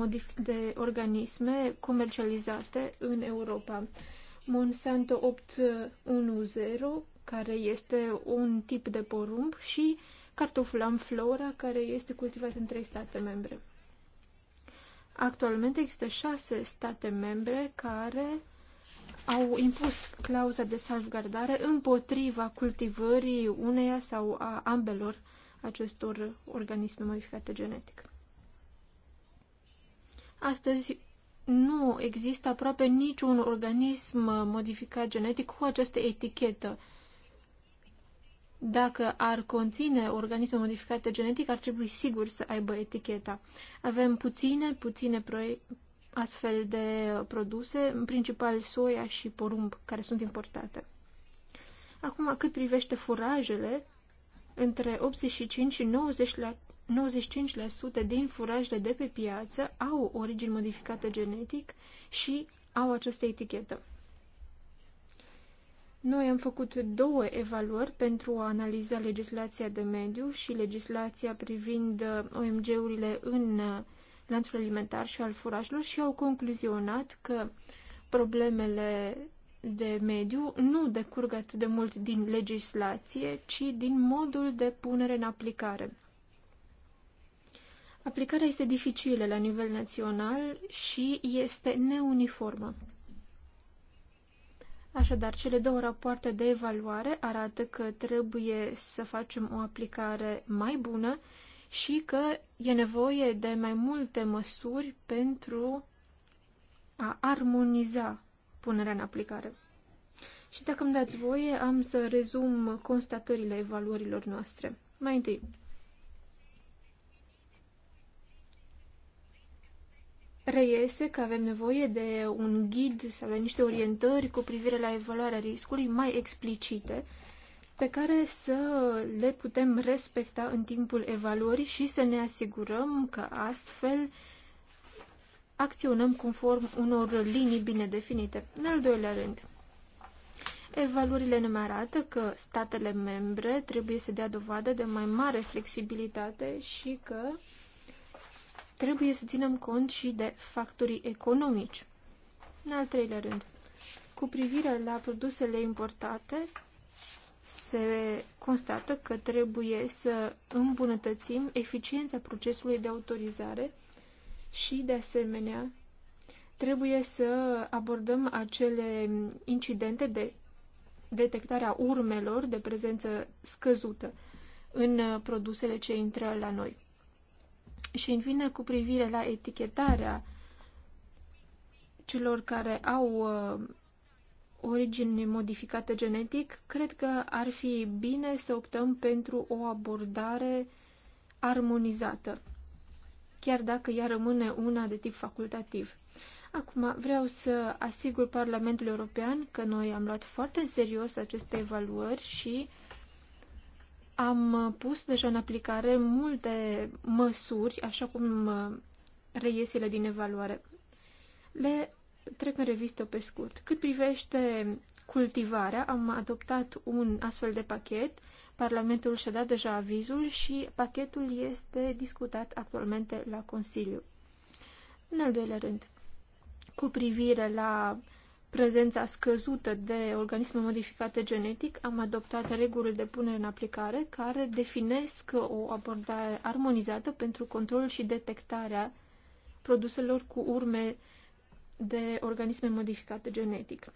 de organisme comercializate în Europa. Monsanto 810, care este un tip de porumb, și cartoful Amflora, care este cultivat în trei state membre. Actualmente există șase state membre care au impus clauza de salvgardare împotriva cultivării uneia sau a ambelor acestor organisme modificate genetic. Astăzi nu există aproape niciun organism modificat genetic cu această etichetă. Dacă ar conține organisme modificate genetic, ar trebui sigur să aibă eticheta. Avem puține, puține astfel de produse, în principal soia și porumb, care sunt importate. Acum, cât privește furajele, între 85 și 90 la 95% din furajele de pe piață au origini modificate genetic și au această etichetă. Noi am făcut două evaluări pentru a analiza legislația de mediu și legislația privind uh, OMG-urile în uh, lanțul alimentar și al furajelor și au concluzionat că problemele de mediu nu decurg atât de mult din legislație, ci din modul de punere în aplicare. Aplicarea este dificilă la nivel național și este neuniformă. Așadar, cele două rapoarte de evaluare arată că trebuie să facem o aplicare mai bună și că e nevoie de mai multe măsuri pentru a armoniza punerea în aplicare. Și dacă îmi dați voie, am să rezum constatările evaluărilor noastre. Mai întâi, reiese că avem nevoie de un ghid sau de niște orientări cu privire la evaluarea riscului mai explicite pe care să le putem respecta în timpul evaluării și să ne asigurăm că astfel acționăm conform unor linii bine definite. În al doilea rând, evaluările ne mai arată că statele membre trebuie să dea dovadă de mai mare flexibilitate și că trebuie să ținem cont și de factorii economici. În al treilea rând, cu privire la produsele importate, se constată că trebuie să îmbunătățim eficiența procesului de autorizare și, de asemenea, trebuie să abordăm acele incidente de detectarea urmelor de prezență scăzută în produsele ce intră la noi. Și, în fine, cu privire la etichetarea celor care au uh, origini modificate genetic, cred că ar fi bine să optăm pentru o abordare armonizată, chiar dacă ea rămâne una de tip facultativ. Acum vreau să asigur Parlamentul European că noi am luat foarte în serios aceste evaluări și am pus deja în aplicare multe măsuri, așa cum reiesile din evaluare. Le Trec în revistă pe scurt. Cât privește cultivarea, am adoptat un astfel de pachet. Parlamentul și-a dat deja avizul și pachetul este discutat actualmente la Consiliu. În al doilea rând, cu privire la prezența scăzută de organisme modificate genetic, am adoptat reguli de punere în aplicare care definesc o abordare armonizată pentru controlul și detectarea produselor cu urme de organisme modificate genetic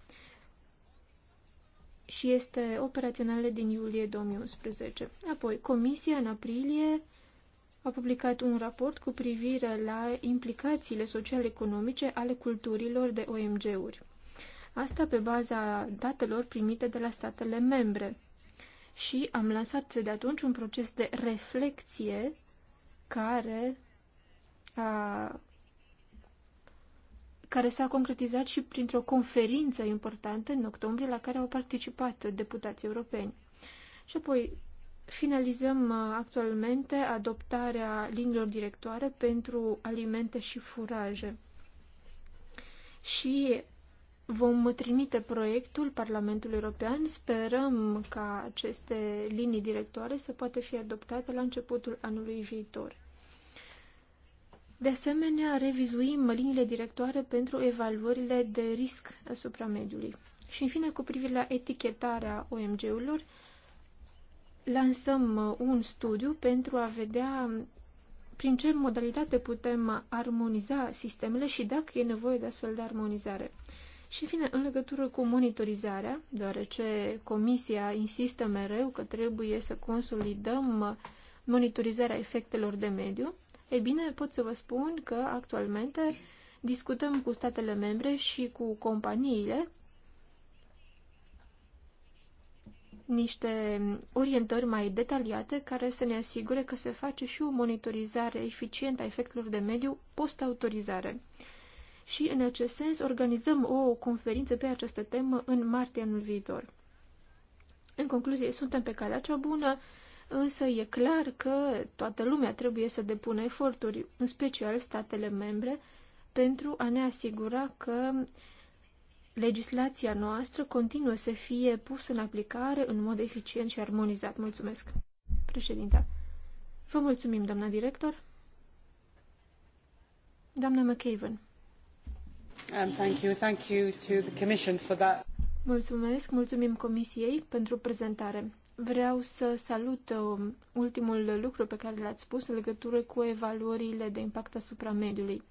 și este operațională din iulie 2011. Apoi, Comisia în aprilie a publicat un raport cu privire la implicațiile social-economice ale culturilor de OMG-uri. Asta pe baza datelor primite de la statele membre. Și am lansat de atunci un proces de reflexie care a care s-a concretizat și printr-o conferință importantă în octombrie la care au participat deputații europeni. Și apoi finalizăm uh, actualmente adoptarea liniilor directoare pentru alimente și furaje. Și vom trimite proiectul Parlamentului European. Sperăm ca aceste linii directoare să poată fi adoptate la începutul anului viitor. De asemenea, revizuim liniile directoare pentru evaluările de risc asupra mediului. Și, în fine, cu privire la etichetarea OMG-urilor, lansăm uh, un studiu pentru a vedea prin ce modalitate putem armoniza sistemele și dacă e nevoie de astfel de armonizare. Și, în fine, în legătură cu monitorizarea, deoarece Comisia insistă mereu că trebuie să consolidăm monitorizarea efectelor de mediu, E bine, pot să vă spun că actualmente discutăm cu statele membre și cu companiile niște orientări mai detaliate care să ne asigure că se face și o monitorizare eficientă a efectelor de mediu post-autorizare. Și în acest sens organizăm o conferință pe această temă în martie anul viitor. În concluzie, suntem pe calea cea bună, însă e clar că toată lumea trebuie să depună eforturi, în special statele membre, pentru a ne asigura că legislația noastră continuă să fie pusă în aplicare în mod eficient și armonizat. Mulțumesc, președinta. Vă mulțumim, doamna director. Doamna McAven. And um, thank you, thank you to the Commission for that. Mulțumesc, mulțumim Comisiei pentru prezentare. Vreau să salut um, ultimul lucru pe care l-ați spus în legătură cu evaluările de impact asupra mediului.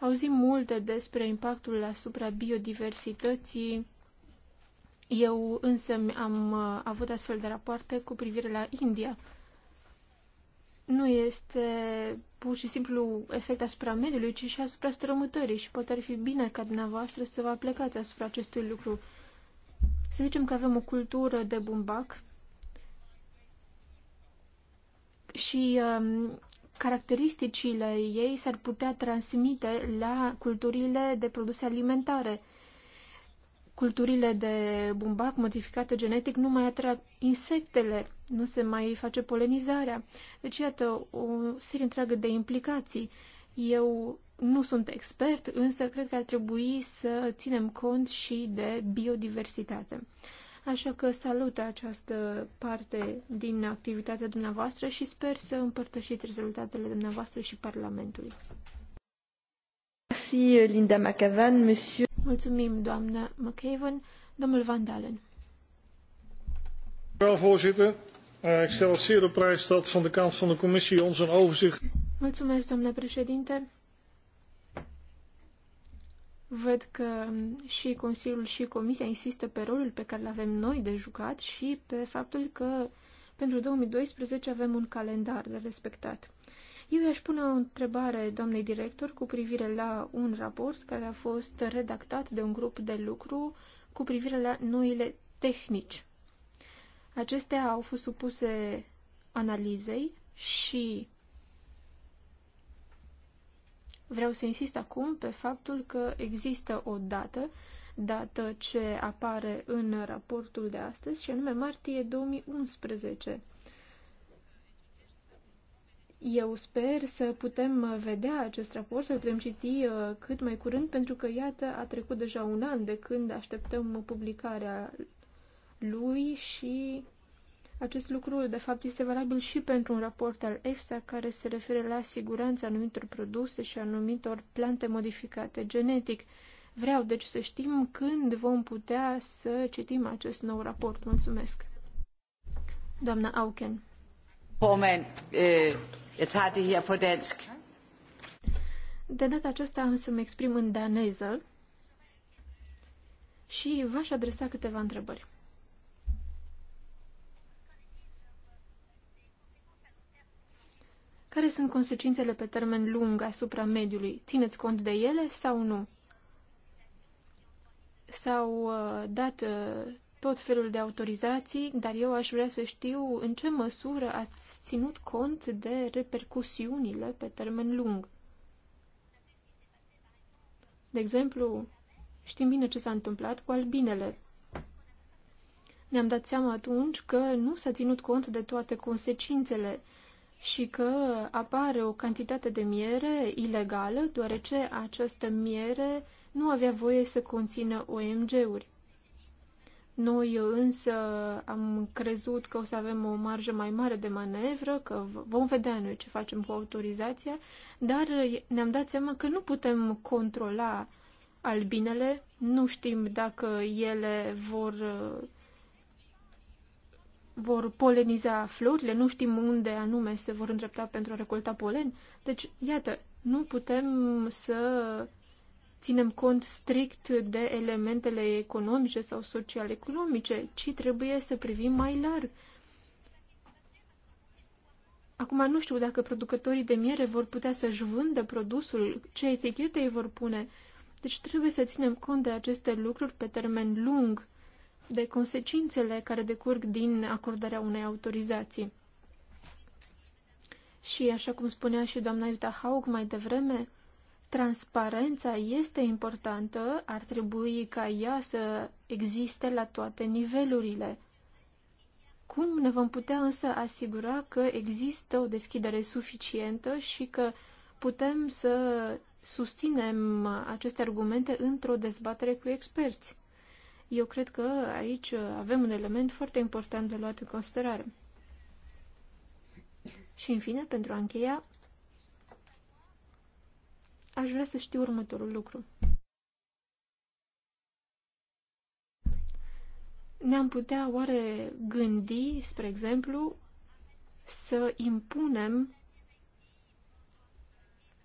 Auzim multe despre impactul asupra biodiversității. Eu însă am uh, avut astfel de rapoarte cu privire la India. Nu este pur și simplu efect asupra mediului, ci și asupra strămutării și poate ar fi bine ca dumneavoastră să vă aplicați asupra acestui lucru să zicem că avem o cultură de bumbac și um, caracteristicile ei s-ar putea transmite la culturile de produse alimentare. Culturile de bumbac modificate genetic nu mai atrag insectele, nu se mai face polenizarea. Deci, iată, o serie întreagă de implicații. Eu nu sunt expert, însă cred că ar trebui să ținem cont și de biodiversitate. Așa că salut această parte din activitatea dumneavoastră și sper să împărtășiți rezultatele dumneavoastră și Parlamentului. Merci, Linda McAvan, monsieur. Mulțumim, doamna McAvan. Domnul Van Dalen. Wel, voorzitter. Eh, ik stel zeer op prijs dat van de kant van de commissie ons een overzicht... Mulțumesc, doamna președinte. Văd că și Consiliul și Comisia insistă pe rolul pe care îl avem noi de jucat și pe faptul că pentru 2012 avem un calendar de respectat. Eu i-aș pune o întrebare doamnei director cu privire la un raport care a fost redactat de un grup de lucru cu privire la noile tehnici. Acestea au fost supuse analizei și Vreau să insist acum pe faptul că există o dată, dată ce apare în raportul de astăzi, și anume martie 2011. Eu sper să putem vedea acest raport, să putem citi uh, cât mai curând, pentru că, iată, a trecut deja un an de când așteptăm publicarea lui și acest lucru, de fapt, este valabil și pentru un raport al EFSA care se referă la siguranța anumitor produse și anumitor plante modificate genetic. Vreau, deci, să știm când vom putea să citim acest nou raport. Mulțumesc. Doamna Auken. Formand, øh, jeg tager det her dansk. De data aceasta am să mă exprim în daneză și v-aș adresa câteva întrebări. Care sunt consecințele pe termen lung asupra mediului? Țineți cont de ele sau nu? S-au uh, dat uh, tot felul de autorizații, dar eu aș vrea să știu în ce măsură ați ținut cont de repercusiunile pe termen lung. De exemplu, știm bine ce s-a întâmplat cu albinele. Ne-am dat seama atunci că nu s-a ținut cont de toate consecințele și că apare o cantitate de miere ilegală, deoarece această miere nu avea voie să conțină OMG-uri. Noi însă am crezut că o să avem o marjă mai mare de manevră, că vom vedea noi ce facem cu autorizația, dar ne-am dat seama că nu putem controla albinele, nu știm dacă ele vor uh, vor poleniza florile, nu știm unde anume se vor îndrepta pentru a recolta polen. Deci, iată, nu putem să ținem cont strict de elementele economice sau social-economice, ci trebuie să privim mai larg. Acum nu știu dacă producătorii de miere vor putea să-și vândă produsul, ce etichete îi vor pune. Deci trebuie să ținem cont de aceste lucruri pe termen lung de consecințele care decurg din acordarea unei autorizații. Și, așa cum spunea și doamna Iuta Haug mai devreme, transparența este importantă, ar trebui ca ea să existe la toate nivelurile. Cum ne vom putea însă asigura că există o deschidere suficientă și că putem să susținem aceste argumente într-o dezbatere cu experți? Eu cred că aici uh, avem un element foarte important de luat în considerare. Și, în fine, pentru a încheia, aș vrea să știu următorul lucru. Ne-am putea oare gândi, spre exemplu, să impunem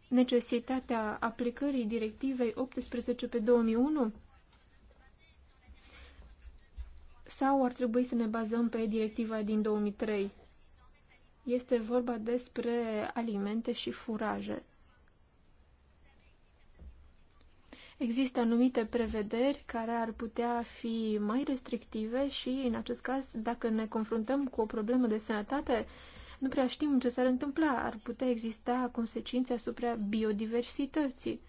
necesitatea aplicării directivei 18 pe 2001? sau ar trebui să ne bazăm pe directiva din 2003? Este vorba despre alimente și furaje. Există anumite prevederi care ar putea fi mai restrictive și, în acest caz, dacă ne confruntăm cu o problemă de sănătate, nu prea știm ce s-ar întâmpla. Ar putea exista consecințe asupra biodiversității,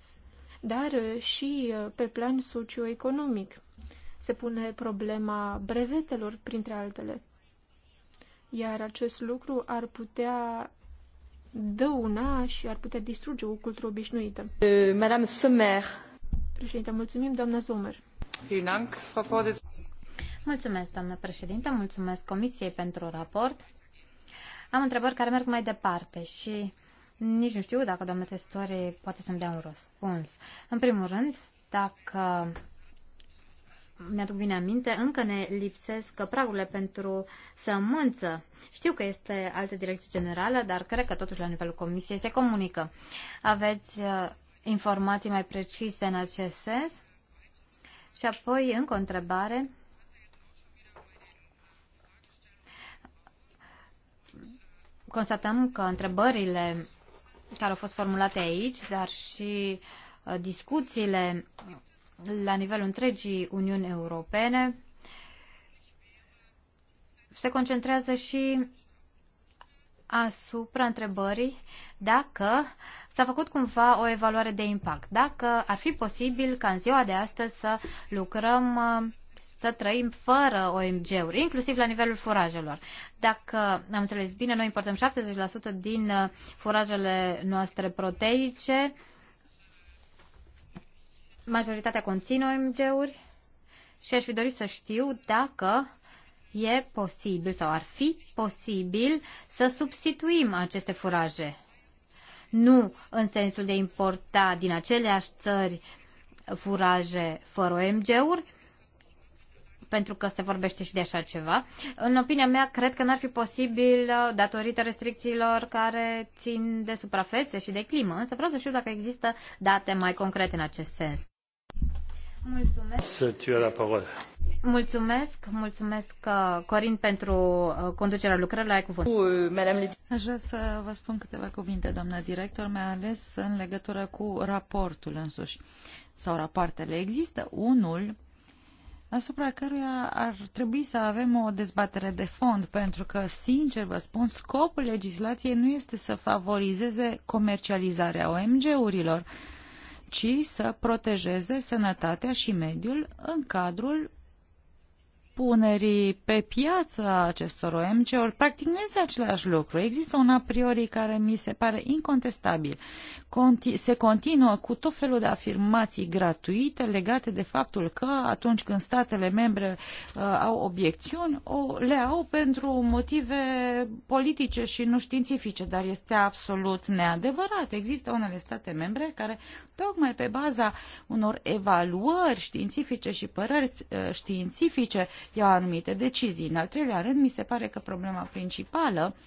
dar și uh, pe plan socioeconomic. Se pune problema brevetelor, printre altele. Iar acest lucru ar putea dăuna și ar putea distruge o cultură obișnuită. Euh, Madame Sommer. Președinte, mulțumim, doamna Sommer. Mulțumesc, doamnă președinte, mulțumesc Comisiei pentru raport. Am întrebări care merg mai departe și nici nu știu dacă doamna testoare poate să-mi dea un răspuns. În primul rând, dacă mi-aduc bine aminte, încă ne lipsesc pragurile pentru sămânță. Știu că este altă direcție generală, dar cred că totuși la nivelul comisiei se comunică. Aveți uh, informații mai precise în acest sens? Și apoi, încă o întrebare. Constatăm că întrebările care au fost formulate aici, dar și uh, discuțiile la nivelul întregii Uniuni Europene se concentrează și asupra întrebării dacă s-a făcut cumva o evaluare de impact, dacă ar fi posibil ca în ziua de astăzi să lucrăm, să trăim fără OMG-uri, inclusiv la nivelul furajelor. Dacă am înțeles bine, noi importăm 70% din furajele noastre proteice, majoritatea conțin OMG-uri și aș fi dorit să știu dacă e posibil sau ar fi posibil să substituim aceste furaje. Nu în sensul de importa din aceleași țări furaje fără OMG-uri, pentru că se vorbește și de așa ceva. În opinia mea, cred că n-ar fi posibil uh, datorită restricțiilor care țin de suprafețe și de climă, însă vreau să știu dacă există date mai concrete în acest sens. Mulțumesc. Mulțumesc, mulțumesc uh, Corin pentru uh, conducerea lucrărilor. Ai cuvânt. Aș vrea să vă spun câteva cuvinte, doamna director, mai ales în legătură cu raportul însuși sau rapoartele. Există unul asupra căruia ar trebui să avem o dezbatere de fond, pentru că, sincer vă spun, scopul legislației nu este să favorizeze comercializarea OMG-urilor, ci să protejeze sănătatea și mediul în cadrul punerii pe piață a acestor OMG-uri, practic nu este același lucru. Există un a priori care mi se pare incontestabil conti- se continuă cu tot felul de afirmații gratuite legate de faptul că atunci când statele membre uh, au obiecțiuni, o, le au pentru motive politice și nu științifice, dar este absolut neadevărat. Există unele state membre care, tocmai pe baza unor evaluări științifice și păreri uh, științifice, iau anumite decizii. În al treilea rând, mi se pare că problema principală uh,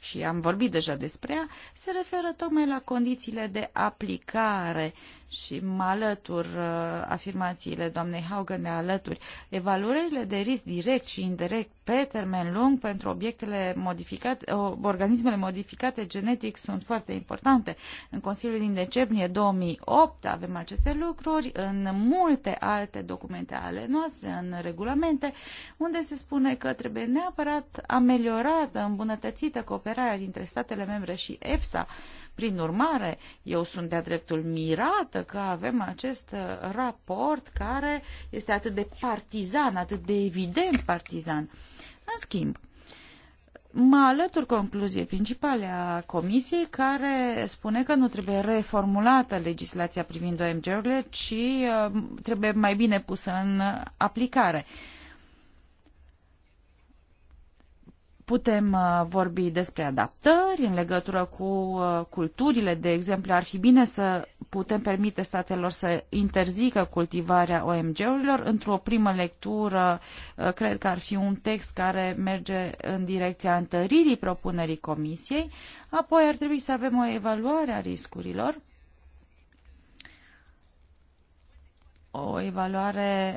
și am vorbit deja despre ea, se referă tocmai la condițiile de aplicare și mă alătur uh, afirmațiile doamnei Haugen de alături. Evaluările de risc direct și indirect pe termen lung pentru obiectele modificate, organismele modificate genetic sunt foarte importante. În Consiliul din decembrie 2008 avem aceste lucruri, în multe alte documente ale noastre, în regulamente, unde se spune că trebuie neapărat ameliorată, îmbunătățită cooperarea dintre statele membre și EFSA, uh, prin urmare, eu sunt de-a dreptul mirată că avem acest uh, raport care este atât de partizan, atât de evident partizan. În schimb, mă alătur concluziei principale a Comisiei care spune că nu trebuie reformulată legislația privind OMG-urile, ci uh, trebuie mai bine pusă în aplicare. Uh, Putem uh, vorbi despre adaptări în legătură cu uh, culturile, de exemplu, ar fi bine să putem permite statelor să interzică cultivarea OMG-urilor. Într-o primă lectură, uh, cred că ar fi un text care merge în direcția întăririi propunerii Comisiei. Apoi ar trebui să avem o evaluare a riscurilor o evaluare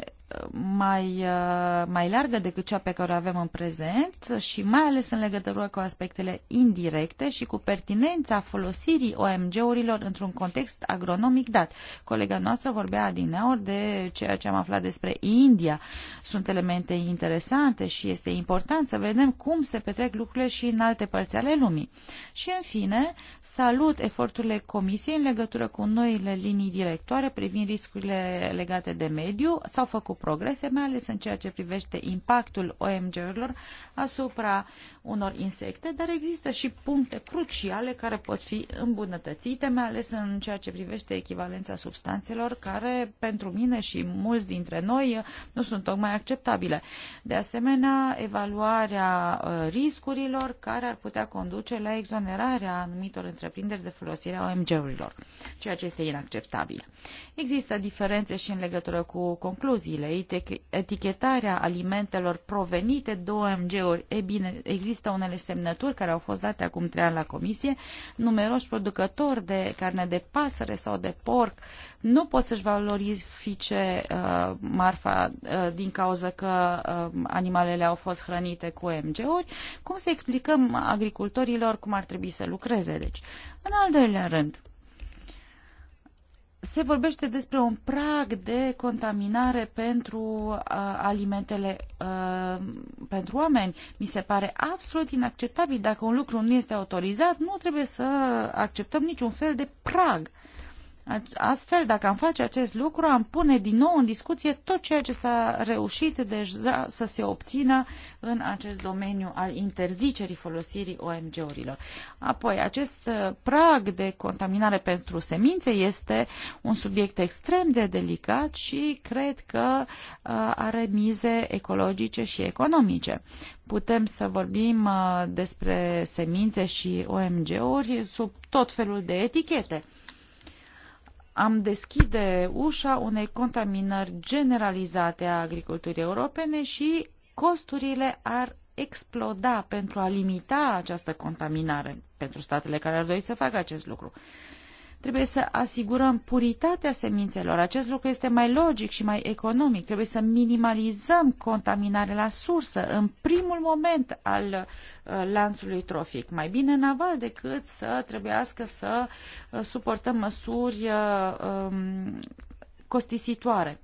mai, uh, mai largă decât cea pe care o avem în prezent și mai ales în legătură cu aspectele indirecte și cu pertinența folosirii OMG-urilor într-un context agronomic dat. Colega noastră vorbea adineaori de ceea ce am aflat despre India. Sunt elemente interesante și este important să vedem cum se petrec lucrurile și în alte părți ale lumii. Și în fine, salut eforturile Comisiei în legătură cu noile linii directoare privind riscurile legate de mediu. S-au făcut progrese, mai ales în ceea ce privește impactul OMG-urilor asupra unor insecte, dar există și puncte cruciale care pot fi îmbunătățite, mai ales în ceea ce privește echivalența substanțelor, care pentru mine și mulți dintre noi nu sunt tocmai acceptabile. De asemenea, evaluarea uh, riscurilor care ar putea conduce la exonerarea anumitor întreprinderi de folosire a OMG-urilor, ceea ce este inacceptabil. Există diferențe și în legătură cu concluziile Comisiei, etichetarea alimentelor provenite de OMG-uri, e bine, există unele semnături care au fost date acum trei ani la Comisie, numeroși producători de carne de pasăre sau de porc nu pot să-și valorifice uh, marfa uh, din cauza că uh, animalele au fost hrănite cu OMG-uri, cum să explicăm agricultorilor cum ar trebui să lucreze? Deci, în al doilea rând, se vorbește despre un prag de contaminare pentru uh, alimentele uh, pentru oameni. Mi se pare absolut inacceptabil. Dacă un lucru nu este autorizat, nu trebuie să acceptăm niciun fel de prag. Uh, Astfel, dacă am face acest lucru, am pune din nou în discuție tot ceea ce s-a reușit deja să se obțină în acest domeniu al interzicerii folosirii OMG-urilor. Apoi, acest uh, prag de contaminare pentru semințe este un subiect extrem de delicat și cred că uh, are mize ecologice și economice putem să vorbim uh, despre semințe și OMG-uri sub tot felul de etichete am deschide ușa unei contaminări generalizate a agriculturii europene și costurile ar exploda pentru a limita această contaminare pentru statele care ar dori să facă acest lucru. Trebuie să asigurăm puritatea semințelor. Acest lucru este mai logic și mai economic. Trebuie să minimalizăm contaminarea la sursă în primul moment al uh, lanțului trofic. Mai bine în aval decât să trebuiască să uh, suportăm măsuri uh, um, costisitoare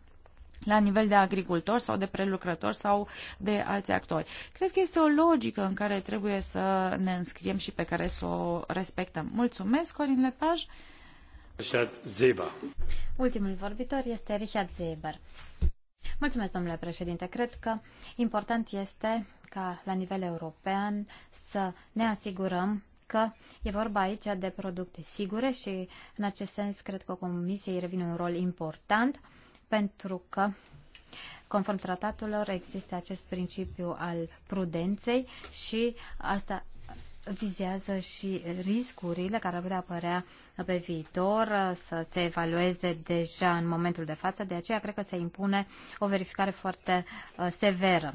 la nivel de agricultor sau de prelucrător sau de alți actori. Cred că este o logică în care trebuie să ne înscriem și pe care să o respectăm. Mulțumesc, Corin Lepaj. Ultimul vorbitor este Richard Mulțumesc, domnule președinte. Cred că important este ca la nivel european să ne asigurăm că e vorba aici de producte sigure și în acest sens cred că Comisiei revine un rol important pentru că conform tratatelor există acest principiu al prudenței și asta vizează și riscurile care ar putea apărea pe viitor, să se evalueze deja în momentul de față, de aceea cred că se impune o verificare foarte uh, severă.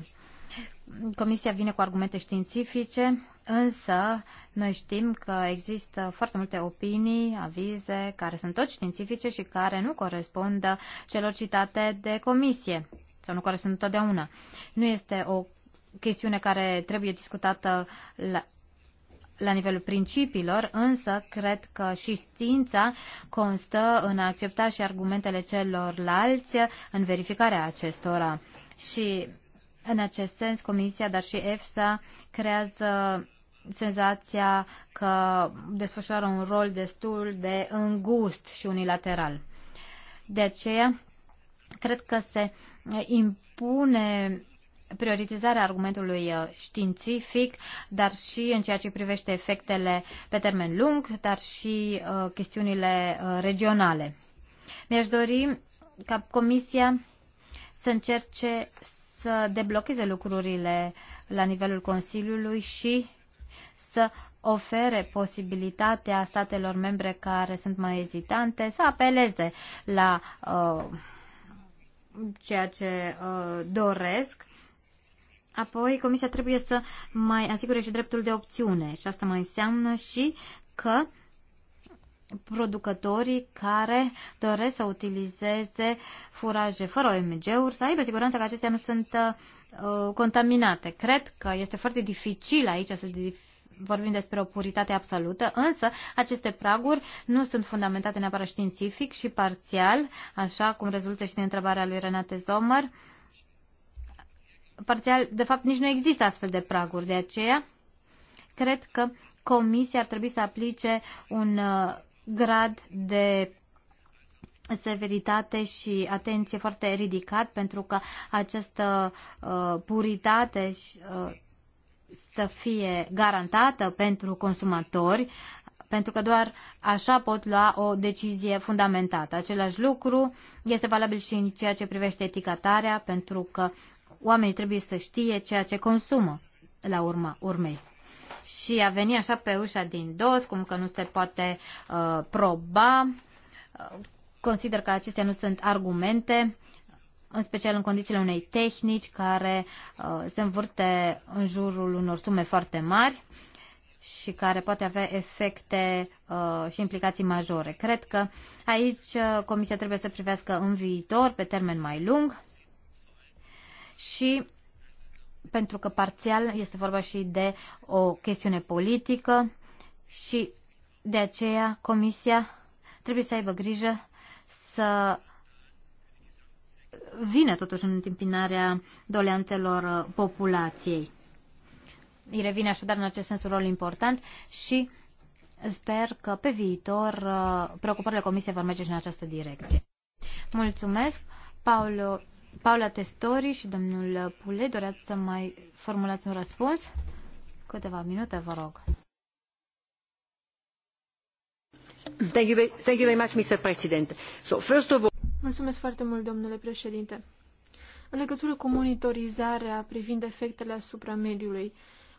Comisia vine cu argumente științifice, însă noi știm că există foarte multe opinii, avize, care sunt tot științifice și care nu corespund celor citate de comisie sau nu corespund întotdeauna. Nu este o chestiune care trebuie discutată la, la nivelul principiilor, însă cred că și știința constă în a accepta și argumentele celorlalți în verificarea acestora. Și în acest sens, Comisia, dar și EFSA creează senzația că desfășoară un rol destul de îngust și unilateral. De aceea, cred că se impune prioritizarea argumentului uh, științific, dar și în ceea ce privește efectele pe termen lung, dar și uh, chestiunile uh, regionale. Mi-aș dori ca Comisia să încerce să deblocheze lucrurile la nivelul Consiliului și să ofere posibilitatea statelor membre care sunt mai ezitante să apeleze la uh, ceea ce uh, doresc Apoi, Comisia trebuie să mai asigure și dreptul de opțiune și asta mai înseamnă și că producătorii care doresc să utilizeze furaje fără OMG-uri să aibă siguranța că acestea nu sunt uh, contaminate. Cred că este foarte dificil aici să vorbim despre o puritate absolută, însă aceste praguri nu sunt fundamentate neapărat științific și parțial, așa cum rezultă și din întrebarea lui Renate Zomăr. uh, parțial, de fapt, nici nu există astfel de praguri. De aceea, cred că Comisia ar trebui să aplice un uh, grad de severitate și atenție foarte ridicat pentru că această uh, puritate uh, să fie garantată pentru consumatori, pentru că doar așa pot lua o decizie fundamentată. Același lucru este valabil și în ceea ce privește etichetarea, pentru că oamenii trebuie să știe ceea ce consumă la urma urmei. Și a venit așa pe ușa din dos, cum că nu se poate uh, proba. Uh, consider că acestea nu sunt argumente, în special în condițiile unei tehnici care uh, se învârte în jurul unor sume foarte mari și care poate avea efecte uh, și implicații majore. Cred că aici uh, Comisia trebuie să privească în viitor, pe termen mai lung, și pentru că parțial este vorba și de o chestiune politică și de aceea Comisia trebuie să aibă grijă să vină totuși în întâmpinarea doleanțelor populației. Îi revine așadar în acest sens un rol important și sper că pe viitor uh, preocupările Comisiei vor merge și în această direcție. Mulțumesc! Paolo Paula Testori și domnul Pule, doreați să mai formulați un răspuns? Câteva minute, vă rog. Thank you, thank you very much, Mr. President. So, first of all... Mulțumesc foarte mult, domnule președinte. În legătură cu monitorizarea privind efectele asupra mediului,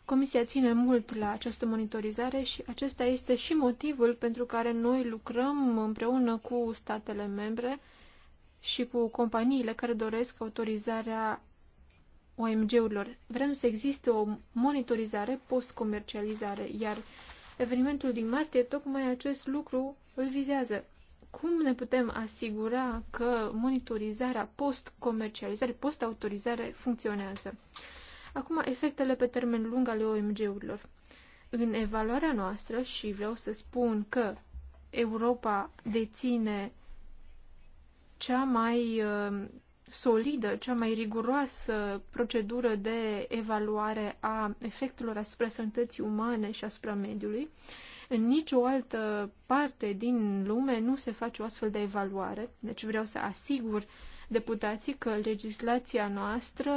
Comisia ține mult la această monitorizare și acesta este și motivul pentru care noi lucrăm împreună cu statele membre și cu companiile care doresc autorizarea OMG-urilor. Vrem să existe o monitorizare post-comercializare, iar evenimentul din martie tocmai acest lucru îl vizează. Cum ne putem asigura că monitorizarea post-comercializare, post-autorizare funcționează? Acum, efectele pe termen lung ale OMG-urilor. În evaluarea noastră, și vreau să spun că Europa deține cea mai uh, solidă, cea mai riguroasă procedură de evaluare a efectelor asupra sănătății umane și asupra mediului. În nicio altă parte din lume nu se face o astfel de evaluare, deci vreau să asigur deputații că legislația noastră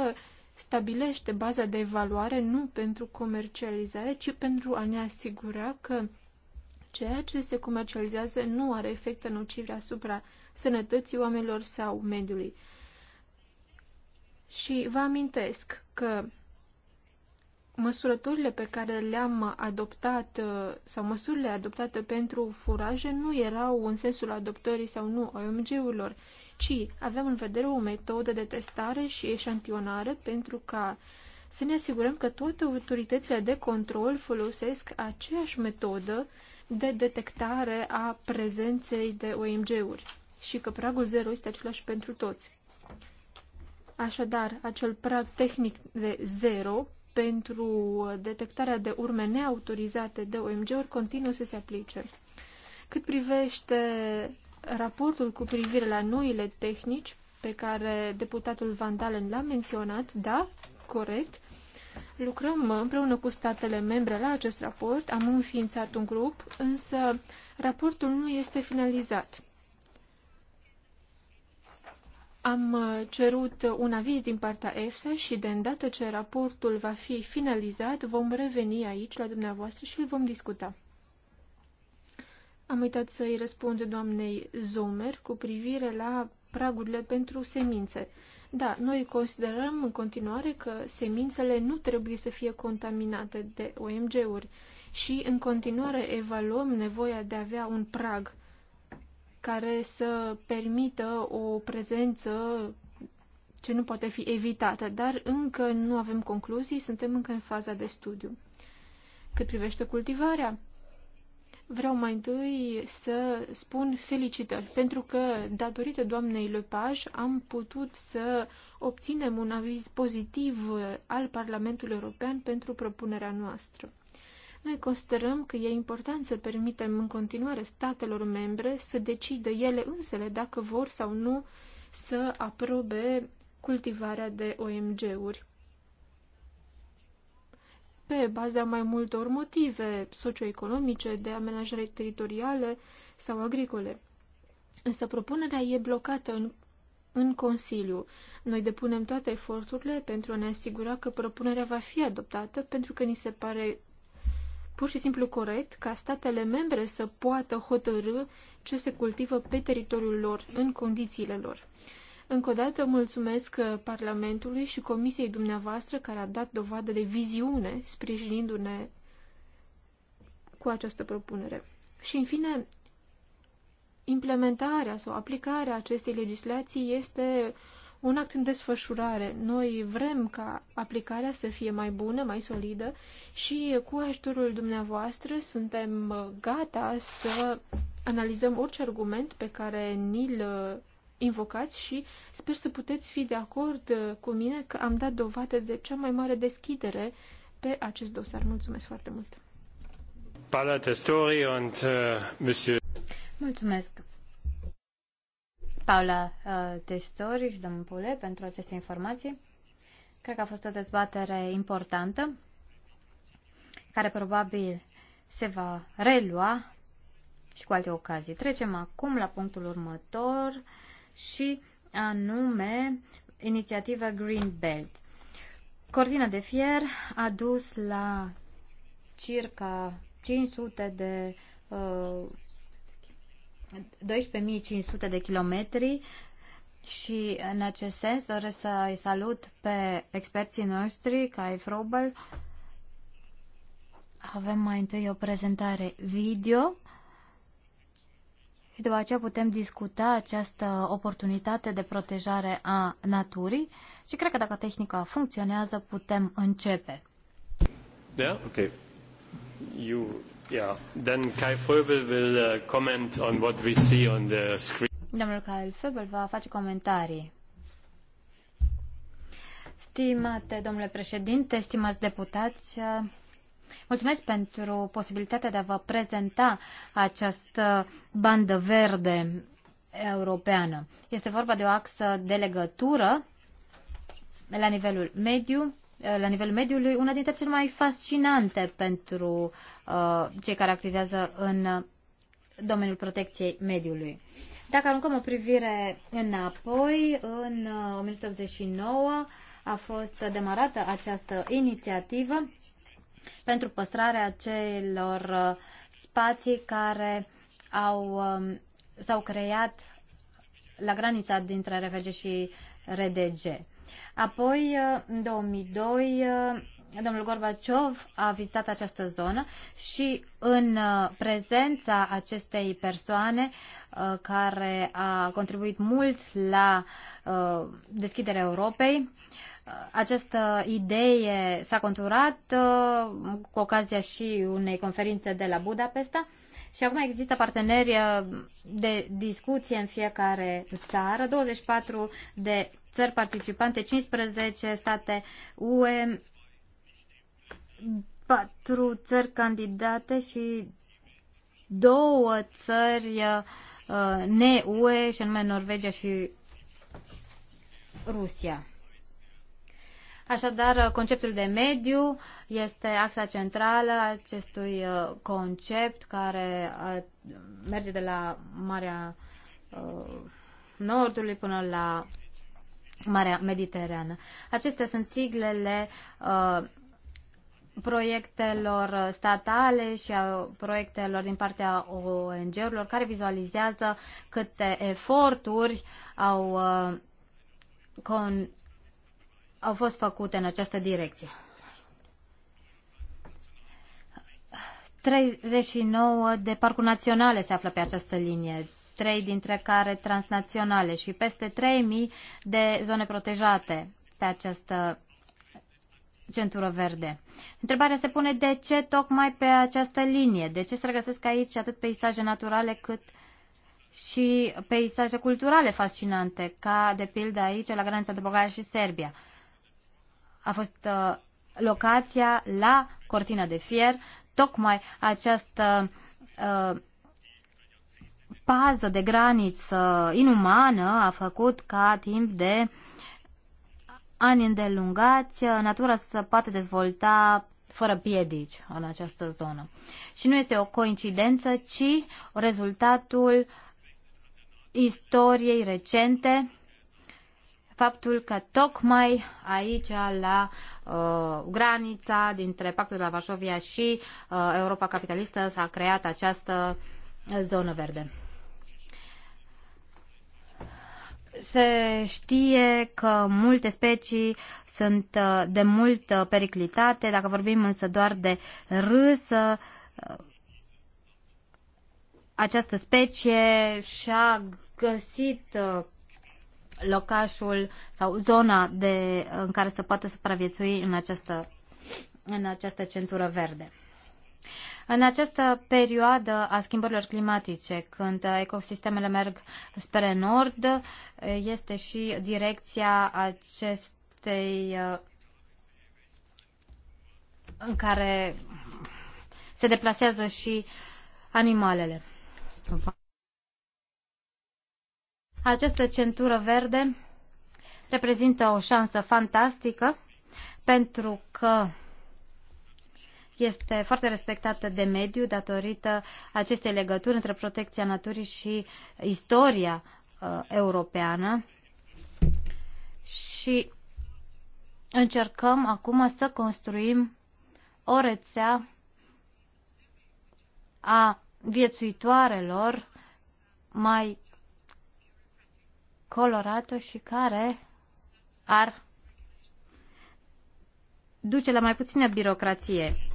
stabilește baza de evaluare nu pentru comercializare, ci pentru a ne asigura că ceea ce se comercializează nu are efecte nocive asupra sănătății oamenilor sau mediului. Și vă amintesc că măsurătorile pe care le-am adoptat uh, sau măsurile adoptate pentru furaje nu erau în sensul adoptării sau nu a OMG-urilor, ci aveam în vedere o metodă de testare și eșantionare pentru ca să ne asigurăm că toate autoritățile de control folosesc aceeași metodă de detectare a prezenței de OMG-uri și că pragul zero este același pentru toți. Așadar, acel prag tehnic de zero pentru detectarea de urme neautorizate de OMG-uri continuă să se aplice. Cât privește raportul cu privire la noile tehnici pe care deputatul Van Dalen l-a menționat, da, corect, lucrăm împreună cu statele membre la acest raport, am înființat un grup, însă raportul nu este finalizat. Am uh, cerut un aviz din partea EFSA și de îndată ce raportul va fi finalizat, vom reveni aici la dumneavoastră și îl vom discuta. Am uitat să-i răspund doamnei Zomer cu privire la pragurile pentru semințe. Da, noi considerăm în continuare că semințele nu trebuie să fie contaminate de OMG-uri și în continuare evaluăm nevoia de a avea un prag – care să permită o prezență ce nu poate fi evitată, dar încă nu avem concluzii, suntem încă în faza de studiu. Cât privește cultivarea, vreau mai întâi să spun felicitări, pentru că, datorită doamnei Lepaj, am putut să obținem un aviz pozitiv al Parlamentului European pentru propunerea noastră. Noi considerăm că e important să permitem în continuare statelor membre să decidă ele însele dacă vor sau nu să aprobe cultivarea de OMG-uri pe baza mai multor motive socioeconomice, de amenajare teritoriale sau agricole. Însă propunerea e blocată în, în Consiliu. Noi depunem toate eforturile pentru a ne asigura că propunerea va fi adoptată, pentru că ni se pare pur și simplu corect ca statele membre să poată hotărâ ce se cultivă pe teritoriul lor, în condițiile lor. Încă o dată mulțumesc uh, Parlamentului și Comisiei dumneavoastră care a dat dovadă de viziune sprijinindu-ne cu această propunere. Și în fine, implementarea sau aplicarea acestei legislații este uh, un act în desfășurare. Noi vrem ca aplicarea să fie mai bună, mai solidă și cu ajutorul dumneavoastră suntem gata să analizăm orice argument pe care ni-l uh, invocați și sper să puteți fi de acord uh, cu mine că am dat dovadă de cea mai mare deschidere pe acest dosar. Mulțumesc foarte mult! Uh, Mulțumesc! Paula Testori uh, și domnul Pule pentru aceste informații. Cred că a fost o dezbatere importantă care probabil se va relua și cu alte ocazii. Trecem acum la punctul următor și anume inițiativa Green Belt. Cortina de fier a dus la circa 500 de uh, 12.500 de kilometri și în acest sens doresc să-i salut pe experții noștri, ca Frobel. Avem mai întâi o prezentare video și după aceea putem discuta această oportunitate de protejare a naturii și cred că dacă tehnica funcționează putem începe. Da? Ok. You Yeah. Uh, Domnul Kai Fröbel va face comentarii. Stimate domnule președinte, stimați deputați, uh, mulțumesc pentru posibilitatea de a vă prezenta această bandă verde europeană. Este vorba de o axă de legătură la nivelul mediu, Eh, la nivelul mediului una dintre cele mai fascinante pentru uh, cei care activează în domeniul protecției mediului. Dacă aruncăm o privire înapoi, în uh, eh, 1989 a fost demarată această inițiativă pentru păstrarea celor spații care au, s-au creat la granița dintre RVG și RDG. Apoi, uh, în 2002, uh, domnul Gorbaciov a vizitat această zonă și în uh, prezența acestei persoane care a contribuit mult la deschiderea Europei, această idee s-a conturat cu ocazia și unei conferințe de la Budapesta și acum există parteneri de discuție în fiecare țară, 24 de țări participante, 15 state UE, 4 țări candidate și două țări uh, ne-UE, și anume Norvegia și Rusia. Așadar, uh, conceptul de mediu este axa centrală a acestui uh, concept care uh, merge de la Marea Nordului până la Marea Mediterană. Acestea sunt siglele uh, proiectelor statale și a proiectelor din partea ONG-urilor care vizualizează câte eforturi au, uh, con, au fost făcute în această direcție. 39 de parcuri naționale se află pe această linie trei dintre care transnaționale și peste 3000 de zone protejate pe această centură verde. Întrebarea se pune de ce tocmai pe această linie? De ce se regăsesc aici atât peisaje naturale cât și peisaje culturale fascinante, ca de pildă aici la granița de Bulgaria și Serbia? A fost uh, locația la Cortina de Fier, tocmai această uh, pază de graniță inumană a făcut ca timp de ani îndelungați uh, natura să poată dezvolta fără piedici în această zonă. Și nu este o coincidență, ci rezultatul istoriei recente, faptul că tocmai aici, la uh, granița dintre Pactul de la Varsovia și uh, Europa Capitalistă, s-a creat această zonă verde. se știe că multe specii sunt uh, de mult periclitate, dacă vorbim însă doar de râsă, uh, această specie și-a găsit uh, locașul sau zona de, în care să poate supraviețui în această, în această centură verde. În această perioadă a schimbărilor climatice, când ecosistemele merg spre nord, este și direcția acestei uh, în care se deplasează și animalele. Această centură verde reprezintă o șansă fantastică pentru că este foarte respectată de mediu datorită acestei legături între protecția naturii și istoria uh, europeană. Și încercăm acum să construim o rețea a viețuitoarelor mai colorată și care ar duce la mai puțină birocrație.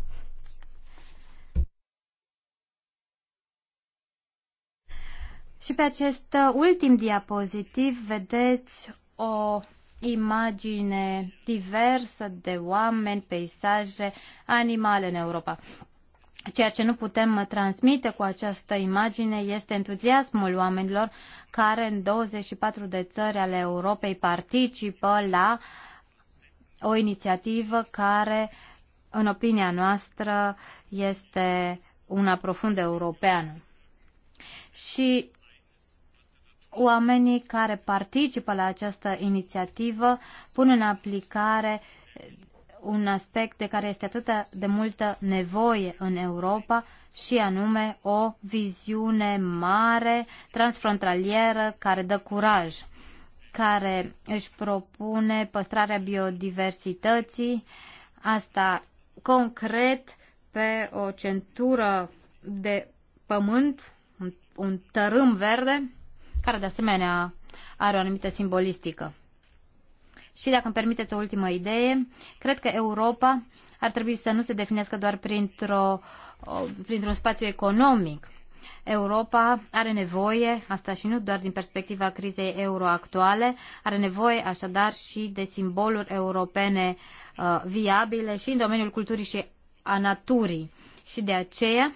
Și pe acest uh, ultim diapozitiv vedeți o imagine diversă de oameni, peisaje, animale în Europa. Ceea ce nu putem uh, transmite cu această imagine este entuziasmul oamenilor care în 24 de țări ale Europei participă la o inițiativă care, în opinia noastră, este una profund europeană. Și oamenii care participă la această inițiativă pun în aplicare un aspect de care este atât de multă nevoie în Europa și anume o viziune mare, transfrontalieră, care dă curaj, care își propune păstrarea biodiversității, asta concret pe o centură de pământ, un, tărâm verde, care de asemenea are o anumită simbolistică. Și dacă îmi permiteți o ultimă idee, cred că Europa ar trebui să nu se definească doar printr-o, printr-un spațiu economic. Europa are nevoie, asta și nu doar din perspectiva crizei euro actuale, are nevoie așadar și de simboluri europene uh, viabile și în domeniul culturii și a naturii. Și de aceea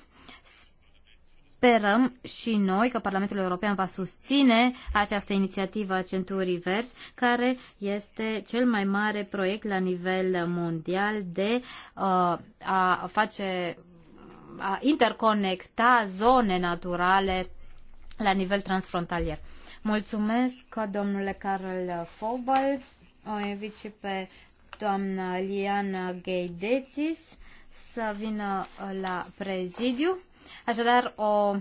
Sperăm și noi că Parlamentul European va susține această inițiativă a Centurii Vers, care este cel mai mare proiect la nivel mondial de uh, a face a interconecta zone naturale la nivel transfrontalier. Mulțumesc, domnule Carl Fobal. O invit și pe doamna Liana Gheidețis să vină la prezidiu. Așadar, o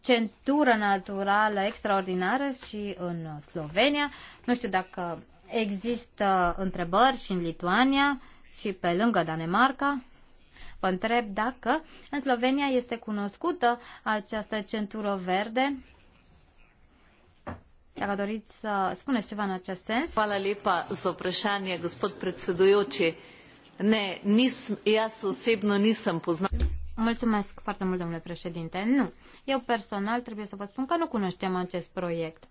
centură naturală extraordinară și în Slovenia. Nu știu dacă există întrebări și în Lituania și pe lângă Danemarca. Vă întreb dacă în Slovenia este cunoscută această centură verde. Dacă doriți să spuneți ceva în acest sens. Hvala lipa za vprašanje, gospod predsedujoči. Ne, nis, jaz osebno nisem poznat. Mulțumesc foarte mult, domnule președinte. Nu. Eu personal trebuie să vă spun că nu cunoșteam acest proiect.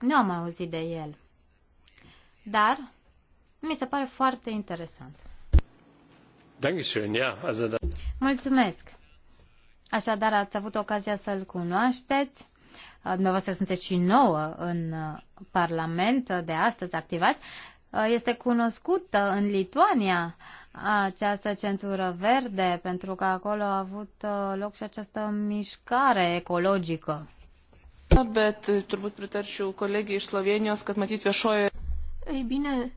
Nu am auzit de el. Dar mi se pare foarte interesant. Da- Mulțumesc. Așadar, ați avut ocazia să-l cunoașteți. Uh, dumneavoastră sunteți și nouă în uh, Parlament uh, de astăzi activați. Este cunoscută în Lituania această centură verde, pentru că acolo a avut uh, loc și această mișcare ecologică. Bet turbūt pritarčiau kolegijai iš Slovenijos, kad matyt viešoje. Ei bine,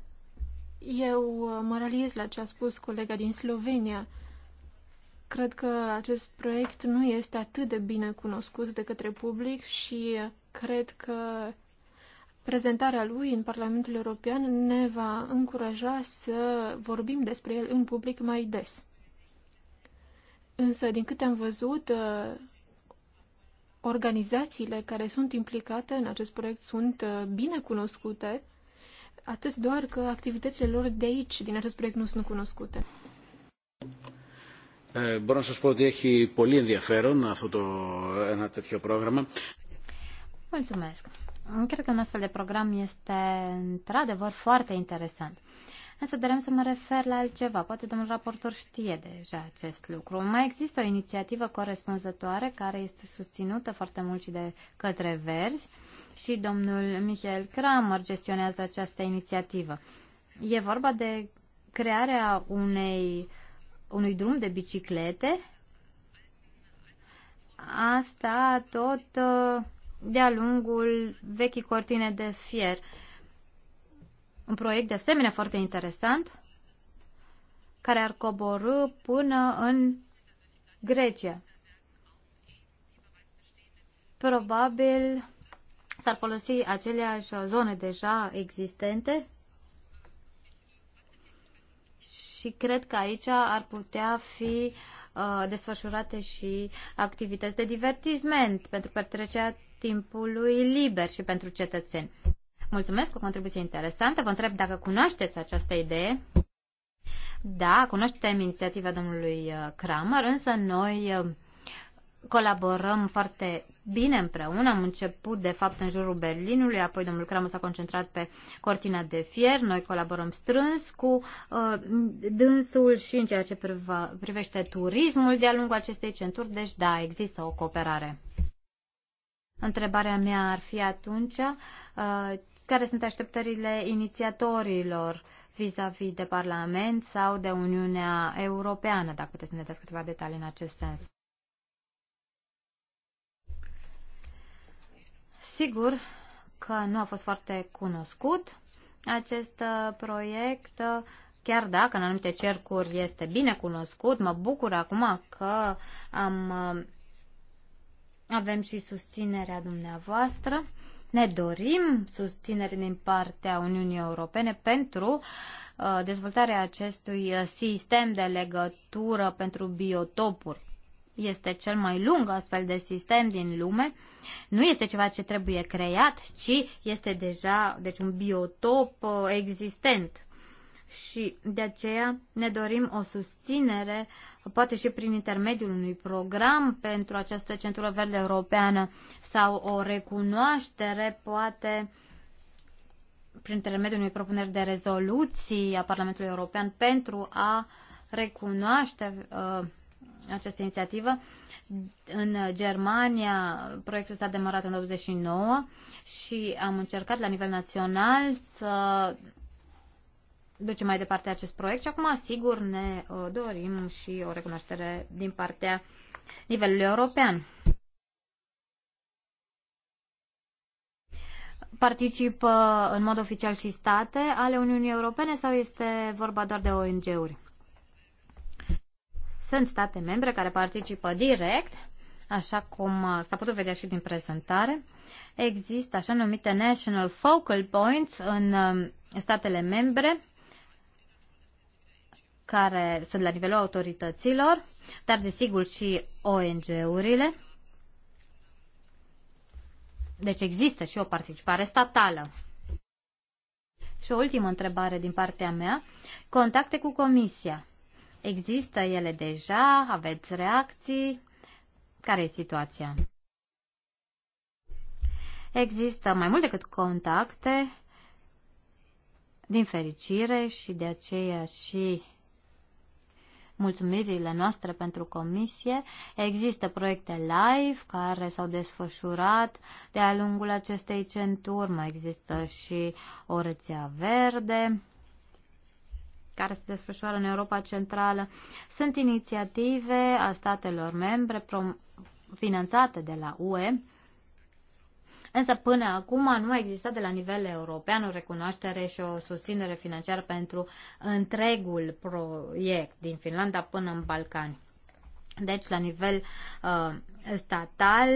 eu uh, mă realiez la ce a spus colega din Slovenia. Cred că acest proiect nu este atât de bine cunoscut de către public și cred că Prezentarea lui în Parlamentul European ne va încuraja să vorbim despre el în public mai des. Însă, din câte am văzut, uh, organizațiile care sunt implicate în acest proiect sunt uh, bine cunoscute, atât doar că activitățile lor de aici, din acest proiect, nu sunt cunoscute. Eh, μπορώ να σας πω ότι έχει πολύ ενδιαφέρον αυτό το, ένα τέτοιο πρόγραμμα. Mulțumesc. Mm, cred că un astfel de program este într-adevăr foarte interesant. Însă doream să mă refer la altceva. Poate domnul raportor știe deja acest lucru. Mai există o inițiativă corespunzătoare care este susținută foarte mult și de către Verzi și domnul Michael Kramer gestionează această inițiativă. E vorba de crearea unei, unui drum de biciclete. Asta tot uh, de-a lungul vechii cortine de fier. Un proiect de asemenea foarte interesant care ar coborâ până în Grecia. Probabil s-ar folosi aceleași zone deja existente și cred că aici ar putea fi uh, desfășurate și activități de divertisment pentru petrecerea timpului liber și pentru cetățeni. Mulțumesc, o contribuție interesantă. Vă întreb dacă cunoașteți această idee. Da, cunoaștem inițiativa domnului uh, Kramer, însă noi uh, colaborăm foarte bine împreună. Am început, de fapt, în jurul Berlinului, apoi domnul Kramer s-a concentrat pe cortina de fier. Noi colaborăm strâns cu uh, dânsul și în ceea ce privește turismul de-a lungul acestei centuri. Deci, da, există o cooperare. Întrebarea mea ar fi atunci uh, care sunt așteptările inițiatorilor vis-a-vis -vis de Parlament sau de Uniunea Europeană, dacă puteți să ne dați câteva detalii în acest sens. Sigur că nu a fost foarte cunoscut acest uh, proiect, uh, chiar dacă în anumite cercuri este bine cunoscut. Mă bucur acum că am avem și susținerea dumneavoastră. Ne dorim susținere din partea Uniunii Europene pentru uh, dezvoltarea acestui uh, sistem de legătură pentru biotopuri. Este cel mai lung astfel de sistem din lume. Nu este ceva ce trebuie creat, ci este deja deci, un biotop uh, existent și de aceea ne dorim o susținere, poate și prin intermediul unui program pentru această centură verde europeană sau o recunoaștere, poate prin intermediul unei propuneri de rezoluții a Parlamentului European pentru a recunoaște uh, această inițiativă. În Germania proiectul s-a demarat în 89 și am încercat la nivel național să ducem mai departe acest proiect și acum, sigur, ne uh, dorim și o recunoaștere din partea nivelului european. Participă în mod oficial și state ale Uniunii Europene sau este vorba doar de ONG-uri? Sunt state membre care participă direct, așa cum uh, s-a putut vedea și din prezentare. Există așa numite National Focal Points în um, statele membre care sunt la nivelul autorităților, dar desigur și ONG-urile. Deci există și o participare statală. Și o ultimă întrebare din partea mea. Contacte cu Comisia. Există ele deja? Aveți reacții? Care e situația? Există mai mult decât contacte, din fericire și de aceea și mulțumirile noastre pentru comisie. Există proiecte live care s-au desfășurat de-a lungul acestei centuri, mai există și o rețea verde care se desfășoară în Europa Centrală. Sunt inițiative a statelor membre finanțate de la UE Însă până acum nu a existat de la nivel european o recunoaștere și o susținere financiară pentru întregul proiect din Finlanda până în Balcani. Deci, la nivel uh, statal,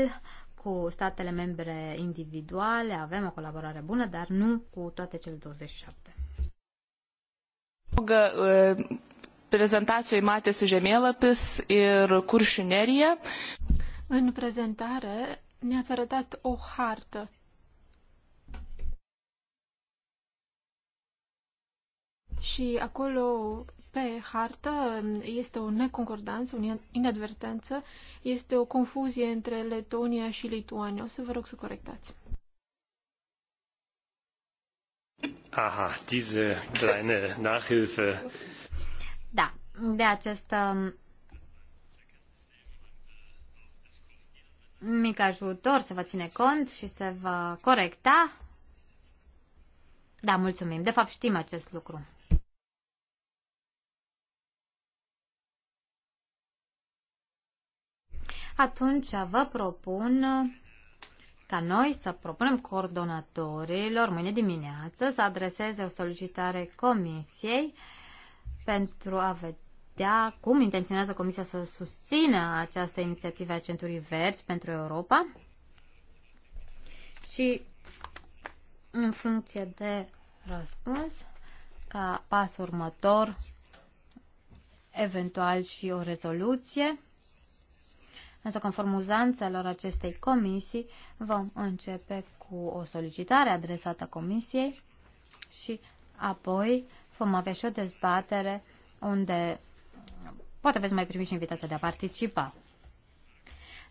cu statele membre individuale, avem o colaborare bună, dar nu cu toate cele 27. Uh, prezentației matėsi žemėlapis ir kuršių În prezentare ne-ați arătat o hartă. Și acolo, pe hartă, este o neconcordanță, o inadvertență, este o confuzie între Letonia și Lituania. O să vă rog să corectați. Aha, diese kleine Nachhilfe. Da, de această mic ajutor, se va ține cont și se va corecta. Da, mulțumim. De fapt, știm acest lucru. Atunci vă propun ca noi să propunem coordonatorilor mâine dimineață să adreseze o solicitare comisiei pentru a vedea putea, cum intenționează Comisia să susțină această inițiativă a Centurii Verzi pentru Europa și în funcție de răspuns, ca pas următor, eventual și o rezoluție. Însă, conform uzanțelor acestei comisii, vom începe cu o solicitare adresată comisiei și apoi vom avea și o dezbatere unde poate veți mai primi și invitația de a participa.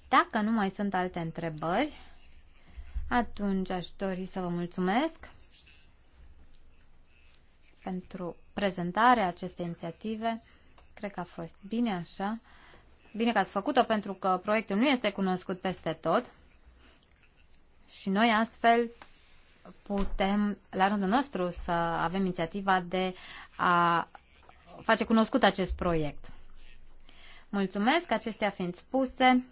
Dacă nu mai sunt alte întrebări, atunci aș dori să vă mulțumesc pentru prezentarea acestei inițiative. Cred că a fost bine așa. Bine că ați făcut-o pentru că proiectul nu este cunoscut peste tot și noi astfel putem, la rândul nostru, să avem inițiativa de a face cunoscut acest proiect. Mulțumesc, acestea fiind spuse,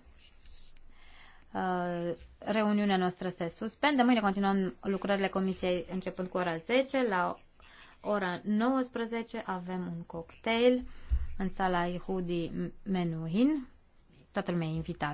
uh, reuniunea noastră se suspendă. Mâine continuăm lucrările comisiei începând cu ora 10. La ora 19 avem un cocktail în sala Ihudi Menuhin. Toată lumea e invitată.